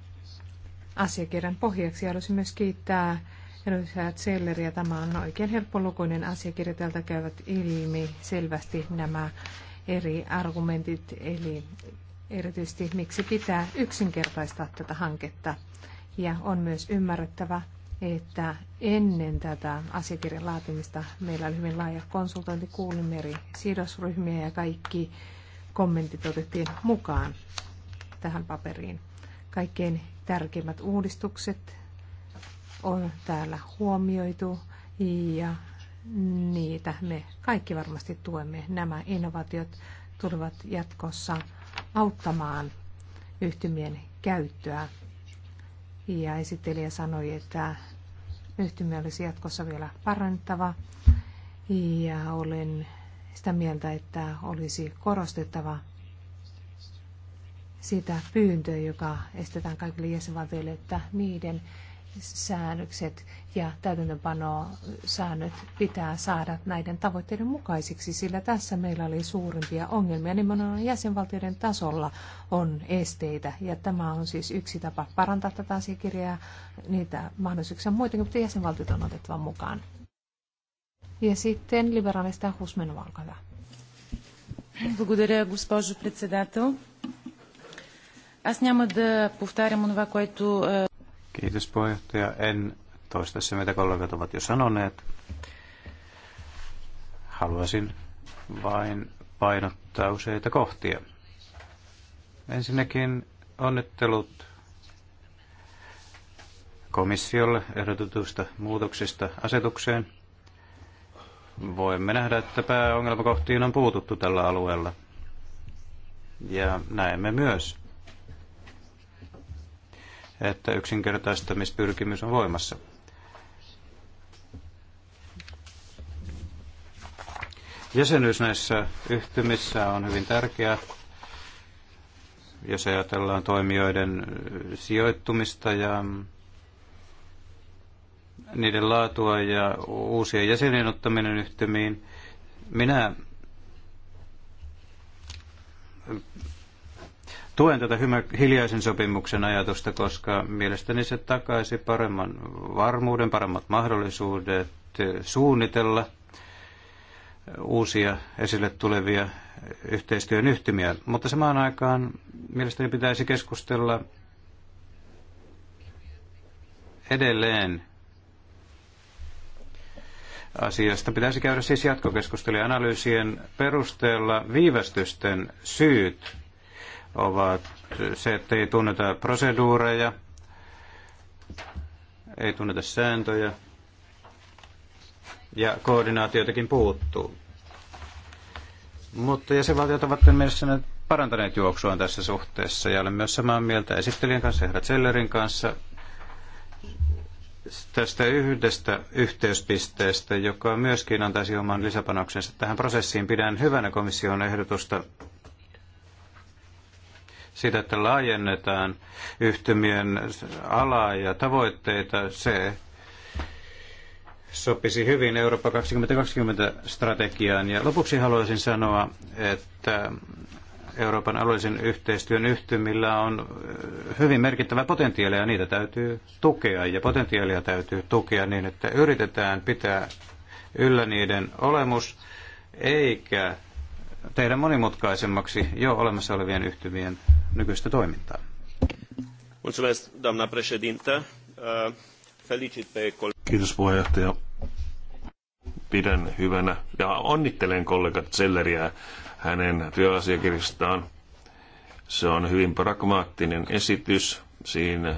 C: asiakirjan pohjaksi. Haluaisin myös kiittää Edustajat Selleri, ja tämä on oikein helppolukuinen asiakirja. Täältä käyvät ilmi selvästi nämä eri argumentit, eli erityisesti miksi pitää yksinkertaistaa tätä hanketta. Ja on myös ymmärrettävä, että ennen tätä asiakirjan laatimista meillä oli hyvin laaja konsultointi, kuulimme eri sidosryhmiä ja kaikki kommentit otettiin mukaan tähän paperiin. Kaikkein tärkeimmät uudistukset on täällä huomioitu ja niitä me kaikki varmasti tuemme. Nämä innovaatiot tulevat jatkossa auttamaan yhtymien käyttöä. Ja esittelijä sanoi, että yhtymä olisi jatkossa vielä parantava. Ja olen sitä mieltä, että olisi korostettava sitä pyyntöä, joka estetään kaikille jäsenvaltioille, että niiden säännökset ja täytäntöpanosäännöt pitää saada näiden tavoitteiden mukaisiksi, sillä tässä meillä oli suurimpia ongelmia. Nimenomaan jäsenvaltioiden tasolla on esteitä, ja tämä on siis yksi tapa parantaa tätä asiakirjaa. Niitä mahdollisuuksia muitakin, mutta jäsenvaltiot on otettava mukaan. Ja sitten liberaalista husmen Valkala. hyvä. Благодаря,
A: госпожо председател. Аз няма да повтарям което
B: Kiitos puheenjohtaja. En toista se, mitä kollegat ovat jo sanoneet. Haluaisin vain painottaa useita kohtia. Ensinnäkin onnittelut komissiolle ehdotetuista muutoksista asetukseen. Voimme nähdä, että pääongelmakohtiin on puututtu tällä alueella. Ja näemme myös, että yksinkertaistamispyrkimys on voimassa. Jäsenyys näissä yhtymissä on hyvin tärkeää, jos ajatellaan toimijoiden sijoittumista ja niiden laatua ja uusien jäsenien ottaminen yhtymiin. Minä Tuen tätä hiljaisen sopimuksen ajatusta, koska mielestäni se takaisi paremman varmuuden, paremmat mahdollisuudet eh, suunnitella uusia esille tulevia yhteistyön yhtymiä. Mutta samaan aikaan mielestäni pitäisi keskustella edelleen asiasta. Pitäisi käydä siis jatkokeskustelu analyysien perusteella viivästysten syyt ovat se, että ei tunneta proseduureja, ei tunneta sääntöjä ja koordinaatiotakin puuttuu. Mutta jäsenvaltiot ovat mielessä parantaneet juoksua tässä suhteessa ja olen myös samaa mieltä esittelijän kanssa, herra Zellerin kanssa, tästä yhdestä yhteyspisteestä, joka myöskin antaisi oman lisäpanoksensa tähän prosessiin. Pidän hyvänä komission ehdotusta siitä, että laajennetaan yhtymien alaa ja tavoitteita, se sopisi hyvin Eurooppa 2020-strategiaan. Ja lopuksi haluaisin sanoa, että Euroopan alueellisen yhteistyön yhtymillä on hyvin merkittävä potentiaali ja niitä täytyy tukea. Ja potentiaalia täytyy tukea niin, että yritetään pitää yllä niiden olemus, eikä tehdä monimutkaisemmaksi jo olemassa olevien yhtymien nykyistä toimintaa.
D: Uh, Kiitos puheenjohtaja. Pidän hyvänä ja onnittelen kollegat Zelleriä hänen työasiakirjastaan. Se on hyvin pragmaattinen esitys. Siinä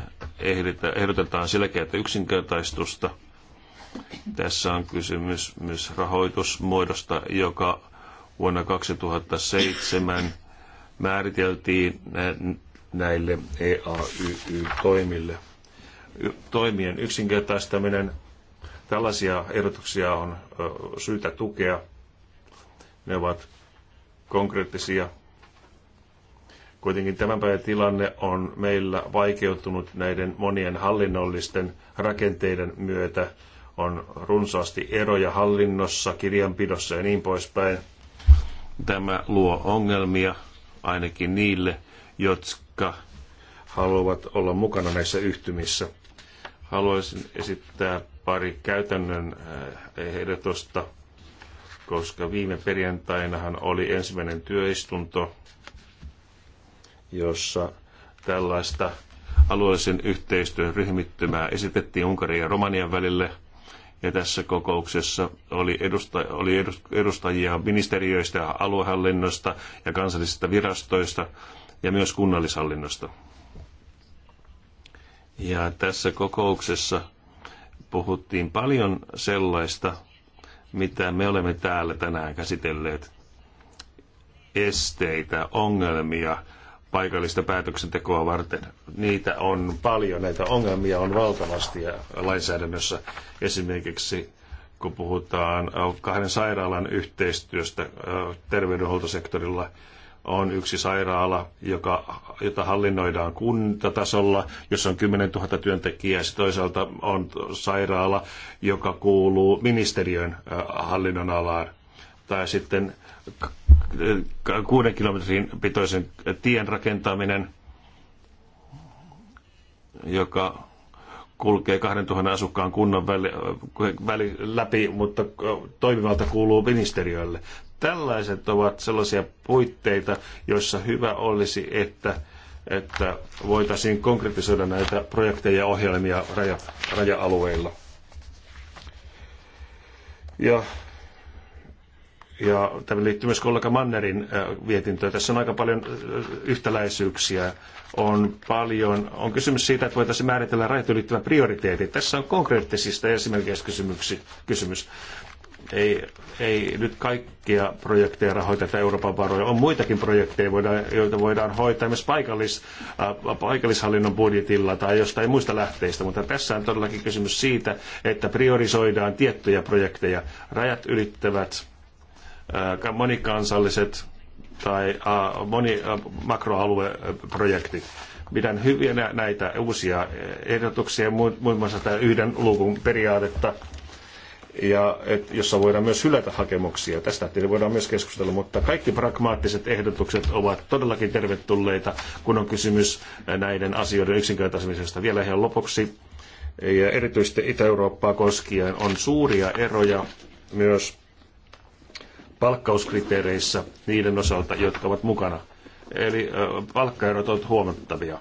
D: ehdotetaan selkeää yksinkertaistusta. Tässä on kysymys myös rahoitusmuodosta, joka vuonna 2007 määriteltiin näille EAYY-toimille. Toimien yksinkertaistaminen, tällaisia ehdotuksia on syytä tukea. Ne ovat konkreettisia. Kuitenkin tämän päivän tilanne on meillä vaikeutunut näiden monien hallinnollisten rakenteiden myötä. On runsaasti eroja hallinnossa, kirjanpidossa ja niin poispäin – Tämä luo ongelmia ainakin niille, jotka haluavat olla mukana näissä yhtymissä. Haluaisin esittää pari käytännön äh, ehdotusta, koska viime perjantainahan oli ensimmäinen työistunto, jossa tällaista alueellisen yhteistyön ryhmittymää esitettiin Unkarin ja Romanian välille – ja tässä kokouksessa oli, edusta, oli edustajia ministeriöistä, aluehallinnosta ja kansallisista virastoista ja myös kunnallishallinnosta. Ja tässä kokouksessa puhuttiin paljon sellaista, mitä me olemme täällä tänään käsitelleet. Esteitä, ongelmia, paikallista päätöksentekoa varten. Niitä on paljon, näitä ongelmia on valtavasti ja lainsäädännössä esimerkiksi kun puhutaan kahden sairaalan yhteistyöstä terveydenhuoltosektorilla, on yksi sairaala, joka, jota hallinnoidaan kuntatasolla, jossa on 10 000 työntekijää. Sitten toisaalta on sairaala, joka kuuluu ministeriön hallinnon alaan. Tai sitten kuuden kilometrin pitoisen tien rakentaminen, joka kulkee 2000 asukkaan kunnan väli, väli läpi, mutta toimivalta kuuluu ministeriölle. Tällaiset ovat sellaisia puitteita, joissa hyvä olisi, että, että voitaisiin konkretisoida näitä projekteja ja ohjelmia raja, raja-alueilla. Ja ja tämä liittyy myös kollega Mannerin äh, mietintöön. Tässä on aika paljon äh, yhtäläisyyksiä. On paljon, on kysymys siitä, että voitaisiin määritellä rajat ylittävä prioriteetti. Tässä on konkreettisista esimerkiksi kysymyksi, kysymys. Ei, ei nyt kaikkia projekteja rahoiteta Euroopan varoja. On muitakin projekteja, voidaan, joita voidaan hoitaa myös paikallis, äh, paikallishallinnon budjetilla tai jostain muista lähteistä, mutta tässä on todellakin kysymys siitä, että priorisoidaan tiettyjä projekteja. Rajat ylittävät monikansalliset tai moni makroalueprojektit. Pidän hyvinä näitä uusia ehdotuksia, muun muassa tämä yhden luukun periaatetta, ja et, jossa voidaan myös hylätä hakemuksia. Tästä voidaan myös keskustella, mutta kaikki pragmaattiset ehdotukset ovat todellakin tervetulleita, kun on kysymys näiden asioiden yksinkertaisamisesta. Vielä ihan lopuksi, ja erityisesti Itä-Eurooppaa koskien, on suuria eroja myös palkkauskriteereissä niiden osalta, jotka ovat mukana. Eli palkkaerot ovat huomattavia.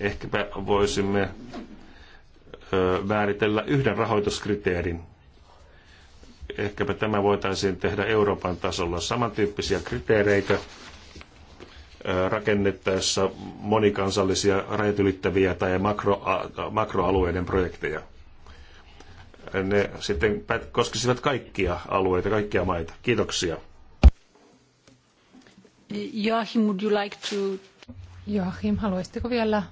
D: Ehkäpä voisimme määritellä yhden rahoituskriteerin. Ehkäpä tämä voitaisiin tehdä Euroopan tasolla samantyyppisiä kriteereitä rakennettaessa monikansallisia rajat ylittäviä tai makro, makroalueiden projekteja ne sitten koskisivat kaikkia alueita, kaikkia maita. Kiitoksia.
C: Joachim, would you like to... Joachim, haluaisitko vielä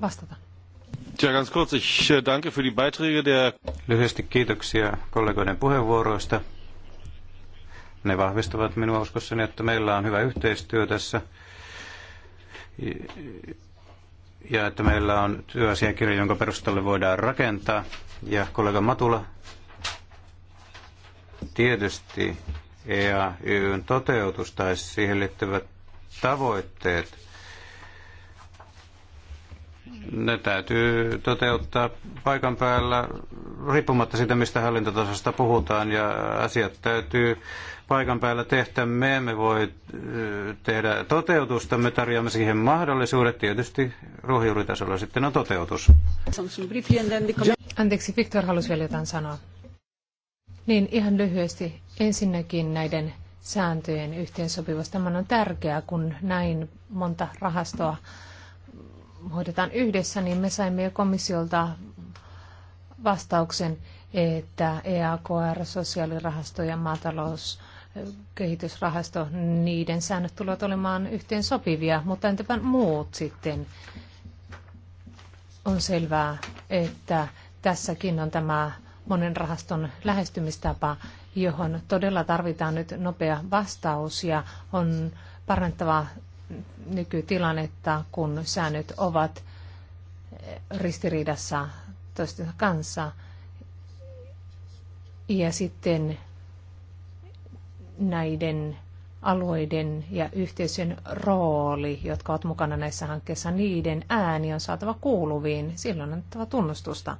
C: vastata?
B: Ja ganz kurz, ich äh, danke für die Beiträge der... Lyhyesti kiitoksia kollegoiden puheenvuoroista. Ne vahvistavat minua uskossani, että meillä on hyvä yhteistyö tässä ja että meillä on työasiakirja, jonka perustalle voidaan rakentaa. Ja kollega Matula, tietysti EAYn toteutus tai siihen liittyvät tavoitteet ne täytyy toteuttaa paikan päällä riippumatta siitä, mistä hallintotasosta puhutaan ja asiat täytyy paikan päällä tehdä. Me emme voi äh, tehdä toteutusta, me tarjoamme siihen mahdollisuudet. Tietysti ruohonjuuritasolla sitten on
C: toteutus. Anteeksi, Viktor halusi vielä jotain sanoa. Niin, ihan lyhyesti. Ensinnäkin näiden sääntöjen yhteensopivuus. Tämä on tärkeää, kun näin monta rahastoa hoidetaan yhdessä, niin me saimme jo komissiolta vastauksen, että EAKR, sosiaalirahasto ja maatalous kehitysrahasto, niiden säännöt tulevat olemaan yhteen sopivia, mutta entäpä muut sitten? On selvää, että tässäkin on tämä monen rahaston lähestymistapa, johon todella tarvitaan nyt nopea vastaus ja on parannettava nykytilannetta, kun säännöt ovat ristiriidassa toistensa kanssa. Ja sitten näiden alueiden ja yhteisön rooli, jotka ovat mukana näissä hankkeissa, niiden ääni on saatava kuuluviin. Silloin on annettava tunnustusta.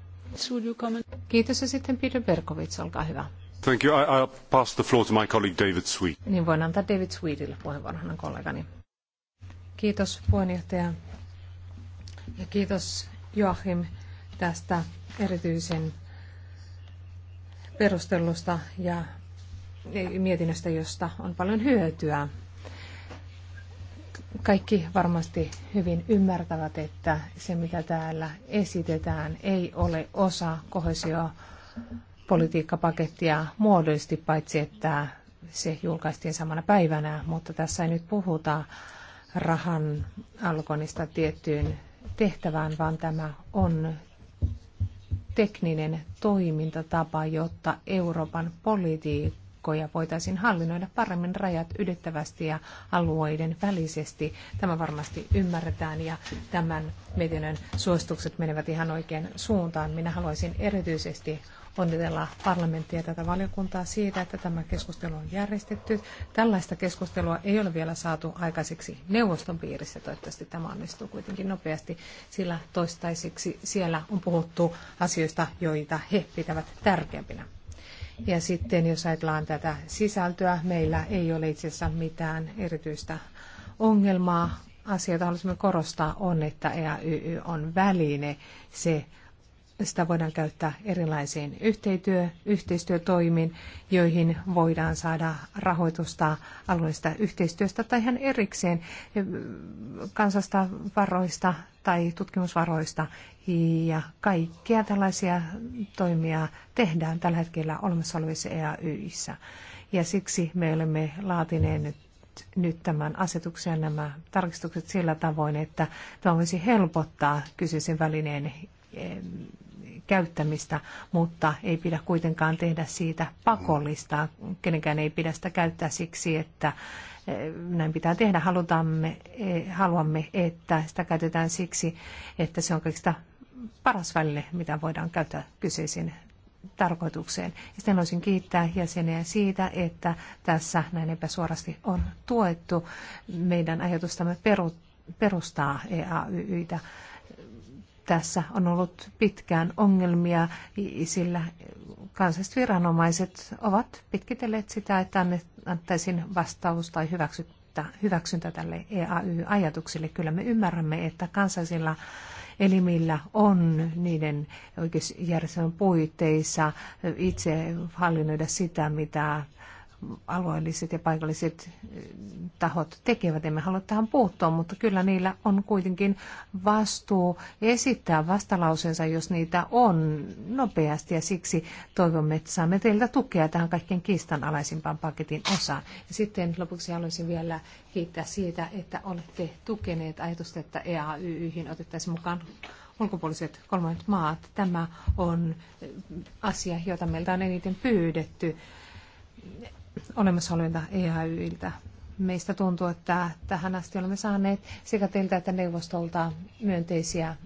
C: Kiitos ja sitten Peter Berkovits, olkaa hyvä.
D: Thank you. I, I'll pass the floor to my colleague David Sweet.
C: Niin voin antaa David Sweetille puheenvuoron, kollegani. Kiitos puheenjohtaja ja kiitos Joachim tästä erityisen perustellusta ja mietinnöstä, josta on paljon hyötyä. Kaikki varmasti hyvin ymmärtävät, että se mitä täällä esitetään ei ole osa kohesiopolitiikkapakettia muodollisesti, paitsi että se julkaistiin samana päivänä, mutta tässä ei nyt puhuta rahan alkoinista tiettyyn tehtävään, vaan tämä on tekninen toimintatapa, jotta Euroopan politiikkoja voitaisiin hallinnoida paremmin rajat ylittävästi ja alueiden välisesti. Tämä varmasti ymmärretään ja tämän mietinnön suositukset menevät ihan oikein suuntaan. Minä haluaisin erityisesti onnitella parlamenttia ja tätä valiokuntaa siitä, että tämä keskustelu on järjestetty. Tällaista keskustelua ei ole vielä saatu aikaiseksi neuvoston piirissä. Toivottavasti tämä onnistuu kuitenkin nopeasti, sillä toistaiseksi siellä on puhuttu asioista, joita he pitävät tärkeimpinä. Ja sitten jos ajatellaan tätä sisältöä, meillä ei ole itse asiassa mitään erityistä ongelmaa. Asioita haluaisimme korostaa on, että EAYY on väline. Se sitä voidaan käyttää erilaisiin yhteityö, yhteistyötoimiin, joihin voidaan saada rahoitusta alueellisesta yhteistyöstä tai ihan erikseen eh, kansasta varoista tai tutkimusvaroista. Ja kaikkia tällaisia toimia tehdään tällä hetkellä olemassa olevissa EAYissä. Ja siksi me olemme laatineet nyt nyt tämän asetuksen ja nämä tarkistukset sillä tavoin, että tämä voisi helpottaa kyseisen välineen käyttämistä, mutta ei pidä kuitenkaan tehdä siitä pakollista. Kenenkään ei pidä sitä käyttää siksi, että eh, näin pitää tehdä. Halutamme, eh, haluamme, että sitä käytetään siksi, että se on kaikista paras väline, mitä voidaan käyttää kyseisiin tarkoitukseen. Ja sitten haluaisin kiittää jäseniä siitä, että tässä näin epäsuorasti on tuettu meidän ajatustamme perustaa EAYYtä tässä on ollut pitkään ongelmia, sillä kansalliset viranomaiset ovat pitkitelleet sitä, että annettaisiin vastaus tai hyväksyntä, hyväksyntä tälle EAY-ajatukselle. Kyllä me ymmärrämme, että kansallisilla elimillä on niiden oikeusjärjestelmän puitteissa itse hallinnoida sitä, mitä alueelliset ja paikalliset eh, tahot tekevät. Emme halua tähän puuttua, mutta kyllä niillä on kuitenkin vastuu esittää vastalauseensa, jos niitä on nopeasti. Ja siksi toivomme, että saamme teiltä tukea tähän kaikkien kiistanalaisimpaan paketin osaan. Ja sitten lopuksi haluaisin vielä kiittää siitä, että olette tukeneet ajatusta, että EAYYhin otettaisiin mukaan ulkopuoliset kolmannet maat. Tämä on eh, asia, jota meiltä on eniten pyydetty olemassa olevilta EHYiltä. Meistä tuntuu, että tähän asti olemme saaneet sekä teiltä että neuvostolta myönteisiä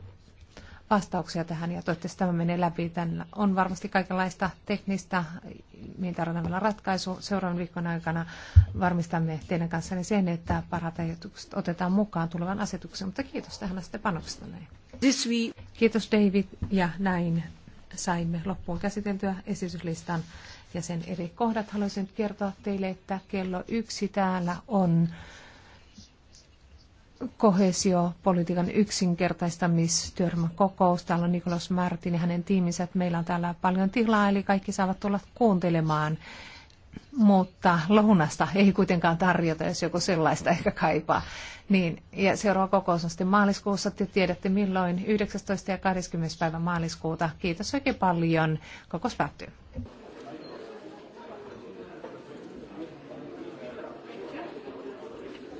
C: vastauksia tähän ja toivottavasti tämä menee läpi. Tänne on varmasti kaikenlaista teknistä, mihin tarvitaan vielä ratkaisu. Seuraavan viikon aikana varmistamme teidän kanssanne sen, että parhaat ajatukset otetaan mukaan tulevan asetuksen, mutta kiitos tähän asti panoksesta. Kiitos David ja näin saimme loppuun käsiteltyä esityslistan ja sen eri kohdat. Haluaisin kertoa teille, että kello yksi täällä on kohesiopolitiikan yksinkertaistamistyöryhmäkokous. Täällä on Nikolas Martin ja hänen tiiminsä. Meillä on täällä paljon tilaa, eli kaikki saavat tulla kuuntelemaan. Mutta lounasta ei kuitenkaan tarjota, jos joku sellaista ehkä kaipaa. Niin, ja seuraava kokous on sitten maaliskuussa. Te tiedätte milloin, 19. ja 20. päivä maaliskuuta. Kiitos oikein paljon. Kokous päättyy.